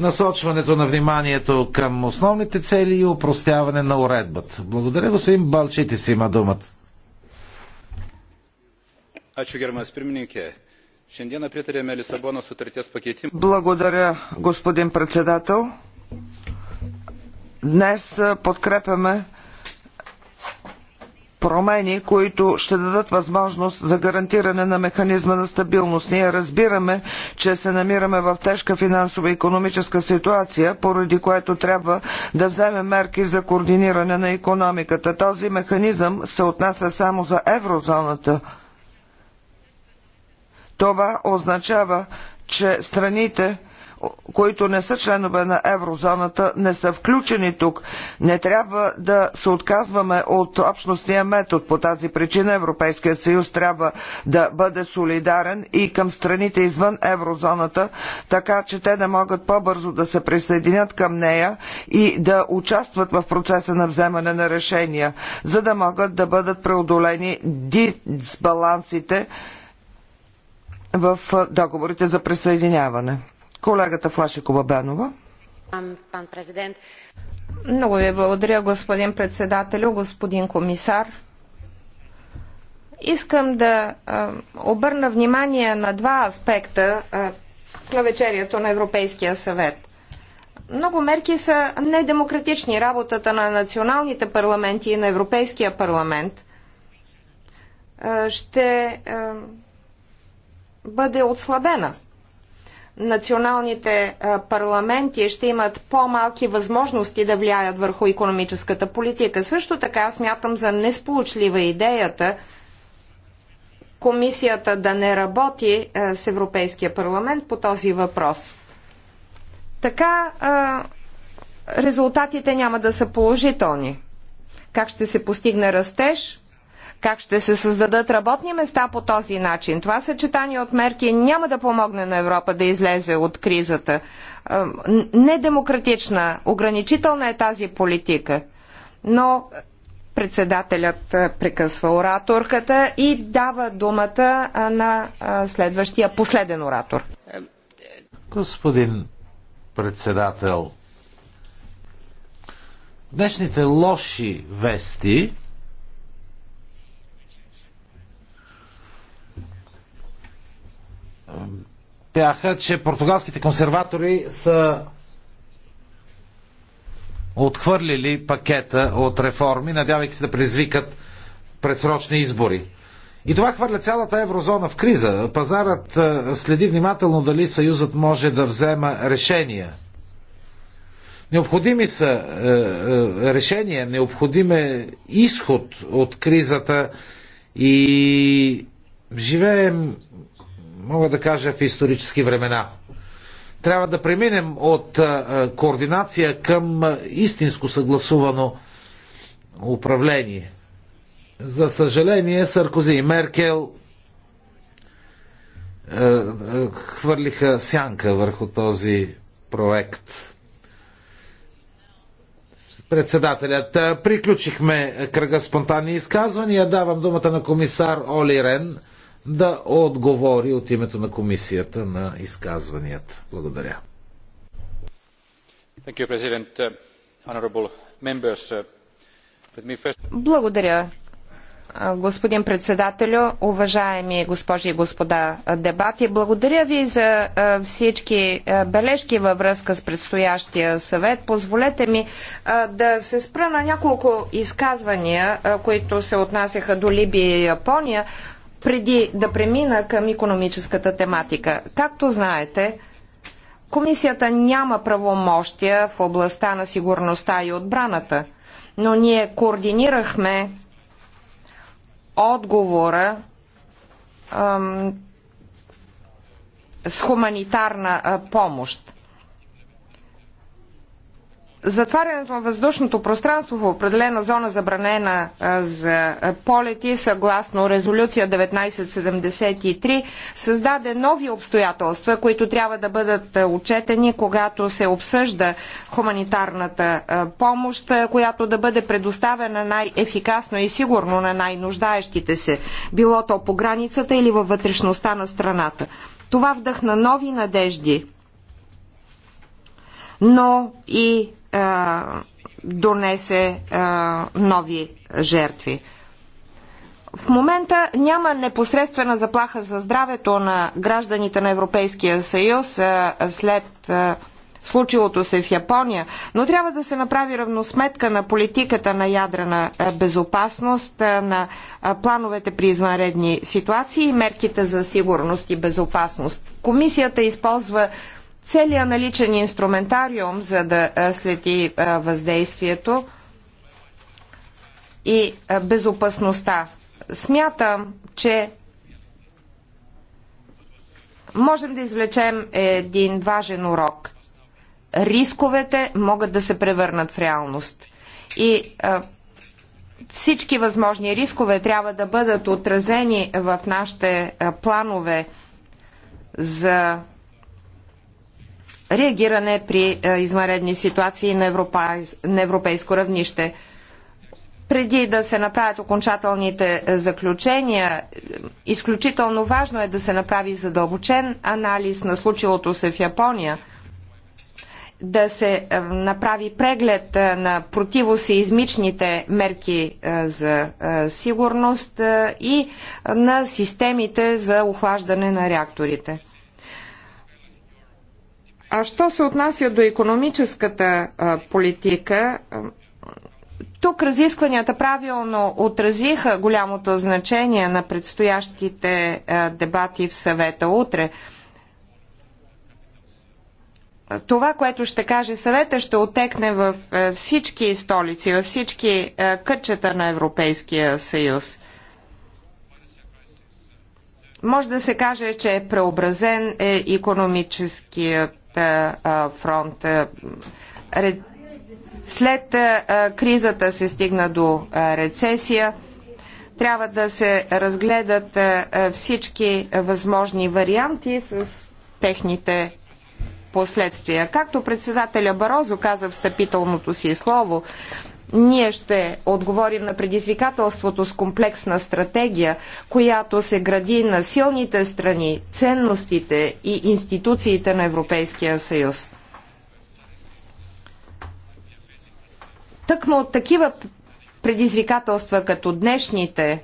насочването на вниманието към основните цели и упростяване на уредбата. Благодаря, господин Балчити си има думата. Благодаря, господин председател. Днес е, подкрепяме промени, които ще дадат възможност за гарантиране на механизма на стабилност. Ние разбираме, че се намираме в тежка финансова и економическа ситуация, поради което трябва да вземем мерки за координиране на економиката. Този механизъм се отнася само за еврозоната. Това означава, че страните, които не са членове на еврозоната, не са включени тук. Не трябва да се отказваме от общностния метод. По тази причина Европейския съюз трябва да бъде солидарен и към страните извън еврозоната, така че те да могат по-бързо да се присъединят към нея и да участват в процеса на вземане на решения, за да могат да бъдат преодолени дисбалансите, в договорите за присъединяване. Колегата Пан президент. Много ви благодаря, господин председателю, господин комисар. Искам да обърна внимание на два аспекта на вечерието на Европейския съвет. Много мерки са недемократични. Работата на националните парламенти и на Европейския парламент ще бъде отслабена. Националните е, парламенти ще имат по-малки възможности да влияят върху економическата политика. Също така смятам за несполучлива идеята комисията да не работи е, с Европейския парламент по този въпрос. Така е, резултатите няма да са положителни. Как ще се постигне растеж? как ще се създадат работни места по този начин. Това съчетание от мерки няма да помогне на Европа да излезе от кризата. Недемократична, ограничителна е тази политика. Но председателят прекъсва ораторката и дава думата на следващия последен оратор. Господин председател, днешните лоши вести бяха, че португалските консерватори са отхвърлили пакета от реформи, надявайки се да предизвикат предсрочни избори. И това хвърля цялата еврозона в криза. Пазарът е, следи внимателно дали Съюзът може да взема решения. Необходими са е, е, решения, необходим е изход от кризата и живеем мога да кажа, в исторически времена. Трябва да преминем от координация към истинско съгласувано управление. За съжаление, Саркози и Меркел хвърлиха сянка върху този проект. Председателят. Приключихме кръга спонтанни изказвания. Давам думата на комисар Оли Рен да отговори от името на комисията на изказванията. Благодаря. Uh, uh, Благодаря, господин председателю, уважаеми госпожи и господа дебати. Благодаря ви за всички бележки във връзка с предстоящия съвет. Позволете ми да се спра на няколко изказвания, които се отнасяха до Либия и Япония, преди да премина към економическата тематика, както знаете, Комисията няма правомощия в областта на сигурността и отбраната, но ние координирахме отговора ам, с хуманитарна а, помощ. Затварянето на въздушното пространство в определена зона забранена за полети съгласно резолюция 1973 създаде нови обстоятелства, които трябва да бъдат отчетени, когато се обсъжда хуманитарната помощ, която да бъде предоставена най-ефикасно и сигурно на най-нуждаещите се, било то по границата или във вътрешността на страната. Това вдъхна нови надежди, но и а, донесе а, нови жертви. В момента няма непосредствена заплаха за здравето на гражданите на Европейския съюз а, след а, случилото се в Япония, но трябва да се направи равносметка на политиката на ядрена безопасност, на плановете при извънредни ситуации и мерките за сигурност и безопасност. Комисията използва целият наличен инструментариум, за да следи въздействието и безопасността. Смятам, че можем да извлечем един важен урок. Рисковете могат да се превърнат в реалност. И всички възможни рискове трябва да бъдат отразени в нашите планове за реагиране при е, измаредни ситуации на, европа, на европейско равнище. Преди да се направят окончателните е, заключения, е, изключително важно е да се направи задълбочен анализ на случилото се в Япония, да се направи преглед на противосеизмичните мерки за сигурност и на системите за охлаждане на реакторите. А що се отнася до економическата политика, тук разискванията правилно отразиха голямото значение на предстоящите дебати в съвета утре. Това, което ще каже съвета, ще отекне в всички столици, във всички кътчета на Европейския съюз. Може да се каже, че е преобразен е економическият фронт. След кризата се стигна до рецесия. Трябва да се разгледат всички възможни варианти с техните последствия. Както председателя Барозо каза встъпителното си слово, ние ще отговорим на предизвикателството с комплексна стратегия, която се гради на силните страни, ценностите и институциите на Европейския съюз. Тъкмо от такива предизвикателства като днешните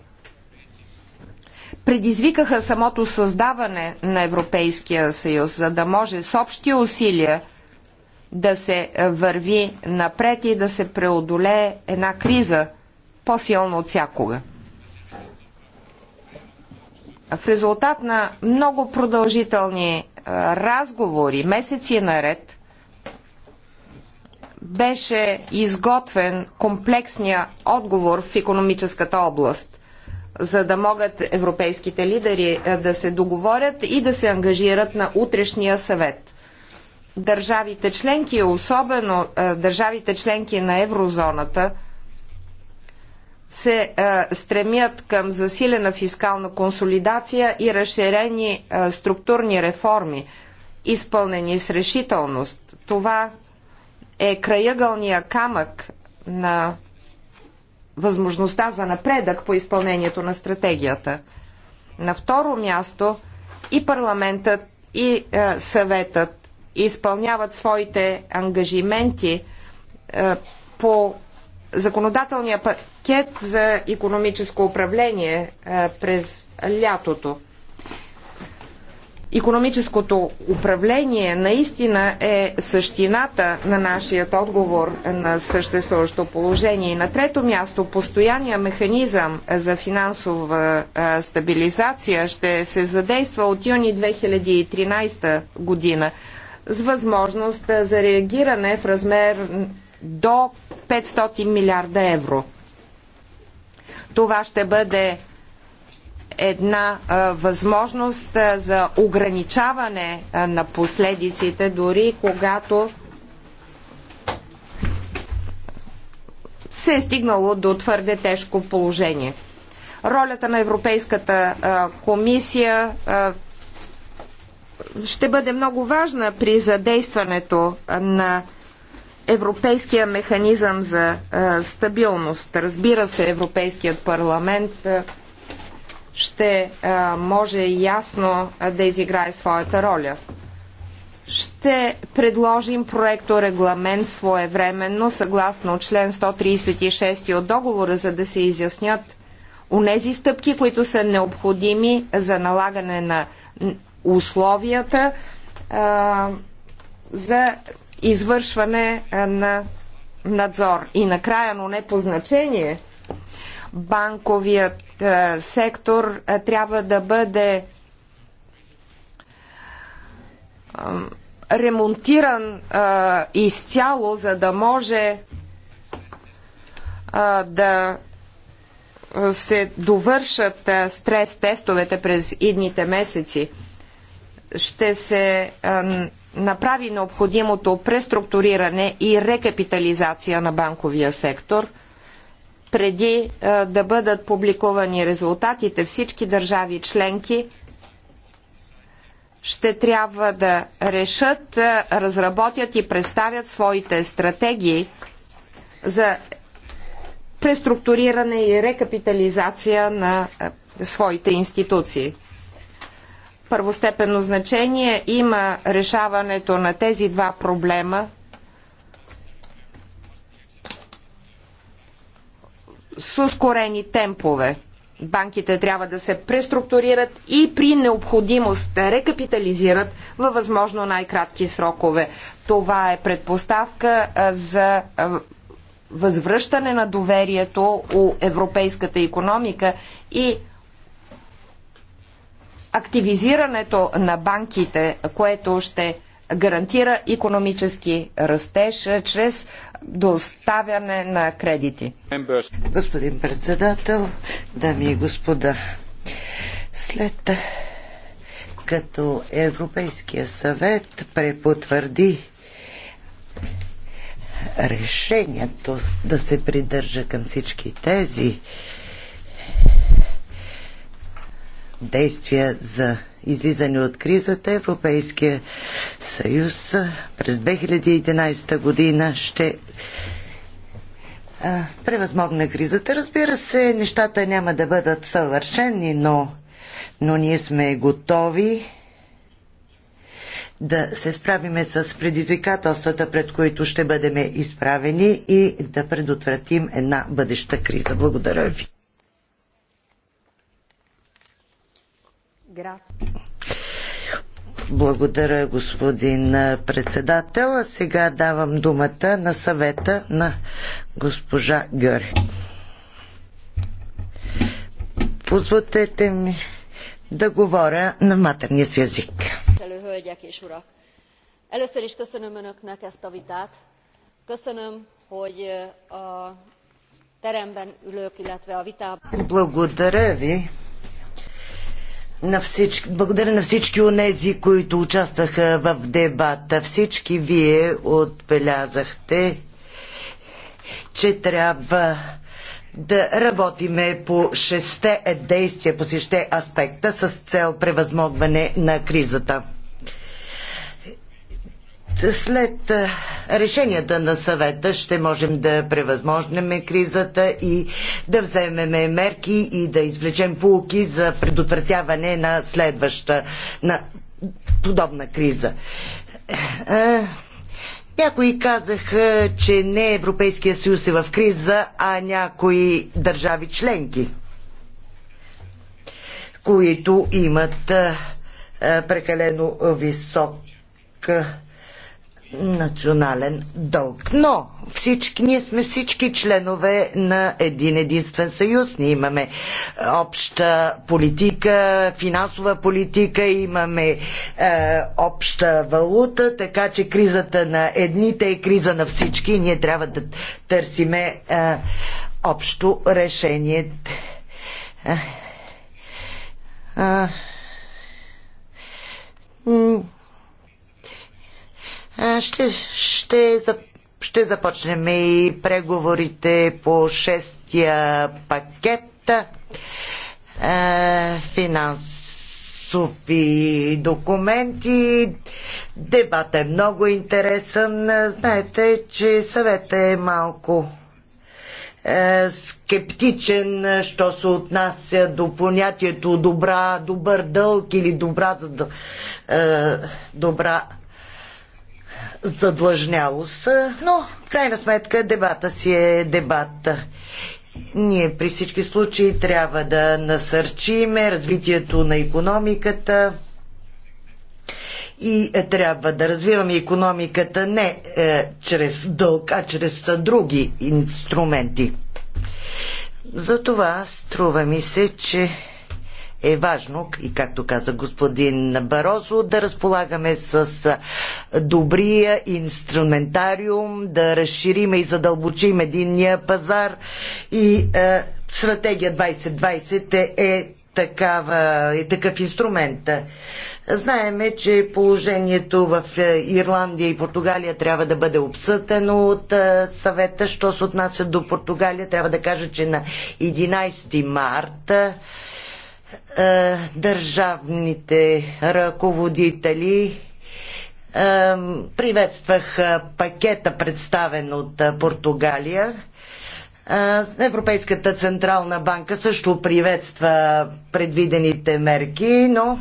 предизвикаха самото създаване на Европейския съюз, за да може с общи усилия – да се върви напред и да се преодолее една криза по-силно от всякога. В резултат на много продължителни разговори, месеци наред, беше изготвен комплексния отговор в економическата област за да могат европейските лидери да се договорят и да се ангажират на утрешния съвет държавите членки, особено е, държавите членки на еврозоната, се е, стремят към засилена фискална консолидация и разширени е, структурни реформи, изпълнени с решителност. Това е краягълния камък на възможността за напредък по изпълнението на стратегията. На второ място и парламентът, и съветът изпълняват своите ангажименти е, по законодателния пакет за економическо управление е, през лятото. Економическото управление наистина е същината на нашия отговор на съществуващо положение. И на трето място, постоянния механизъм за финансова е, стабилизация ще се задейства от юни 2013 година с възможност е, за реагиране в размер до 500 милиарда евро. Това ще бъде една а, е, възможност а, е, за ограничаване а, на последиците, дори когато се е стигнало до твърде тежко положение. Ролята на Европейската комисия ще бъде много важна при задействането на Европейския механизъм за е, стабилност. Разбира се, Европейският парламент е, ще е, може ясно да изиграе своята роля. Ще предложим проекто регламент своевременно, съгласно член 136 от договора, за да се изяснят унези стъпки, които са необходими за налагане на условията а, за извършване на надзор. И накрая, но не по значение, банковият а, сектор а, трябва да бъде а, ремонтиран а, изцяло, за да може а, да се довършат а, стрес тестовете през идните месеци ще се направи необходимото преструктуриране и рекапитализация на банковия сектор. Преди да бъдат публикувани резултатите, всички държави членки ще трябва да решат, разработят и представят своите стратегии за преструктуриране и рекапитализация на своите институции. Първостепенно значение има решаването на тези два проблема с ускорени темпове. Банките трябва да се преструктурират и при необходимост да рекапитализират във възможно най-кратки срокове. Това е предпоставка за възвръщане на доверието у европейската економика и активизирането на банките, което ще гарантира економически растеж е, чрез доставяне на кредити. Господин председател, дами и господа, след като Европейския съвет препотвърди решението да се придържа към всички тези действия за излизане от кризата, Европейския съюз през 2011 година ще а, превъзмогне кризата. Разбира се, нещата няма да бъдат съвършени, но, но ние сме готови да се справиме с предизвикателствата, пред които ще бъдем изправени и да предотвратим една бъдеща криза. Благодаря ви. Благодаря, господин председател. А сега давам думата на съвета на госпожа Гьоре. Позволете ми да говоря на матерния си език. Először is köszönöm Önöknek ezt a vitát. Köszönöm, hogy a teremben illetve a vitában. Благодаря ви, на всички, благодаря на всички онези, които участваха в дебата. Всички вие отбелязахте, че трябва да работиме по шесте действия, по шесте аспекта с цел превъзмогване на кризата след решенията на съвета ще можем да превъзможнем кризата и да вземем мерки и да извлечем полуки за предотвратяване на следваща на подобна криза. Някои казаха, че не Европейския съюз е в криза, а някои държави членки, които имат прекалено висок национален дълг. Но всички, ние сме всички членове на един единствен съюз. Ние имаме е, обща политика, финансова политика, имаме е, обща валута, така че кризата на едните е криза на всички. Ние трябва да търсиме е, общо решение. А, е, а, е, ще, ще, ще започнем и преговорите по шестия пакет. Финансови документи. Дебата е много интересен. Знаете, че съветът е малко е, скептичен, що се отнася до понятието добра, добър дълг или добра, е, добра задлъжнялост, но в крайна сметка дебата си е дебат. Ние при всички случаи трябва да насърчиме развитието на економиката и трябва да развиваме економиката не е, чрез дълг, а чрез други инструменти. Затова струва ми се, че е важно, и както каза господин Барозо, да разполагаме с добрия инструментариум, да разшириме и задълбочим единния пазар и е, стратегия 2020 е, е такава, е такъв инструмент. Знаеме, че положението в е, Ирландия и Португалия трябва да бъде обсъдено от е, съвета. Що се отнася до Португалия, трябва да кажа, че на 11 марта е, държавните ръководители е, приветствах пакета, представен от е, Португалия. Европейската централна банка също приветства предвидените мерки, но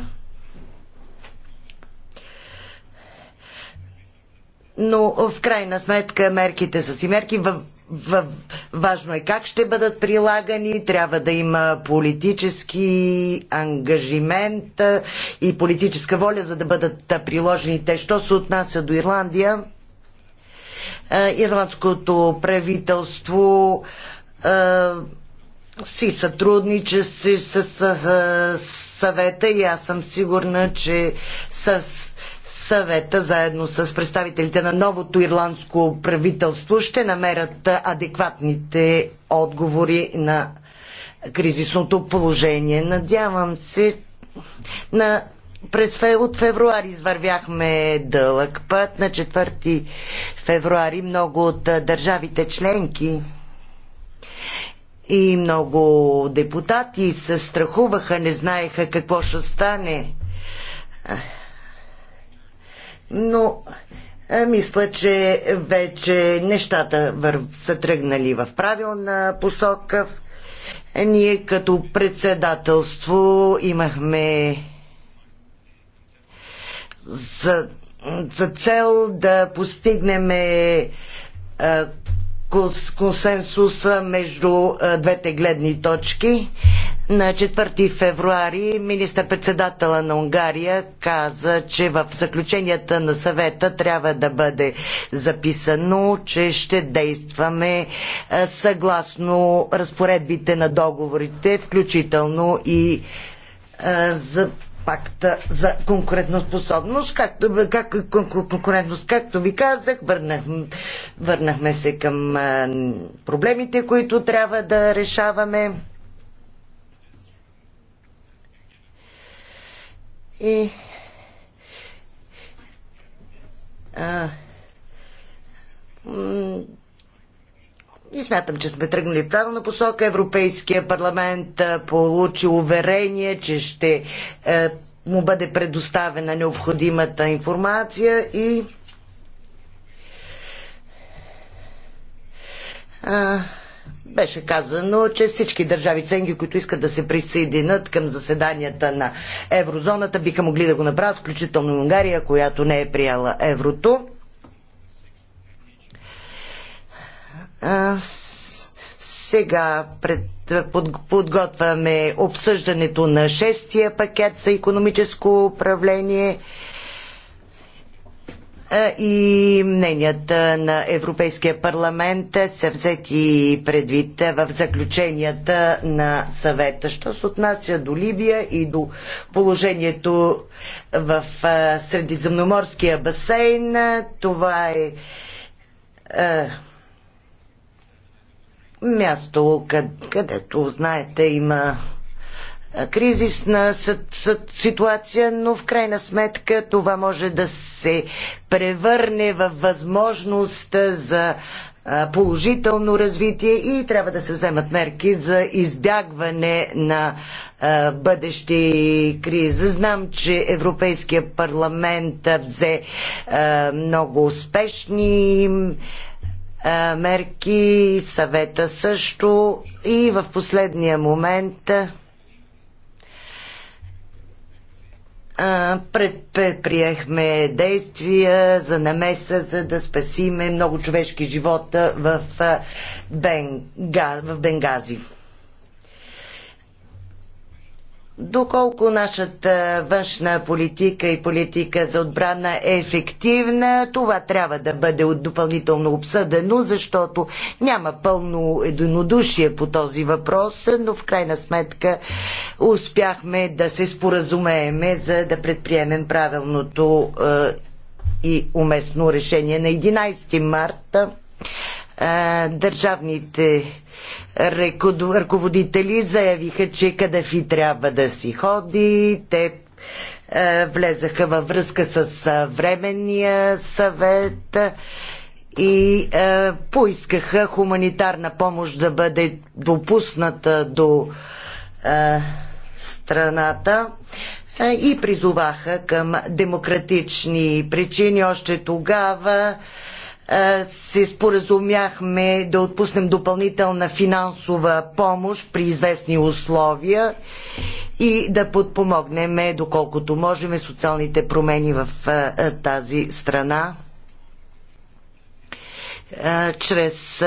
но в крайна сметка мерките са си мерки важно е как ще бъдат прилагани, трябва да има политически ангажимент и политическа воля, за да бъдат приложени те. Що се отнася до Ирландия? Ирландското правителство си сътрудничи с съвета и аз съм сигурна, че с съвета заедно с представителите на новото ирландско правителство ще намерят адекватните отговори на кризисното положение. Надявам се на през фе, от февруари извървяхме дълъг път. На 4 февруари много от държавите членки и много депутати се страхуваха, не знаеха какво ще стане но е, мисля, че вече нещата са тръгнали в правилна посока. Ние като председателство имахме за, за цел да постигнем е, консенсуса между е, двете гледни точки на 4 февруари министър-председателя на Унгария каза, че в заключенията на съвета трябва да бъде записано, че ще действаме е, съгласно разпоредбите на договорите, включително и е, за пакта за конкурентоспособност, както, как, конкурентност, както ви казах, върнах, върнахме се към е, проблемите, които трябва да решаваме. И. а, и смятам, че сме тръгнали в правилна посока. Европейския парламент получи уверение, че ще е, му бъде предоставена необходимата информация и а, беше казано, че всички държави членки, които искат да се присъединят към заседанията на еврозоната, биха могли да го направят, включително Унгария, която не е прияла еврото. А, сега пред, под, подготвяме обсъждането на шестия пакет за економическо управление и мненията на Европейския парламент са взети предвид в заключенията на съвета. Що се отнася до Либия и до положението в Средиземноморския басейн, това е място, където, знаете, има кризисна ситуация, но в крайна сметка това може да се превърне в възможност за положително развитие и трябва да се вземат мерки за избягване на бъдещи кризи. Знам, че Европейския парламент взе много успешни мерки, съвета също и в последния момент предприехме действия за намеса, за да спасиме много човешки живота в, Бенга, в Бенгази. Доколко нашата външна политика и политика за отбрана е ефективна, това трябва да бъде допълнително обсъдено, защото няма пълно единодушие по този въпрос, но в крайна сметка успяхме да се споразумееме, за да предприемем правилното е, и уместно решение на 11 марта държавните ръководители заявиха, че Кадафи трябва да си ходи. Те влезаха във връзка с Временния съвет и поискаха хуманитарна помощ да бъде допусната до страната и призоваха към демократични причини. Още тогава се споразумяхме да отпуснем допълнителна финансова помощ при известни условия и да подпомогнем доколкото можем социалните промени в тази страна чрез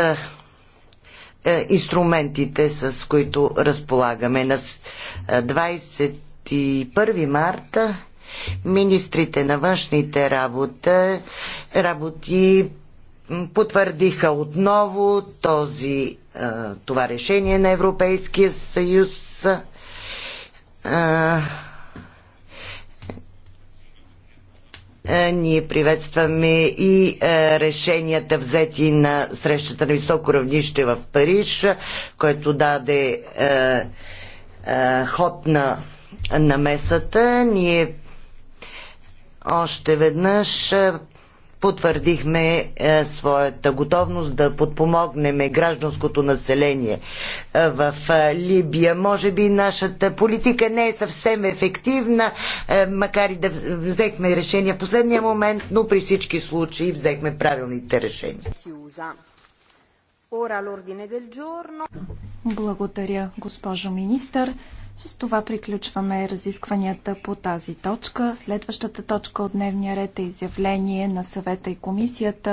инструментите, с които разполагаме. На 21 марта министрите на външните работа, работи потвърдиха отново този, това решение на Европейския съюз. Ние приветстваме и решенията взети на срещата на високо равнище в Париж, което даде ход на намесата. Ние още веднъж потвърдихме е, своята готовност да подпомогнем гражданското население е, в е, Либия. Може би нашата политика не е съвсем ефективна, макар и да взехме решение в последния момент, но при всички случаи взехме правилните решения. Благодаря, госпожо министър. С това приключваме разискванията по тази точка. Следващата точка от дневния ред е изявление на съвета и комисията